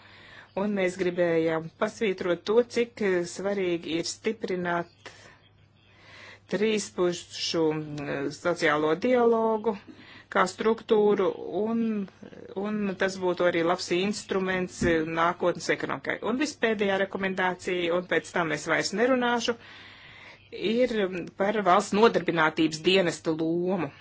Un mēs gribējām pasvītrot to, cik svarīgi ir stiprināt trīspušu e, sociālo dialogu, uh, kā struktūru, un, un tas būtu arī labs instruments nākotnes ekonomikai. Un vispēdējā rekomendācija, un pēc tam es vairs nerunāšu, ir par valsts nodarbinātības dienesta lomu.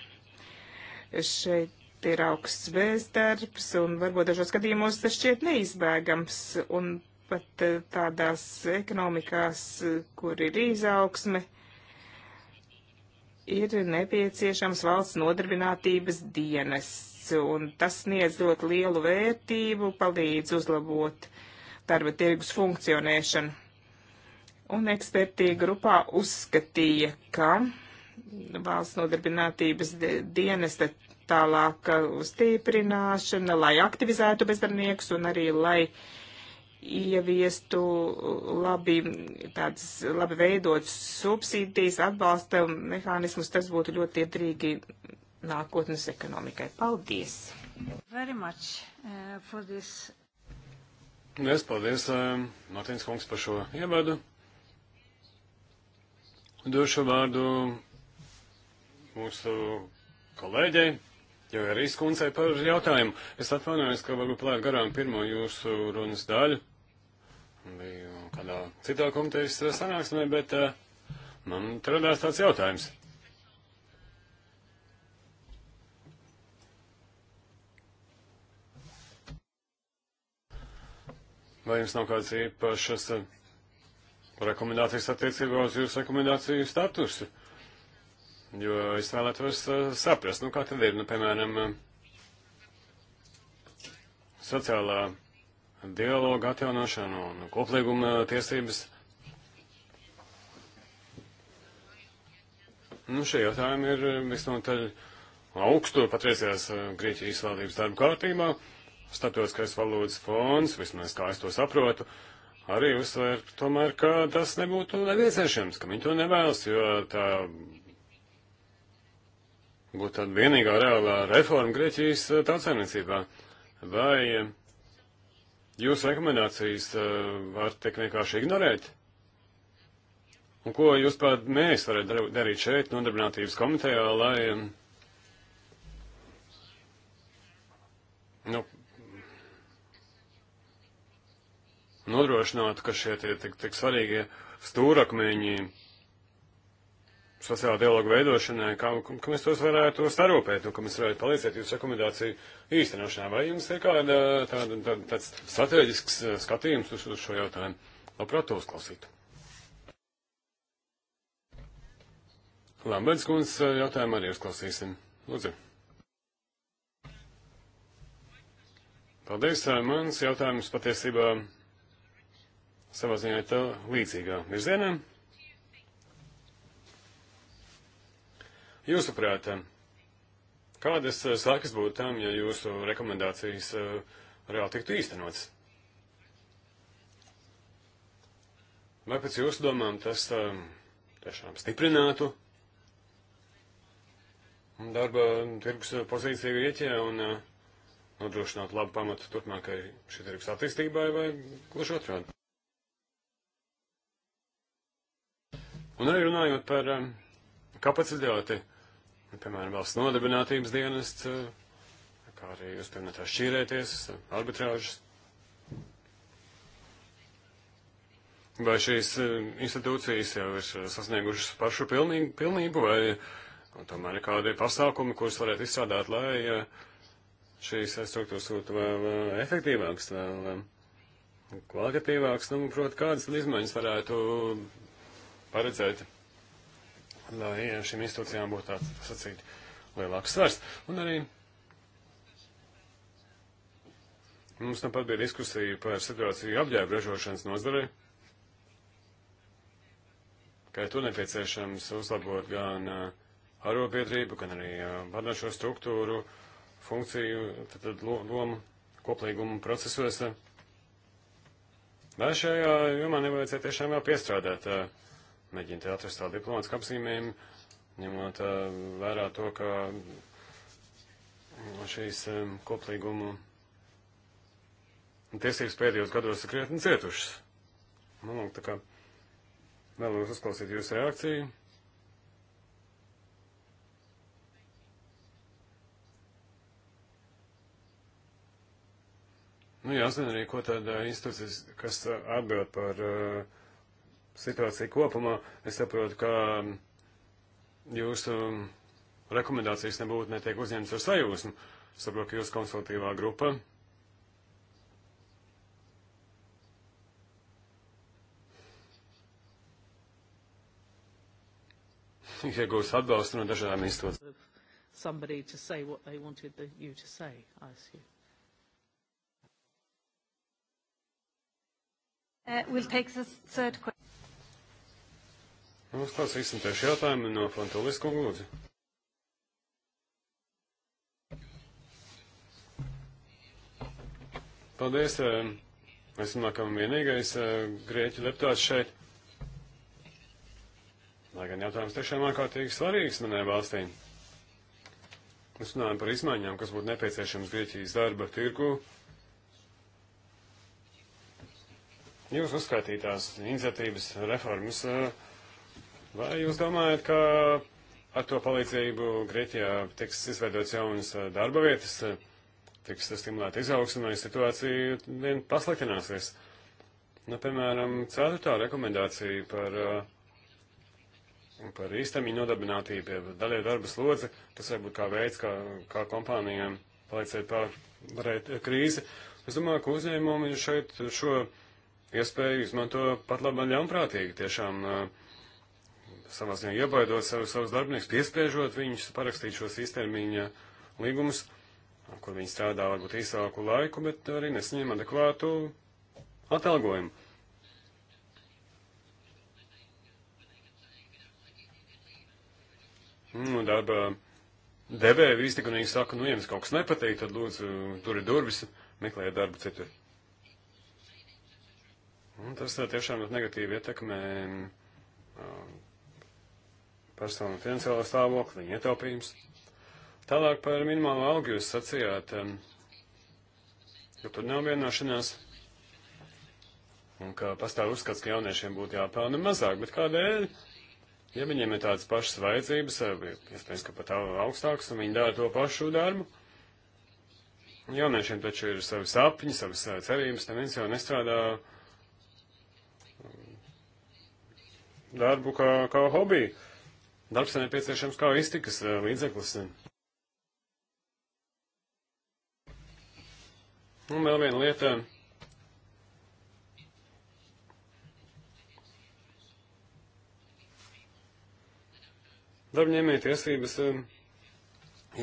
Šeit ir augsts vēstarbs, un varbūt dažos gadījumos tas šķiet neizbēgams, un pat tādās ekonomikās, kur ir izaugsme, uh, ir nepieciešams valsts nodarbinātības dienests, un tas sniedz ļoti lielu vērtību, palīdz uzlabot darba tirgus funkcionēšanu. Un ekspertī grupā uzskatīja, ka valsts nodarbinātības dienesta tālāka stiprināšana, lai aktivizētu bezdarbniekus un arī lai uh, ieviestu labi, tāds, labi veidots subsīdijas atbalsta mehānismus, tas būtu ļoti ietrīgi nākotnes ekonomikai. Paldies! Very much uh, for this. Es paldies, uh, Mārtiņš Kungs, par šo ievadu. Došu vārdu mūsu kolēģei, jau arī skundzei par jautājumu. Es atvainojos, ka varbūt plēt garām pirmo jūsu runas daļu biju kādā citā komitejas eh, sanāksmē, bet uh, man te radās tāds jautājums. Vai jums nav kādas īpašas uh, rekomendācijas attiecībā uz jūsu rekomendāciju statusu? Jo es vēlētos uh, saprast, nu kā tad ir, nu, piemēram, sociālā dialogu atjaunošanu un koplīguma tiesības. Nu, šie jautājumi ir visnotaļ augstu patreizējās eh, Grieķijas valdības darba kārtībā. Starptautiskais valūtas fonds, vismaz kā es to saprotu, arī uzsver tomēr, ka tas nebūtu nevieciešams, ka viņi to nevēlas, jo tā būtu tāda vienīgā reālā reforma Grieķijas eh, tautsēmniecībā. Vai eh, Jūsu rekomendācijas uh, var tik vienkārši ignorēt? Un ko jūs pat mēs varētu darīt šeit, nodarbinātības komitejā, lai, nu, nodrošinātu, ka šie tie tik, tik svarīgie stūrakmeņi sociāla dialogu veidošanai, kā, kā mēs tos varētu starūpēt un kā mēs varētu palīdzēt jūsu rekomendāciju īstenošanā. Vai jums ir kāda tāda, tāda, tāds strateģisks eh, skatījums uz, uz šo jautājumu? Labprāt, to uzklausītu. Lamberts kundz eh, jautājumu arī uzklausīsim. Lūdzu. Paldies, eh, mans jautājums patiesībā savā ziņā tā līdzīgā virzienā. Jūsuprāt, kādas eh, sakas būtu tam, ja jūsu rekomendācijas eh, reāli tiktu īstenotas? Vai pēc jūsu domām tas eh, tiešām stiprinātu darba tirgus pozīciju Grieķijā un nodrošinātu labu pamatu turpmākai šī tirgus attīstībai vai gluži otrādi? Un arī runājot par kapacitāti piemēram, valsts nodarbinātības dienests, eh, kā arī jūs pieminētā šķīrēties, arbitrāžas. Vai šīs eh, institūcijas jau ir sasniegušas pašu pilnību, pilnību vai tomēr ir kādi pasākumi, kurus varētu izstrādāt, lai eh, šīs struktūras būtu vēl efektīvākas, vēl kvalitatīvākas? Nu, protams, kādas izmaiņas varētu paredzēt? lai šīm institūcijām būtu tāds, tā sacīt, lielāks svars. Un arī mums tāpat bija diskusija par situāciju apģērba ražošanas nozarei, ka tur nepieciešams uzlabot gan arotbiedrību, gan arī vadošo struktūru, funkciju, tad, tad lomu koplīgumu procesos. Vai šajā jomā nevajadzētu tiešām vēl piestrādāt? Uh, mēģināt atrast tādu diplomātisku apzīmējumu, ņemot vērā to, ka šīs koplīgumu tiesības pēdējos gados ir krietni cietušas. Man lūk, tā kā vēlos uzklausīt jūsu reakciju. Nu, jāzina arī, ko tāda institūcijas, kas atbild par uh, situāciju kopumā, es saprotu, ka jūsu rekomendācijas nebūtu netiek uzņemtas ar sajūsmu. Saprotu, ka jūsu konsultīvā grupa iegūs atbalstu no dažādām institūcijām. Somebody to say what they wanted the, you to say, I assume. Uh, we'll take the third question. Uzklausīsim tieši jautājumu no Fantulijas kunglūdzi. Paldies. Eh, esmu nākam vienīgais eh, grieķu deputāts šeit. Lai gan jautājums tiešām ārkārtīgi svarīgs manai valstī. Mēs runājam par izmaiņām, kas būtu nepieciešams Grieķijas darba tirgu. Jūs uzskaitītās iniciatīvas reformas uh, Vai jūs domājat, ka ar to palīdzību Grieķijā tiks izveidots jaunas eh, darba vietas, eh, tiks stimulēta izaugsme vai situācija vien pasliktināsies? Nu, piemēram, ceturtā rekomendācija par, eh, par īstermiņu nodarbinātību, ja daļai darba slodze, tas varbūt kā veids, kā, kā kompānijām palīdzēt pārvarēt krīzi. Es domāju, ka uzņēmumi šeit šo iespēju izmanto pat labāk ļaunprātīgi. Tiešām uh, savā ziņā iebaidot savus, savus darbiniekus, piespiežot viņus parakstīt šos īstermiņa līgumus, kur viņi strādā varbūt īsāku laiku, bet arī nesaņem adekvātu atalgojumu. Nu, darba devēja iztikunīgi saka, nu, ja jums kaut kas nepatīk, tad lūdzu, tur ir durvis, meklējiet darbu citur. Un tas uh, tiešām ļoti negatīvi ietekmē um, personu finansiālo stāvokli, viņa ietaupījums. Tālāk par minimālo algu jūs sacījāt, ka tur nav vienošanās un ka pastāv uzskats, ka jauniešiem būtu jāpelna mazāk, bet kādēļ? Ja viņiem ir tādas pašas vajadzības, eh, iespējams, ka pat augstākas, un viņi dara to pašu darbu, jauniešiem taču ir savi sapņi, savas cerības, neviens jau nestrādā darbu kā, kā hobiju. Darbs ir nepieciešams kā iztikas eh, līdzeklis. Nu, un vēl viena lieta. Darbņēmēji tiesības eh,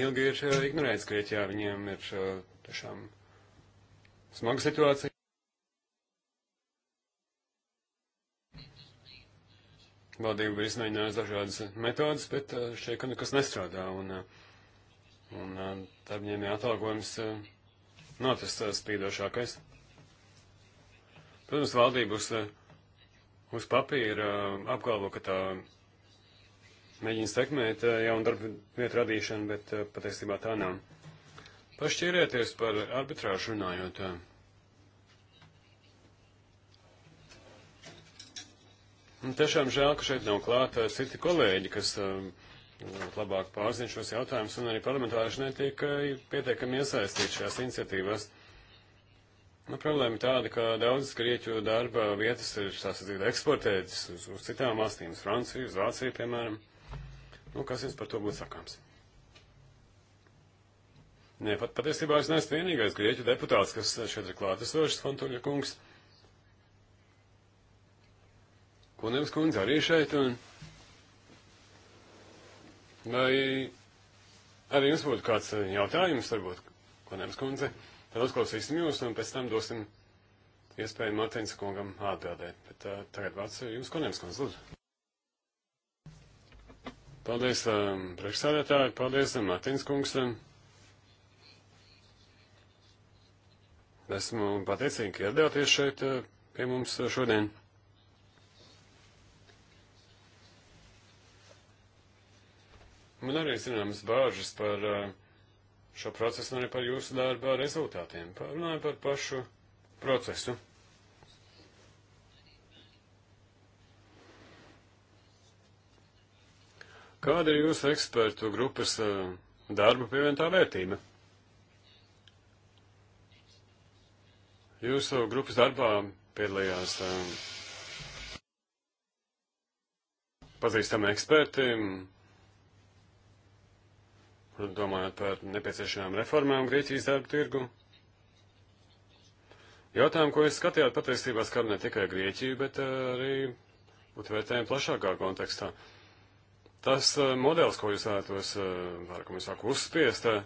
ilgi ir eh, ignorēts Grieķijā. Viņiem ir tiešām smaga situācija. Valdība ir izmēģinājusi dažādas metodas, bet eh, šeit nekas nestrādā. Un, eh, un eh, darbņēmēja atalgojums nav tas spīdošākais. Protams, valdība uz, uz papīra apgalvo, ka tā mēģina sekmēt jaunu darbu vietu radīšanu, bet patiesībā tā nav. Pašķirieties par arbitrāžu runājot. Tā. Un nu, tiešām žēl, ka šeit nav klāt eh, citi kolēģi, kas eh, labāk pārzina šos jautājumus, un arī parlamentārieši netiek eh, pietiekami iesaistīti šajās iniciatīvās. Nu, problēma ir tāda, ka daudzas grieķu darba vietas ir sasadzīt eksportētas uz, uz citām valstīm, uz Franciju, uz Vāciju, piemēram. Nu, kas jums par to būtu sakāms? Nē, pat patiesībā es neesmu vienīgais grieķu deputāts, kas šeit ir klātesošs, Fantuļa kungs. Kundēms kundze arī šeit, un vai arī jums būtu kāds eh, jautājums, varbūt, Kundēms kundze? Tad uzklausīsim jūs, un pēc tam dosim iespēju Matins kungam atbildēt. Bet uh, tagad vārds jums, Kundēms kundze, lūdzu. Paldies, um, eh, priekšsādātāji, paldies, um, Matins kungs. Um, Esmu pateicīgi, ka iedāties šeit pie mums šodien. Man arī zināmas bāžas par eh, šo procesu un arī par jūsu darba rezultātiem. Runājot par pašu procesu. Kāda ir jūsu ekspertu grupas eh, darba pievienotā vērtība? Jūsu grupas darbā piedalījās eh, pazīstami eksperti, domājot par nepieciešamām reformām Grieķijas darba tirgu. Jautājumu, ko jūs skatījāt, patiesībā skar ne tikai Grieķiju, bet eh, arī būtu vērtējumi plašākā kontekstā. Tas uh, modelis, ko jūs vēlētos, varbūt uh, saku, uzspiest uh,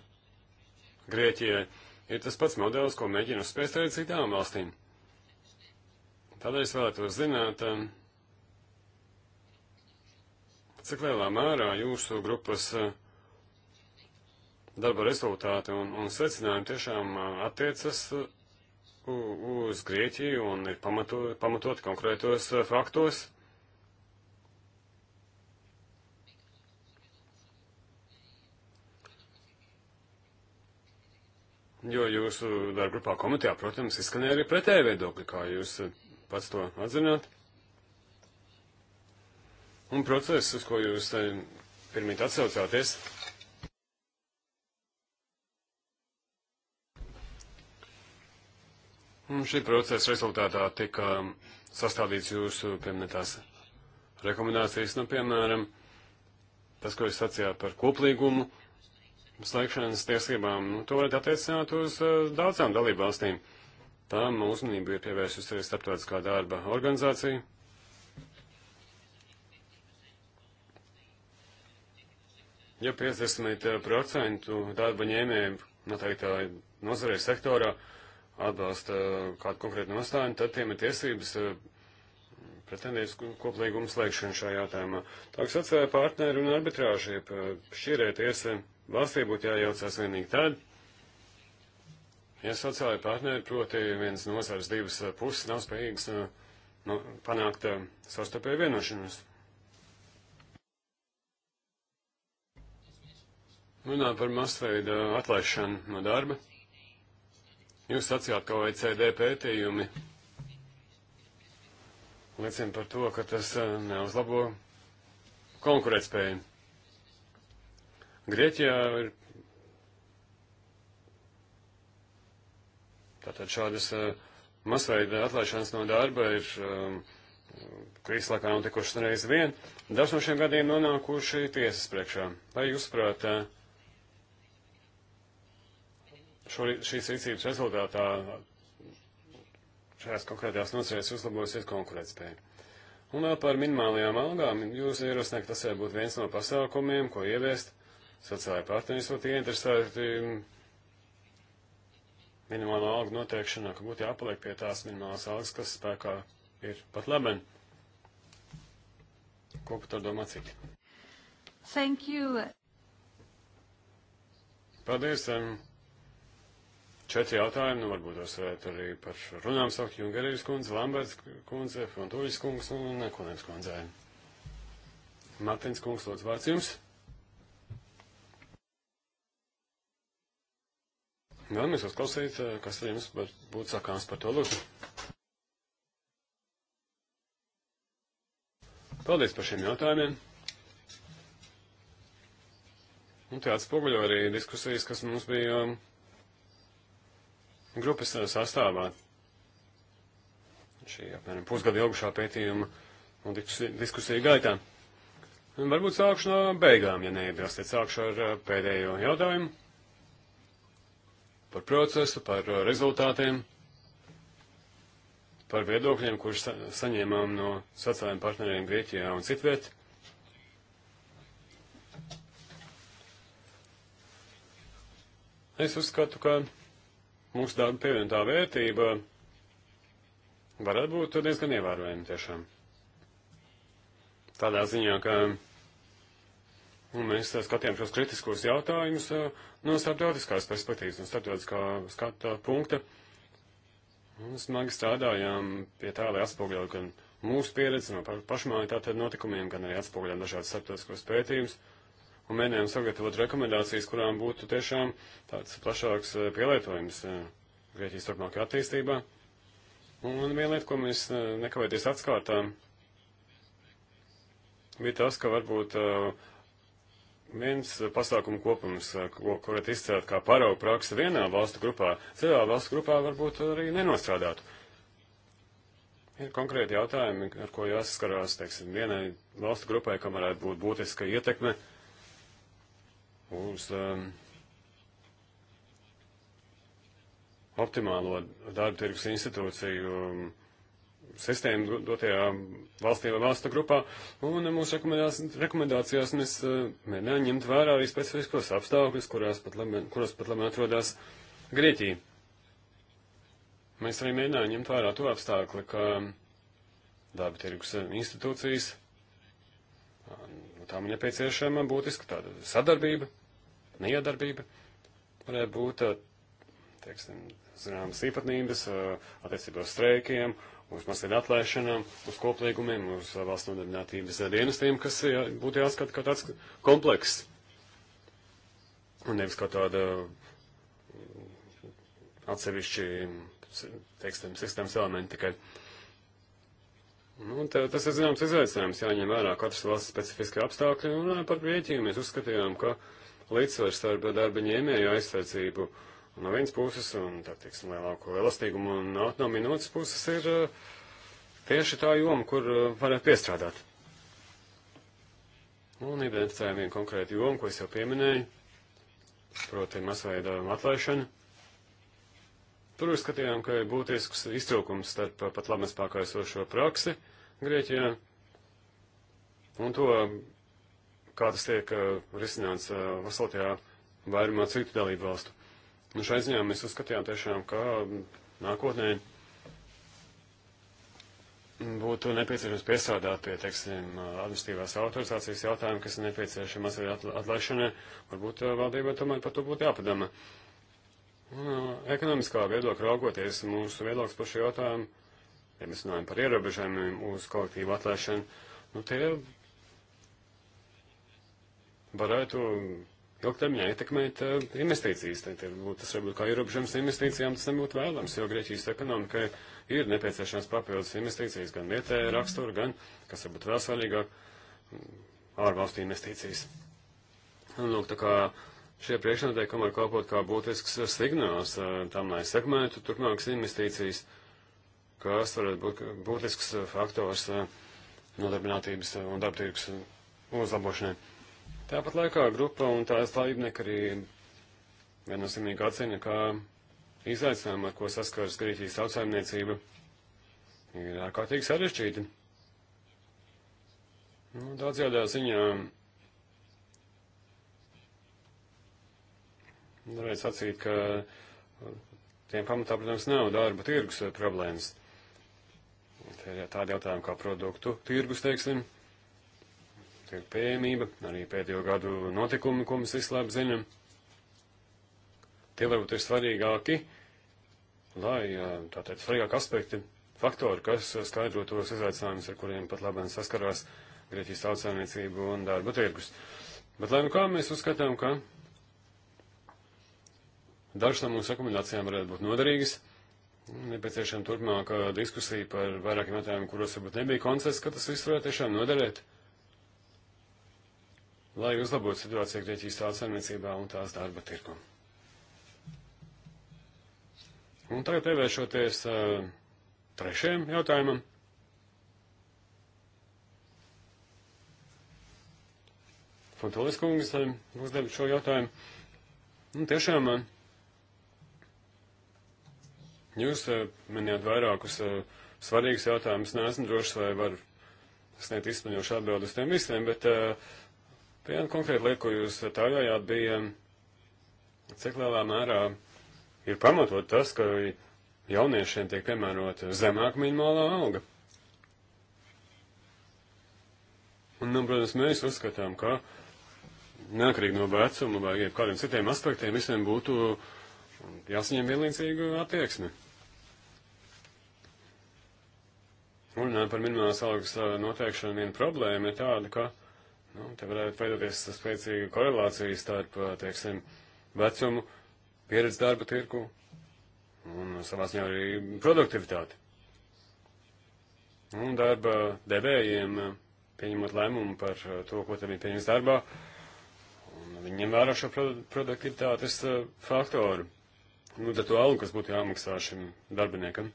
Grieķijai, ir tas pats modelis, ko mēģina uzspiest arī citām valstīm. Tādēļ es vēlētos zināt, cik lielā mērā jūsu grupas uh, darba rezultāti un, un secinājumi tiešām attiecas uz Grieķiju un ir pamatot, pamatot konkrētos faktos. Jo jūsu darba grupā komitejā, protams, izskanēja arī pretēji viedokļi, kā jūs pats to atzināt. Un process, uz ko jūs pirmīt atsaucāties, Un šī procesa rezultātā tika sastādīts jūsu pieminētās rekomendācijas, nu, piemēram, tas, ko jūs sacījāt par koplīgumu, slēgšanas tiesībām, nu, to varētu attiecināt uz uh, daudzām dalībvalstīm. Tām uzmanību ir pievērsusies starptautiskā darba organizācija. Ja 50% uh, darba ņēmēju noteiktā nozarē sektorā uh, atbalsta uh, kādu konkrētu nostāju, tad tiem ir tiesības uh, pretendēt koplīgumu slēgšanu šajā jautājumā. Tā kā sociālai partneri un arbitrāži, uh, šķirē tiesa valstī būtu jājaucās vienīgi tad, ja sociālai partneri, proti viens nozars divas puses, nav spējīgs nu, panākt savstarpēju vienošanos. Runā par masveida atlaišanu no darba. Jūs sacījāt, ka OECD pētījumi liecina par to, ka tas eh, neuzlabo konkurētspēju. Grieķijā ir tātad šādas eh, masveida atlaišanas no darba ir eh, krīzes laikā notikušas reiz vien. Dažs no šiem gadiem nonākuši tiesas priekšā. Vai jūs prāt, tā? šo, šīs rīcības rezultātā šajās konkrētajās nozarēs uzlabosies konkurētspēja. Un vēl par minimālajām algām jūs ierosināt, ka tas var būt viens no pasākumiem, ko ieviest. Sociālai partneri būtu ieinteresēti minimālo algu noteikšanā, ka būtu jāpaliek pie tās minimālās algas, kas spēkā ir pat labi. Ko par to domā citi? Thank you. Paldies. Um, četri jautājumi, nu varbūt tos varētu arī par runām saukt Jungarijas kundze, Lamberts kundze, Fontuļas kungs un Nekolēns kundzē. Martins kungs, lūdzu vārds jums. Vēlamies uzklausīt, eh, kas ar jums būtu sakāms par to lūdzu. Paldies par šiem jautājumiem. Un tie atspoguļo arī diskusijas, kas mums bija um, grupas sastāvā. Šī apmēram pusgada ilgušā pētījuma un diskusija gaitā. Un varbūt sākšu no beigām, ja neiebilstiet. Sākšu ar eh, pēdējo jautājumu par procesu, par eh, rezultātiem, par viedokļiem, kurus sa saņēmām no sociālajiem partneriem Grieķijā un citviet. Es uzskatu, ka mūsu darba pievienotā vērtība varētu būt diezgan ievērojama tiešām. Tādā ziņā, ka un mēs skatījām šos kritiskos jautājumus uh, no starptautiskās perspektīvas un starptautiskā skata punkta. Un smagi strādājām pie tā, lai atspoguļotu gan mūsu pieredzi no pašmāju tātad notikumiem, gan arī atspoguļām dažādas starptautiskos pētījumus un mēģinājām sagatavot rekomendācijas, kurām būtu tiešām tāds plašāks eh, pielietojums eh, Grieķijas turpmākajā attīstībā. Un viena lieta, ko mēs eh, nekavēties atskārtām, bija tas, ka varbūt viens pasākumu kopums, ko varat izcelt kā paraugu praksi vienā valstu grupā, citā valstu grupā varbūt arī nenostrādātu. Ir konkrēti jautājumi, ar ko jāsaskarās, teiksim, vienai valstu grupai, kam varētu būt būtiska ietekme uh, uz um, optimālo darba tirgus institūciju um, sistēmu dotajā valstī vai valstu grupā, un mūsu rekomendācijās mēs uh, mēģinām ņemt vērā arī specifiskos apstākļus, kurās pat labi, kuros pat labi atrodas Grieķija. Mēs arī mēģinām ņemt vērā to apstākli, ka darba tirgus uh, institūcijas, uh, nu, tām nepieciešama būtiska tāda sadarbība, neiedarbība, varētu būt, eh, teiksim, zināmas īpatnības eh, attiecībā uz streikiem, uz masveidu atlaišanām, uz koplīgumiem, uz eh, valsts nodarbinātības dienestiem, kas jā, būtu jāskata kā tāds komplekss. Un nevis kā tāda atsevišķi, teiksim, sistēmas elementi tikai. Nu, tā, tas ir zināms izaicinājums, jāņem vērā katras valsts specifiskie apstākļi, un par Grieķiju mēs uzskatījām, ka uh, līdzsvars starp darba ņēmēju aizsardzību no vienas puses un, tā teiksim, lielāko elastīgumu un autonomiju no otras puses ir eh, tieši tā joma, kur eh, varētu piestrādāt. Un identificējām vienu konkrētu jomu, ko es jau pieminēju, proti masveida atlaišana. Tur uzskatījām, ka ir būtisks iztrūkums starp pat labas pārkaisošo praksi Grieķijā un to kā tas tiek uh, risināts veseltajā uh, vairumā citu dalību valstu. Nu, šai ziņā mēs uzskatījām tiešām, ka um, nākotnē būtu nepieciešams piesādāt pie, teiksim, uh, administratīvās autorizācijas jautājumu, kas ir nepieciešams arī atlaišanai. Varbūt valdībai tomēr par to būtu jāpadama. No, ekonomiskā viedokļa raugoties mūsu viedoklis par šo jautājumu, ja mēs runājam par ierobežojumiem uz kolektīvu atlaišanu, nu tie varētu ilgtermiņā ietekmēt uh, investīcijas. Tad, varbūt, tas varbūt kā ierobežojums investīcijām tas nebūtu vēlams, jo Grieķijas ekonomikai ir nepieciešams papildus investīcijas, gan vietējā rakstura, gan, kas varbūt vēl svarīgāk, mm, ārvalstu investīcijas. Un, lūk, tā kā šie priekšnoteikumi var kalpot kā būtisks signāls uh, tam, lai sekmētu turpmākas investīcijas, kas varētu būt būtisks faktors uh, nodarbinātības un darbtirgus uzlabošanai. Tāpat laikā grupa un tās dalībnieki arī viennozīmīgi atzina, ka izaicinājumi, ar ko saskaras Grieķijas tautsājumniecība, ir ārkārtīgi sarežģīti. Nu, daudzjādā ziņā varētu sacīt, ka tiem pamatā, protams, nav darba tirgus problēmas. Tie ir tādi jautājumi kā produktu tirgus, teiksim tiek pieejamība, arī pēdējo gadu notikumi, ko mēs vislabāk zinām. Tie varbūt ir svarīgāki, lai tātad svarīgāki aspekti, faktori, kas skaidro tos izaicinājumus, ar kuriem pat labāk saskarās Grieķijas tautsēmniecību un darba tirgus. Bet lai nu kā mēs uzskatām, ka dažas no mūsu rekomendācijām varētu būt noderīgas nepieciešama turpmāka diskusija par vairākiem jautājumiem, kuros varbūt nebija konsensus, ka tas viss varētu tiešām noderēt lai uzlabotu situāciju Grieķijas tautsarniecībā un tās darba tirku. Un tagad pievēršoties uh, trešajam jautājumam. Fontolis kungs eh, uzdev šo jautājumu. Un tiešām eh, jūs minējāt vairākus svarīgus jautājumus. Neesmu drošs, vai varu sniegt izsmeļošu atbildi uz tiem visiem, bet Viena konkrēta lieta, ko jūs taujājāt, bija, cik lielā mērā ir pamatot tas, ka jauniešiem tiek piemērota zemāka minimālā alga. Un, nu, protams, mēs uzskatām, ka neatkarīgi no vecuma vai kādiem citiem aspektiem visiem būtu jāsaņem vienlīdzīga attieksme. Un par minimālās algas uh, noteikšanu viena problēma ir tāda, ka Nu, te varētu veidoties spēcīga korelācija starp, eh, teiksim, vecumu, pieredzi darba tirku un eh, savā ziņā arī produktivitāti. Un darba devējiem eh, pieņemot lēmumu par to, ko tam ir pieņems darbā, un viņi ņem vērā šo produktivitātes faktoru. Nu, tad to algu, kas būtu jāmaksā šim darbiniekam.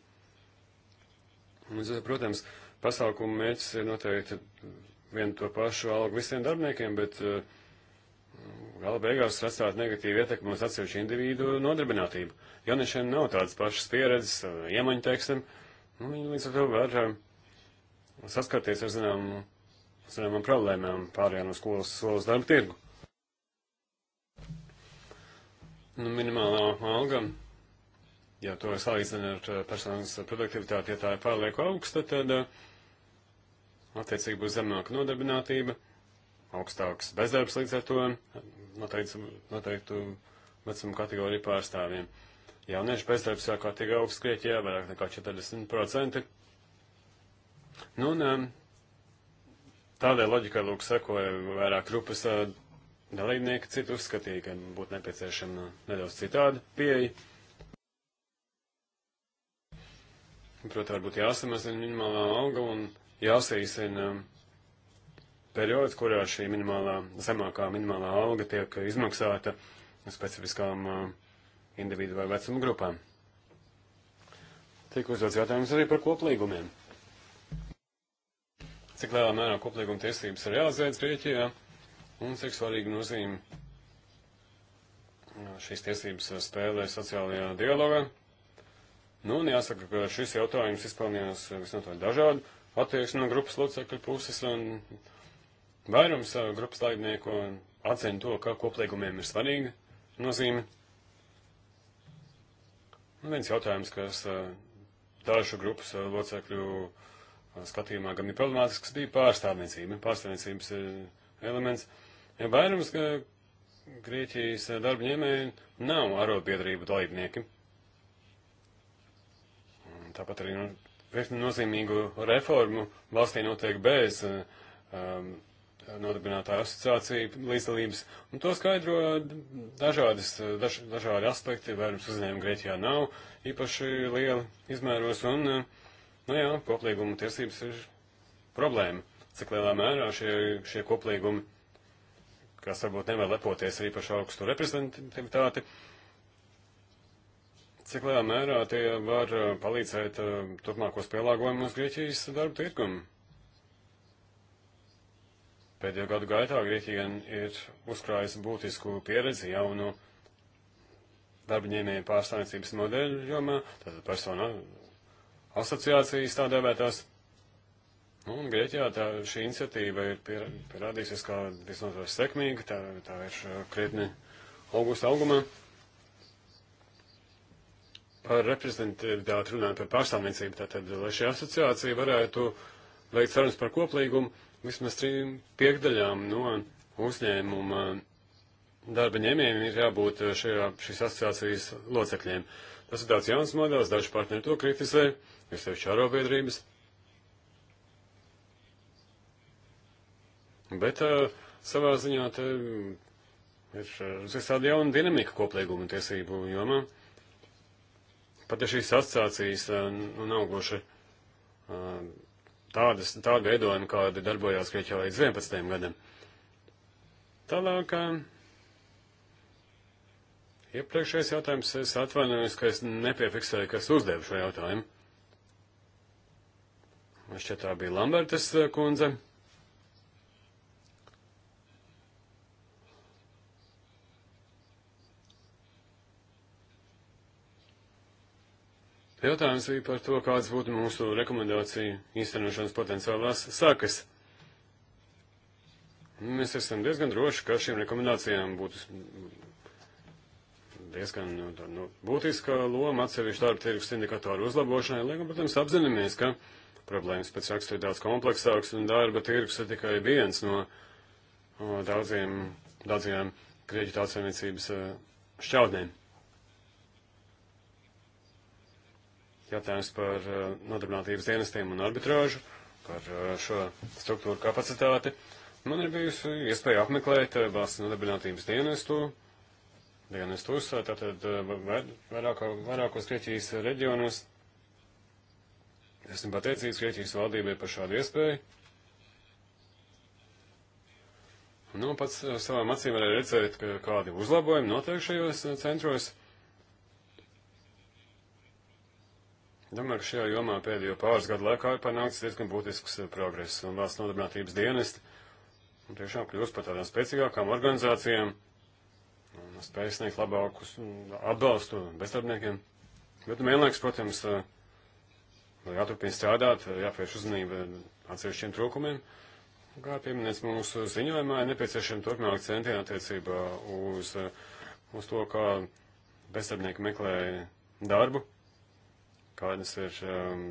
Un, protams, pasākumu mērķis ir noteikti vienu to pašu algu visiem darbiniekiem, bet eh, gala beigās atstāt negatīvu ietekmi uz atsevišķu individu nodarbinātību. Jauniešiem nu nav tādas pašas pieredzes, eh, iemaņu teiksim, nu, viņi līdz ar to var eh, saskarties ar zināmu, zināmām problēmām pārējā no skolas solis darba tirgu. Nu, minimālā alga, ja to salīdzina ar personas produktivitāti, ja tā ir pārlieku augsta, tad uh, attiecīgi būs zemāka nodarbinātība, augstāks bezdarbs līdz ar to noteiktu, noteiktu vecumu kategoriju pārstāvjiem. Jauniešu bezdarbs jau kārtīgi augsts Grieķijā, vairāk nekā 40%. Nu, un, um, tādai loģikai lūk sekoja vairāk grupas uh, dalībnieki, citi uzskatīja, ka būtu nepieciešama nedaudz citāda pieeja. Protams, varbūt jāsamazina minimālā alga un jāsīsina um, periods, kurā šī minimālā, zemākā minimālā alga tiek izmaksāta specifiskām um, individu vai vecuma grupām. Tiek uzdots jautājums arī par koplīgumiem. Cik lielā mērā koplīguma tiesības ir realizētas Grieķijā un cik svarīgi nozīme uh, šīs tiesības uh, spēlē sociālajā dialogā. Nu, un jāsaka, ka šis jautājums izpelnījās uh, visnotaļ dažādu attieksmi no grupas locekļu puses, un vairums eh, grupas laidnieku atzina to, ka koplīgumiem ir svarīga nozīme. Un viens jautājums, kas eh, dažu grupas eh, locekļu skatījumā gan ir problemātisks, bija pārstāvniecība, pārstāvniecības elements. Ja vairums Grieķijas darba ņēmēji nav arotbiedrību dalībnieki. Tāpat arī nu, nozīmīgu reformu valstī notiek bez eh, um, nodarbinātā asociācija līdzdalības, un to skaidro dažādas, daž, dažādi aspekti, vairums uzņēmumu Grieķijā nav īpaši liela izmēros, un, eh, nu jā, koplīguma tiesības ir problēma, cik lielā mērā šie, šie koplīgumi, kas varbūt nevar lepoties ar īpaši augstu reprezentativitāti, uh, Cik lielā mērā tie var eh, palīdzēt eh, turpmākos pielāgojumus Grieķijas darba tirgumu? Pēdējo gadu gaitā Grieķija ir uzkrājusi būtisku pieredzi jaunu darbaņēmēju pārstāvniecības modeļu jomā, tātad persona asociācijas tā devētās. Nu, un Grieķijā tā, šī iniciatīva ir pier, pierādījusies kā visnotaļ sekmīga, tā, tā ir eh, krietni augusta augumā par reprezentativitāti runājam par pārstāvniecību, tātad, lai šī asociācija varētu veikt sarunas par koplīgumu vismaz trim piekdaļām no uzņēmuma darba ņēmējiem ir jābūt šajā, šīs asociācijas locekļiem. Tas ir tāds jauns modelis, daži partneri to kritizē, jo sevišķi arobiedrības. Bet uh, savā ziņā te ir uzreiz tāda jauna dinamika koplīguma tiesību jomā. Uh, Pat ja šīs asociācijas eh, nu, nav gluži eh, tādas, tāda veidojuma, kāda darbojās Grieķijā līdz 11. gadam. Tālāk, eh, iepriekšējais jautājums, es atvainojos, ka es nepiefiksēju, kas uzdev šo jautājumu. Man šķiet, tā bija Lambertas kundze. Jautājums bija par to, kāds būtu mūsu rekomendāciju īstenošanas potenciālās sākas. Mēs esam diezgan droši, ka šīm rekomendācijām būtu diezgan nu, nu, būtiska loma atsevišķu darba tirgus indikatoru uzlabošanai, lai gan, protams, apzināmies, ka problēmas pēc rakstura ir daudz kompleksāks un darba tirgus ir tikai viens no o, daudziem, daudziem kredītā saimniecības eh, šķaudnēm. jautājums par eh, nodarbinātības dienestiem un arbitrāžu, par eh, šo struktūru kapacitāti. Man ir bijusi iespēja apmeklēt eh, valsts nodarbinātības dienestu, dienestus, tātad vairāko, vairākos Grieķijas reģionos. Esmu pateicīgs Grieķijas valdībai par šādu iespēju. Nu, pats savām acīm varēja redzēt, ka kādi uzlabojumi notiek šajos centros. Uh, Domāju, ka šajā jomā pēdējo pāris gadu laikā ir panākts diezgan būtisks eh, progress, un valsts nodarbinātības dienesti tiešām kļūst par tādām spēcīgākām organizācijām, spēj sniegt labākus mm, atbalstu bezdarbniekiem. Bet vienlaiks, protams, eh, jāturpina strādāt, eh, jāpievērš uzmanība atsevišķiem trūkumiem. Kā pieminēts mūsu ziņojumā, ir nepieciešama turpmāk centieni attiecībā uz, uz to, kā bezdarbnieki meklē darbu kādas ir um,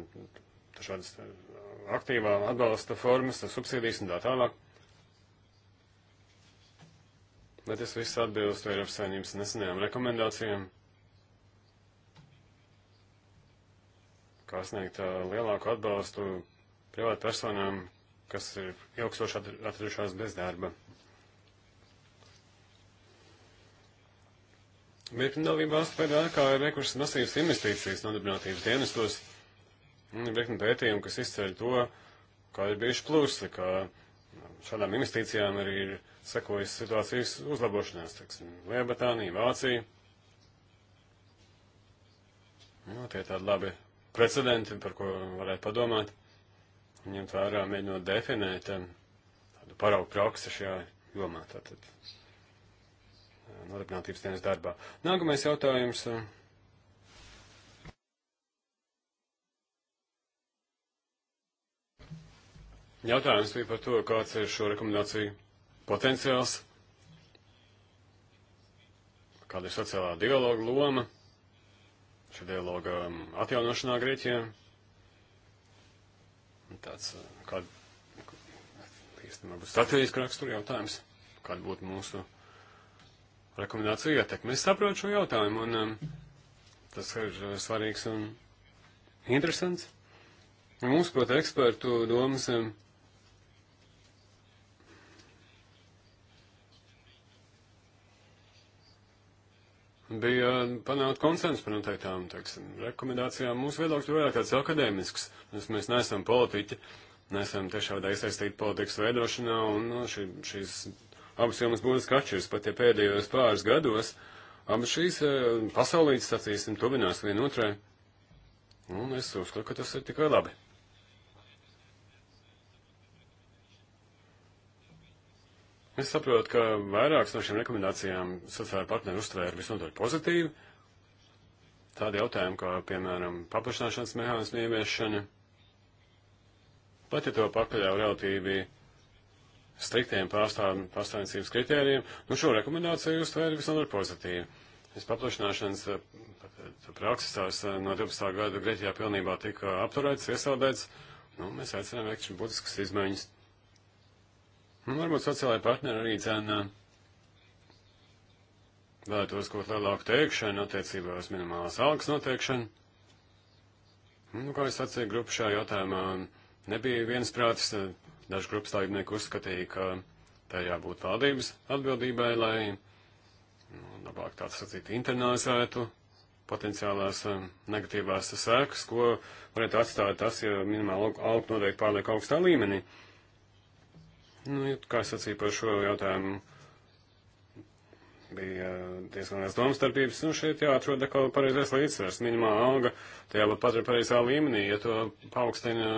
šādas uh, aktīvā atbalsta formas, subsīdijas un tā tālāk. Bet tas viss atbilst Eiropas saimnības nesenajām rekomendācijām, kā sniegt uh, lielāku atbalstu privātpersonām, kas ir ilgstoši atradušās bez darba. Virkni dalību valstu pēdējā laikā ir veikušas masīvas investīcijas nodarbinātības dienestos. Virkni pētījumu, kas izceļ to, kā ir bijuši plusi, ka šādām investīcijām arī ir sekojas situācijas uzlabošanās, teiksim, Lielbritānija, Vācija. Nu, tie ir tādi labi precedenti, par ko varētu padomāt. Ņemt vērā, mēģinot definēt um, tādu paraugu praksi šajā jomā. Tātad nodarbinātības dienas darbā. Nākamais jautājums. Uh, jautājums bija par to, kāds ir šo rekomendāciju potenciāls, kāda ir sociālā dialoga loma, šī dialoga um, atjaunošanā Grieķijā. Tāds, uh, kāda, īstenībā, būtu strateģiski rakstura jautājums, kāda būtu mūsu rekomendāciju ietekmi. Es saprotu šo jautājumu, un um, tas ir uh, svarīgs un interesants. Un mums, protams, ekspertu domas. Um, bija panākt konsensus par noteiktām teiksim, rekomendācijām. Mūsu viedoklis bija vairāk tāds akadēmisks. Mēs, mēs neesam politiķi, neesam tiešā veidā iesaistīti politikas veidošanā, un no, nu, šī, šīs abas jomas būtiski atšķiras, pat ja pēdējos pāris gados abas šīs eh, pasaulītes, sacīsim, tuvinās vienotrai. Un es uzskatu, ka tas ir tikai labi. Es saprotu, ka vairākas no šīm rekomendācijām sociālai partneri uztvēra visnotaļ pozitīvi. Tādi jautājumi, kā, piemēram, paplašināšanas mehānismu ieviešana, pat ja to pakaļ jau relatīvi uh, striktiem pārstāvniecības kritērijiem, nu šo rekomendāciju uztvēra visnotaļ pozitīvi. Pēc paplašināšanas eh, eh, praksisās eh, no 12. gada Grieķijā pilnībā tika apturēts, iesaldēts, nu, mēs aicinām veikt šīs būtiskas izmaiņas. Un nu, varbūt sociālai partneri arī dzēna vēlētos kaut lielāku teikšanu attiecībā uz minimālās algas noteikšanu. Nu, kā es sacīju, grupa šajā jautājumā nebija viensprātis, Daži grupas dalībnieki uzskatīja, ka tā jābūt valdības atbildībai, lai nu, labāk tāds sacīt internalizētu potenciālās eh, negatīvās sēkas, ko varētu atstāt tas, ja minimāla alga noteikti pārliek augstā līmenī. Nu, kā es sacīju par šo jautājumu, bija eh, diezgan liels domstarpības, nu šeit jāatrod atkal pareizais līdzsvars. Minimāla alga, tajā pat ir pareizā līmenī, ja to paaugstina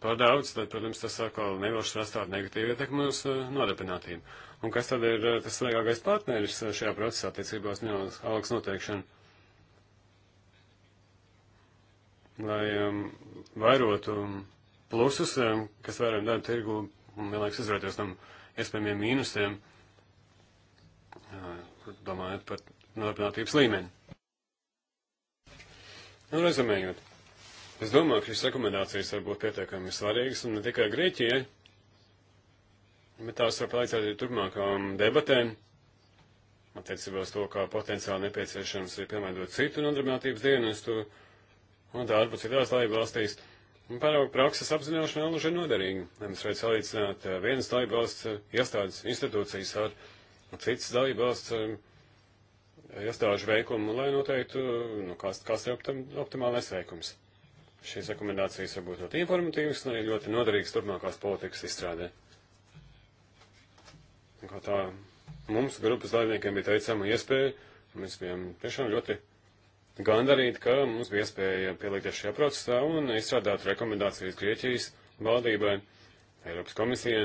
par daudz, tad, protams, tas atkal nevilši rastāt negatīvu ietekmi uz eh, nodarbinātību. Un kas tad ir eh, tas svarīgākais partneris eh, šajā procesā attiecībās minimālās algas noteikšana? Lai um, vairotu plusus, um, kas vairāk dara tirgu, un vienlaikus izvērties tam iespējamiem mīnusiem, uh, domājot par nodarbinātības līmeni. Nu, rezumējot. Es domāju, ka šīs rekomendācijas var būt pietiekami svarīgas, un ne tikai Grieķijai, bet tās var palīdzēt arī turpmākām debatēm attiecībā uz to, kā potenciāli nepieciešams ir piemērot citu nodarbinātības dienestu un darbu citās dalību valstīs. Parauga prakses apzināšana vēl ir noderīga, lai mēs varētu salīdzināt eh, vienas dalību valsts eh, iestādes institūcijas ar citas dalību valsts eh, iestāžu veikumu, lai noteiktu, nu, kas, kas ir optim, optimālais veikums. Šīs rekomendācijas var būt ļoti informatīvas un arī ļoti noderīgas turpmākās politikas izstrādē. Un kā tā mums grupas dalībniekiem bija teicama iespēja, mēs bijām tiešām ļoti gandarīti, ka mums bija iespēja pielikties šajā procesā un izstrādāt rekomendācijas Grieķijas valdībai, Eiropas komisijai,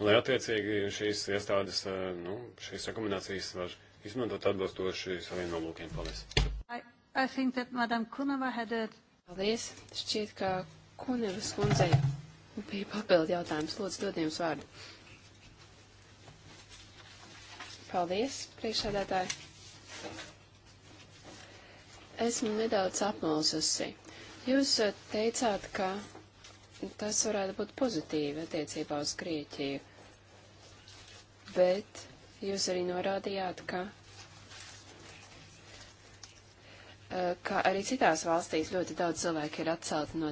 lai attiecīgi šīs iestādes, eh, nu, šīs rekomendācijas var izmantot atbilstoši saviem nolūkiem. Paldies! Ai. I think that Madam Kunava had a... Paldies. Šķiet, ka Kunavas kundzei bija papildu jautājums. Lūdzu, dod jums vārdu. Paldies, priekšsēdētāji. Esmu nedaudz apmulsusi. Jūs eh, teicāt, ka tas varētu būt pozitīvi attiecībā uz Grieķiju, bet jūs arī norādījāt, ka Eh, ka arī citās valstīs ļoti daudz cilvēku ir atcelti no,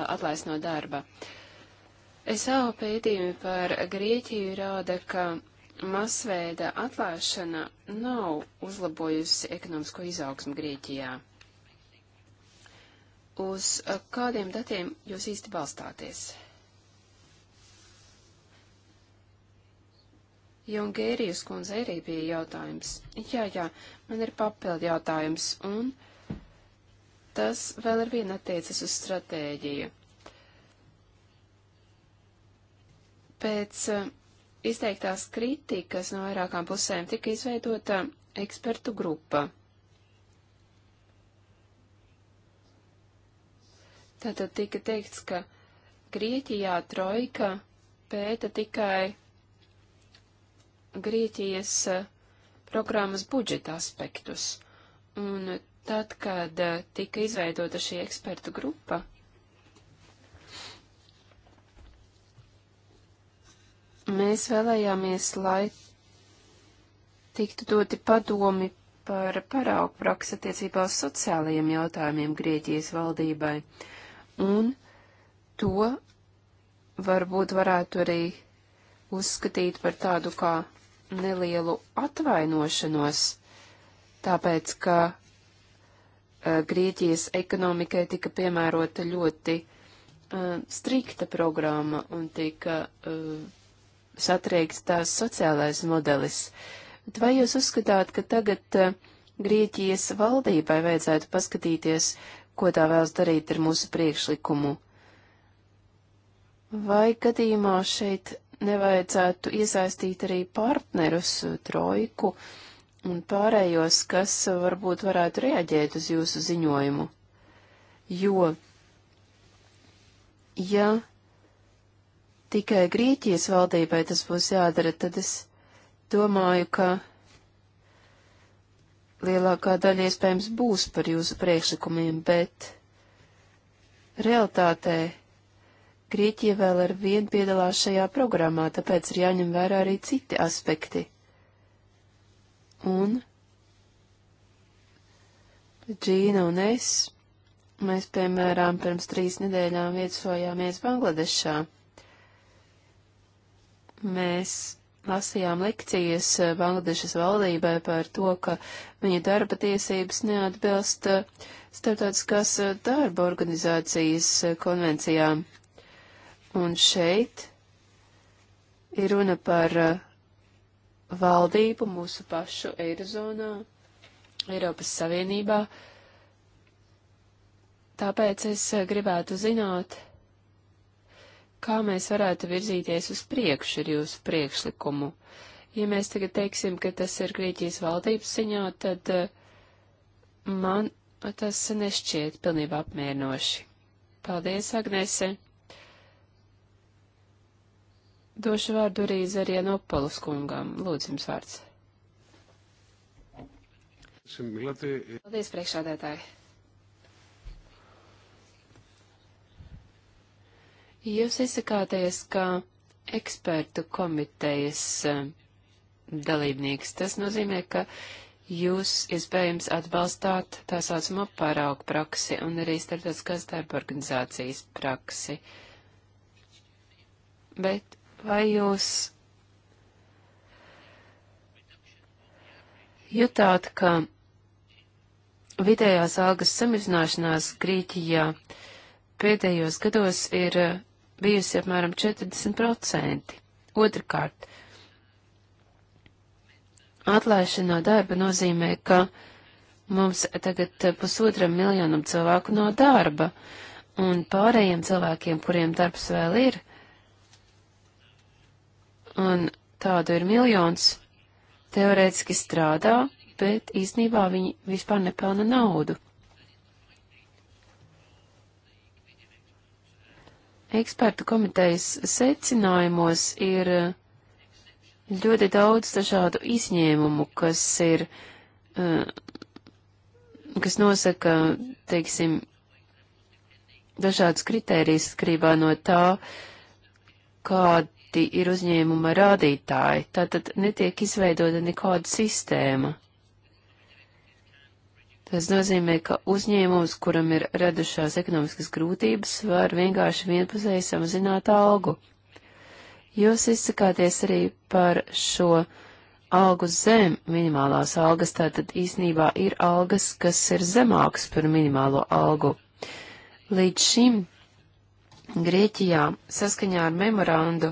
atlaist no darba. SAO pētījumi par Grieķiju rāda, ka masveida atlaišana nav uzlabojusi ekonomisko izaugsmu Grieķijā. Uz eh, kādiem datiem jūs īsti balstāties? Jungērijas kundze arī bija jautājums. Jā, jā, man ir papildi jautājums, un Tas vēl ar vienu attiecas uz stratēģiju. Pēc e, izteiktās kritikas no vairākām pusēm tika izveidota ekspertu grupa. Tātad tika teikts, ka Grieķijā trojka pēta tikai Grieķijas e, programmas budžeta aspektus, un Tad, kad eh, tika izveidota šī ekspertu grupa, mēs vēlējāmies, lai tiktu doti padomi par paraugu praksi attiecībā uz sociālajiem jautājumiem Grieķijas valdībai, un to varbūt varētu arī uzskatīt par tādu kā nelielu atvainošanos, tāpēc, ka Eh, Grieķijas ekonomikai tika piemērota ļoti uh, strikta programma un tika uh, satriekts tās sociālais modelis. Bet vai jūs uzskatāt, ka tagad uh, Grieķijas valdībai vajadzētu paskatīties, ko tā vēlas darīt ar mūsu priekšlikumu? Vai gadījumā šeit nevajadzētu iesaistīt arī partnerus, trojku? Uh, un pārējos, kas varbūt varētu reaģēt uz jūsu ziņojumu. Jo, ja tikai Grieķijas valdībai tas būs jādara, tad es domāju, ka lielākā daļa iespējams būs par jūsu priekšlikumiem, bet realitātē Grieķija vēl ar vienu piedalās šajā programmā, tāpēc ir jāņem vērā arī citi aspekti. Un Džīna un es, mēs, piemēram, pirms trīs nedēļām viesojāmies Bangladešā. Mēs lasījām lekcijas Bangladešas valdībai par to, ka viņa darba tiesības neatbilst starptautiskās darba organizācijas konvencijām. Un šeit ir runa par valdību mūsu pašu Eirozonā, Eiropas Savienībā. Tāpēc es gribētu zināt, kā mēs varētu virzīties uz priekšu ar jūsu priekšlikumu. Ja mēs tagad teiksim, ka tas ir Grieķijas valdības ziņā, tad uh, man tas nešķiet pilnībā apmierinoši. Paldies, Agnese! Došu vārdu arī Zarienopolus kungam. Lūdzu, jums vārds. Paldies, priekšādētāji. Jūs izsakāties, ka ekspertu komitejas eh, dalībnieks. Tas nozīmē, ka jūs, iespējams, atbalstāt tā saucamo pāraugu praksi un arī starptautiskās darba organizācijas praksi. Bet Vai jūs jutāt, ka vidējās algas samazināšanās Grieķijā pēdējos gados ir bijusi apmēram 40%. Otrakārt, atlaišana no darba nozīmē, ka mums tagad pusotram miljonam cilvēku nav no darba, un pārējiem cilvēkiem, kuriem darbs vēl ir, un tādu ir miljons, teorētiski strādā, bet īsnībā viņi vispār nepelna naudu. Ekspertu komitejas secinājumos ir ļoti daudz dažādu izņēmumu, kas ir, eh, kas nosaka, teiksim, dažādas kritērijas skrībā no tā, kāda citi ir uzņēmuma rādītāji, tātad netiek izveidota nekāda sistēma. Tas nozīmē, ka uzņēmums, kuram ir radušās ekonomiskas grūtības, var vienkārši vienpusēji samazināt algu. Jūs izsakāties arī par šo algu zem minimālās algas, tātad īsnībā ir algas, kas ir zemākas par minimālo algu. Līdz šim Grieķijā saskaņā ar memorandu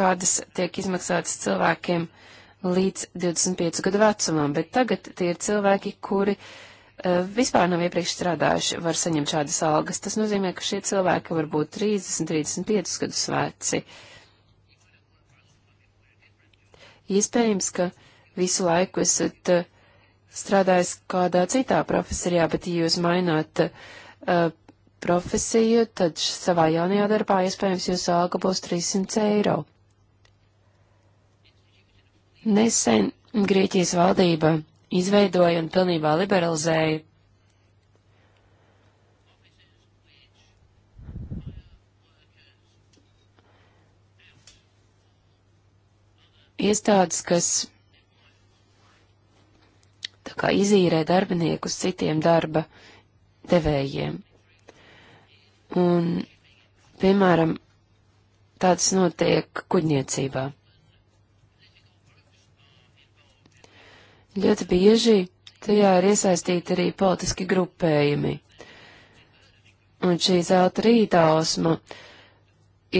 tādas tiek izmaksātas cilvēkiem līdz 25 gadu vecumam, bet tagad tie ir cilvēki, kuri uh, vispār nav iepriekš strādājuši, var saņemt šādas algas. Tas nozīmē, ka šie cilvēki var būt 30, 35 gadus veci. Iespējams, ka visu laiku esat uh, strādājis kādā citā profesijā, bet ja jūs maināt uh, profesiju, tad savā jaunajā darbā iespējams jūsu alga būs 300 eiro. Nesen Grieķijas valdība izveidoja un pilnībā liberalizēja iestādes, kas tā kā izīrē darbiniekus citiem darba devējiem. Un, piemēram, tāds notiek kuģniecībā. Ļoti bieži tajā ir iesaistīti arī politiski grupējumi. Un šī zelta rītausma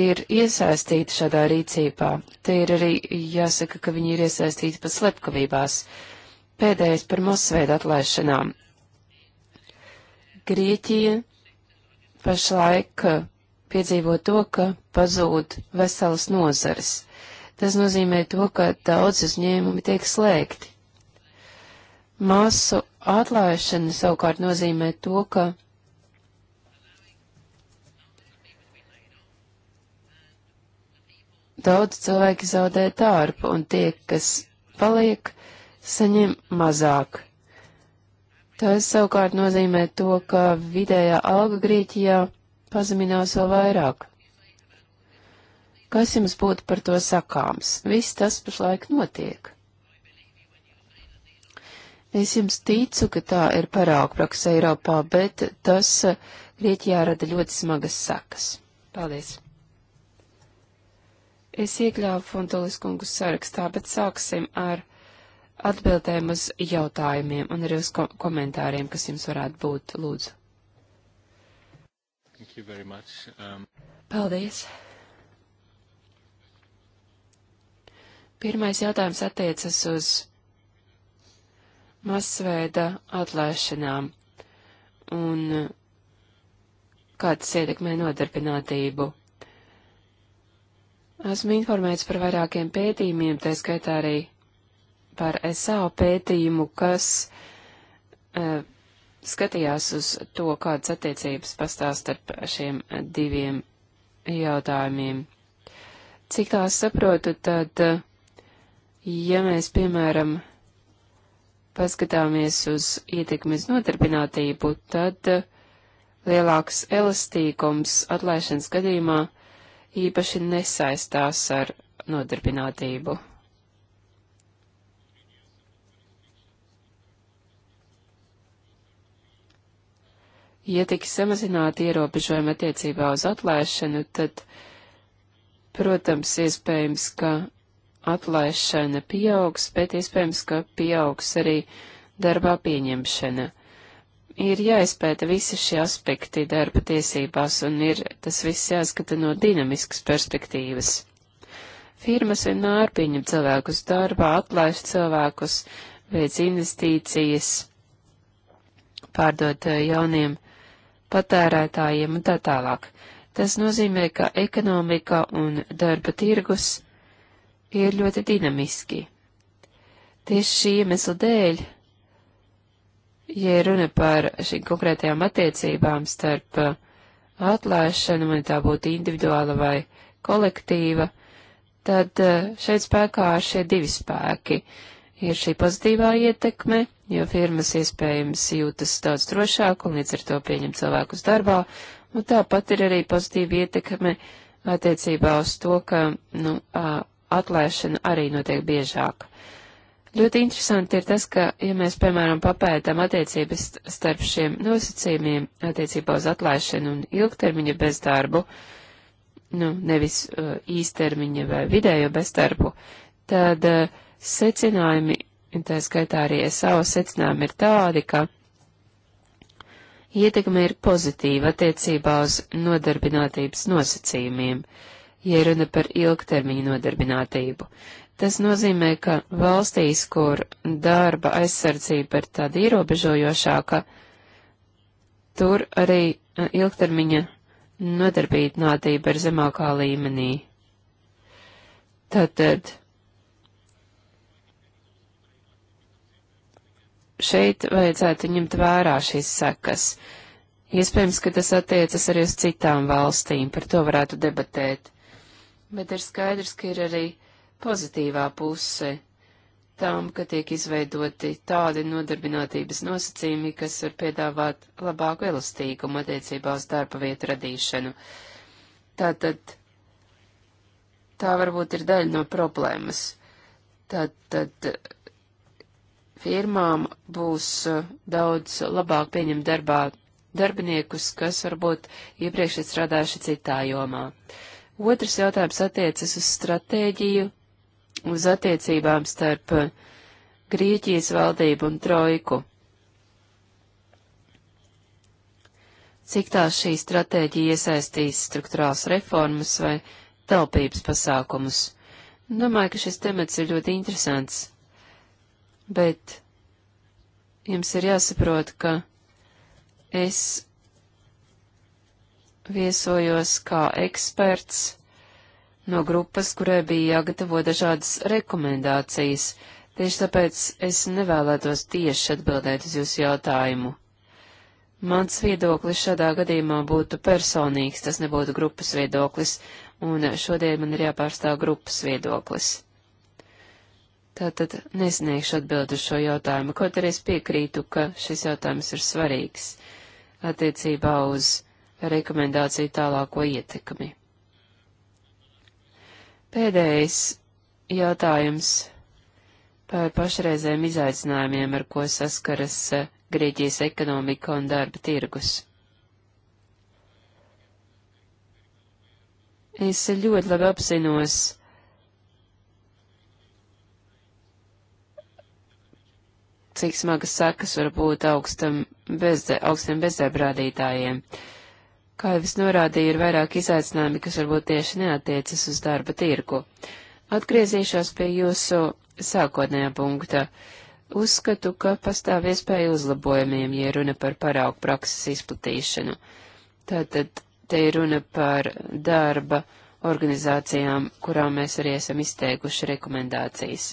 ir iesaistīta šādā rīcībā. Te ir arī jāsaka, ka viņi ir iesaistīti pat slepkavībās. Pēdējais par Mosveidu atlaišanām. Grieķija pašlaik piedzīvo to, ka pazūd veselas nozares. Tas nozīmē to, ka daudz uzņēmumi tiek slēgti. Māsu atlaišana savukārt nozīmē to, ka daudz cilvēki zaudē darbu, un tie, kas paliek, saņem mazāk. Tas savukārt nozīmē to, ka vidējā alga Grieķijā pazeminās vēl vairāk. Kas jums būtu par to sakāms? Viss tas pašlaik notiek. Es jums ticu, ka tā ir parauga praksa Eiropā, bet tas eh, Grieķijā rada ļoti smagas sakas. Paldies! Es iekļāvu Fontolis kungu sarakstā, bet sāksim ar atbildēm uz jautājumiem un arī uz ko komentāriem, kas jums varētu būt, lūdzu. Um... Paldies! Pirmais jautājums attiecas uz masveida atlaišanām un kā tas ietekmē nodarbinātību. Esmu informēts par vairākiem pētījumiem, tā skaitā arī par SAO pētījumu, kas uh, skatījās uz to, kādas attiecības pastāv starp šiem diviem jautājumiem. Cik tās saprotu, tad, ja mēs, piemēram, paskatāmies uz ietekmes nodarbinātību, tad eh, lielāks elastīgums atlaišanas gadījumā īpaši nesaistās ar nodarbinātību. Ja tiks samazināti ierobežojumi attiecībā uz atlaišanu, tad, protams, iespējams, ka atlaišana pieaugs, bet iespējams, ka pieaugs arī darbā pieņemšana. Ir jāizpēta visi šie aspekti darba tiesībās, un ir tas viss jāskata no dinamiskas perspektīvas. Firmas vienmēr pieņem cilvēkus darbā, atlaiž cilvēkus, veic investīcijas, pārdod eh, jauniem patērētājiem un tā tālāk. Tas nozīmē, ka ekonomika un darba tirgus ir ļoti dinamiski. Tieši šī iemesla dēļ, ja runa par šīm konkrētajām attiecībām starp uh, atlēšanu, vai tā būtu individuāla vai kolektīva, tad uh, šeit spēkā šie divi spēki. Ir šī pozitīvā ietekme, jo firmas iespējams jūtas daudz drošāk un līdz ar to pieņem cilvēkus darbā, un tāpat ir arī pozitīva ietekme attiecībā uz to, ka nu, atlaišana arī notiek biežāk. Ļoti interesanti ir tas, ka, ja mēs, piemēram, papētām attiecības starp šiem nosacījumiem attiecībā uz atlaišanu un ilgtermiņa bezdarbu, nu, nevis uh, īstermiņa vai vidējo bezdarbu, tad uh, secinājumi, un tā skaitā arī savu secinājumu ir tādi, ka ietekme ir pozitīva attiecībā uz nodarbinātības nosacījumiem. Uh, ja runa par ilgtermiņu nodarbinātību. Tas nozīmē, ka valstīs, kur darba aizsardzība ir tāda ierobežojošāka, tur arī eh, ilgtermiņa nodarbinātība ir zemākā līmenī. Tātad šeit vajadzētu ņemt vērā šīs sekas. Iespējams, ka tas attiecas arī uz citām valstīm, par to varētu debatēt bet ir skaidrs, ka ir arī pozitīvā puse tam, ka tiek izveidoti tādi nodarbinātības nosacījumi, kas var piedāvāt labāku elastīgumu attiecībā uz darba vietu radīšanu. Tātad tā varbūt ir daļa no problēmas. Tātad firmām būs uh, daudz labāk pieņemt darbā darbiniekus, kas varbūt iepriekš ir strādājuši citā jomā. Uh, Otrs jautājums attiecas uz stratēģiju, uz attiecībām starp uh, Grieķijas valdību un Trojku. Cik tā šī stratēģija iesaistīs struktūrāls reformas vai taupības pasākumus? Domāju, ka šis temats ir ļoti interesants, bet jums ir jāsaprot, ka es viesojos kā eksperts no grupas, kurai bija jāgatavo dažādas rekomendācijas. Tieši tāpēc es nevēlētos tieši atbildēt uz jūsu jautājumu. Mans viedoklis šādā gadījumā būtu personīgs, tas nebūtu grupas viedoklis, un šodien man ir jāpārstāv grupas viedoklis. Tātad nesniegšu atbildu šo jautājumu, kaut arī es piekrītu, ka šis jautājums ir svarīgs attiecībā uz rekomendāciju tālāko ietekmi. Pēdējais jautājums par pašreizējiem izaicinājumiem, ar ko saskaras eh, Grieķijas ekonomika un darba tirgus. Es ļoti labi apzinos cik smagas sekas var būt augstam bezde, augstiem bezdarba rādītājiem. Uh, Kā jau es norādīju, ir vairāk izaicinājumi, kas varbūt tieši neatiecas uz darba tirgu. Atgriezīšos pie jūsu sākotnējā punkta. Uzskatu, ka pastāv iespēja uzlabojumiem, ja runa par paraugu prakses izplatīšanu. Tātad te ir runa par darba organizācijām, kurām mēs arī esam izteikuši rekomendācijas.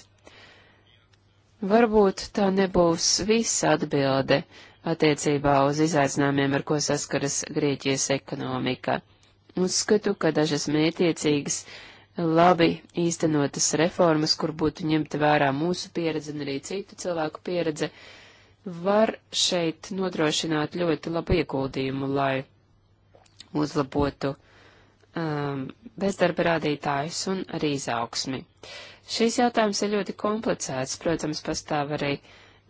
Varbūt tā nebūs visa atbilde, attiecībā uz izaicinājumiem, ar ko saskaras Grieķijas ekonomika. Uzskatu, ka dažas mētiecīgas, labi īstenotas reformas, kur būtu ņemta vērā mūsu pieredze un arī citu cilvēku pieredze, var šeit nodrošināt ļoti labu ieguldījumu, lai uzlabotu um, bezdarba rādītājus un arī izaugsmi. Šis jautājums ir ļoti komplicēts, protams, pastāv arī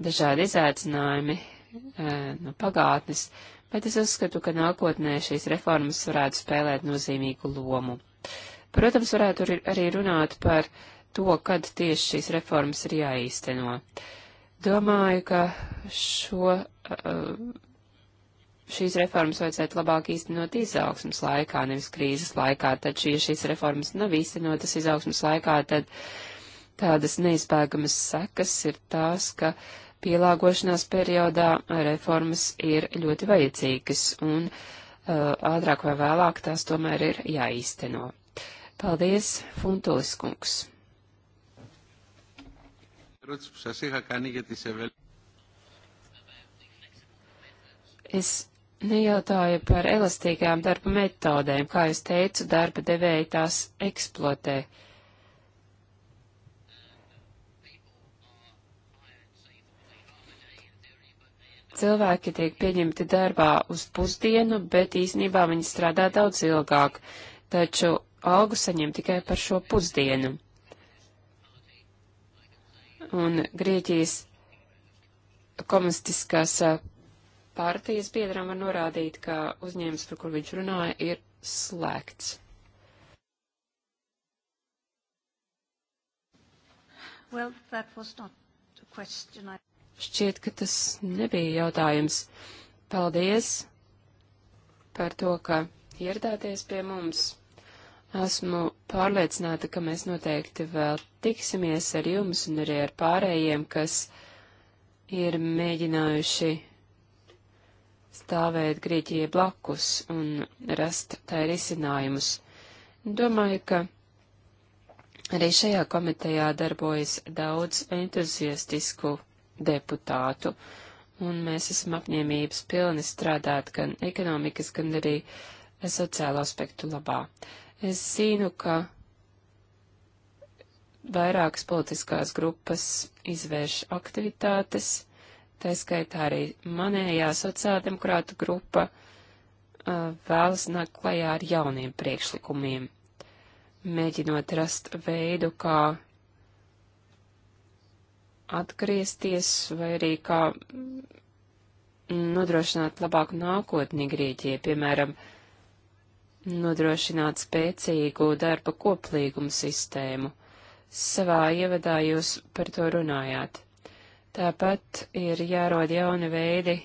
dažādi izaicinājumi, no nu, pagātnes, bet es uzskatu, ka nākotnē šīs reformas varētu spēlēt nozīmīgu lomu. Protams, varētu arī runāt par to, kad tieši šīs reformas ir jāīsteno. Domāju, ka šo, šīs reformas vajadzētu labāk īstenot izaugsmas laikā, nevis krīzes laikā, tad šī, šīs reformas nav īstenotas izaugsmas laikā, tad tādas neizbēgamas sekas ir tās, ka uh, pielāgošanās periodā reformas ir ļoti vajadzīgas, un uh, ātrāk vai vēlāk tās tomēr ir jāīsteno. Paldies, Funtulis kungs! Es nejautāju par elastīgām darba metodēm, kā es teicu, darba devēja tās eksploatē. Uh, cilvēki tiek pieņemti darbā uz pusdienu, bet īsnībā viņi strādā daudz ilgāk, taču algu saņem tikai par šo pusdienu. Un Grieķijas komunistiskās partijas biedram var norādīt, ka uzņēmums, par kur viņš runāja, ir slēgts. Well, that was not the question I... Šķiet, ka tas nebija jautājums. Paldies par to, ka ieradāties pie mums. Esmu pārliecināta, ka mēs noteikti vēl tiksimies ar jums un arī ar pārējiem, kas ir mēģinājuši stāvēt Grieķijai blakus un rast tai risinājumus. Domāju, ka arī šajā komitejā darbojas daudz entuziastisku deputātu, un mēs esam apņēmības pilni strādāt gan ekonomikas, gan arī sociālo aspektu labā. Es zinu, ka vairākas politiskās grupas izvērš aktivitātes, tā skaitā arī manējā sociāldemokrāta grupa vēlas nākt klajā ar jauniem priekšlikumiem, mēģinot rast veidu, kā atgriezties vai arī kā mm, nodrošināt labāku nākotni Grieķijai, piemēram, nodrošināt spēcīgu darba koplīgumu sistēmu. Savā ievadā jūs par to runājāt. Tāpat ir jārod jauni veidi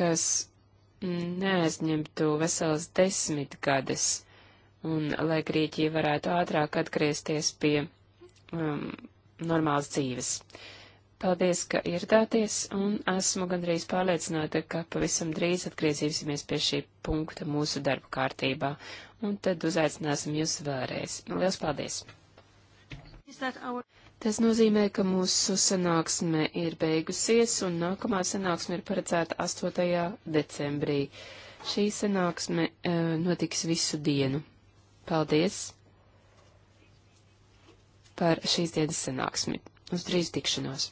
kas neaizņemtu veselas desmit gadus, un lai Grieķija varētu ātrāk atgriezties pie um, normālas dzīves. Paldies, ka ieradāties, un esmu gandrīz pārliecināta, ka pavisam drīz atgriezīsimies pie šī punkta mūsu darba kārtībā, un tad uzaicināsim jūs vēlreiz. Lielas paldies! Tas nozīmē, ka mūsu sanāksme ir beigusies, un nākamā sanāksme ir paredzēta 8. decembrī. Šī sanāksme e, notiks visu dienu. Paldies par šīs dienas sanāksmi. Uz drīz tikšanos!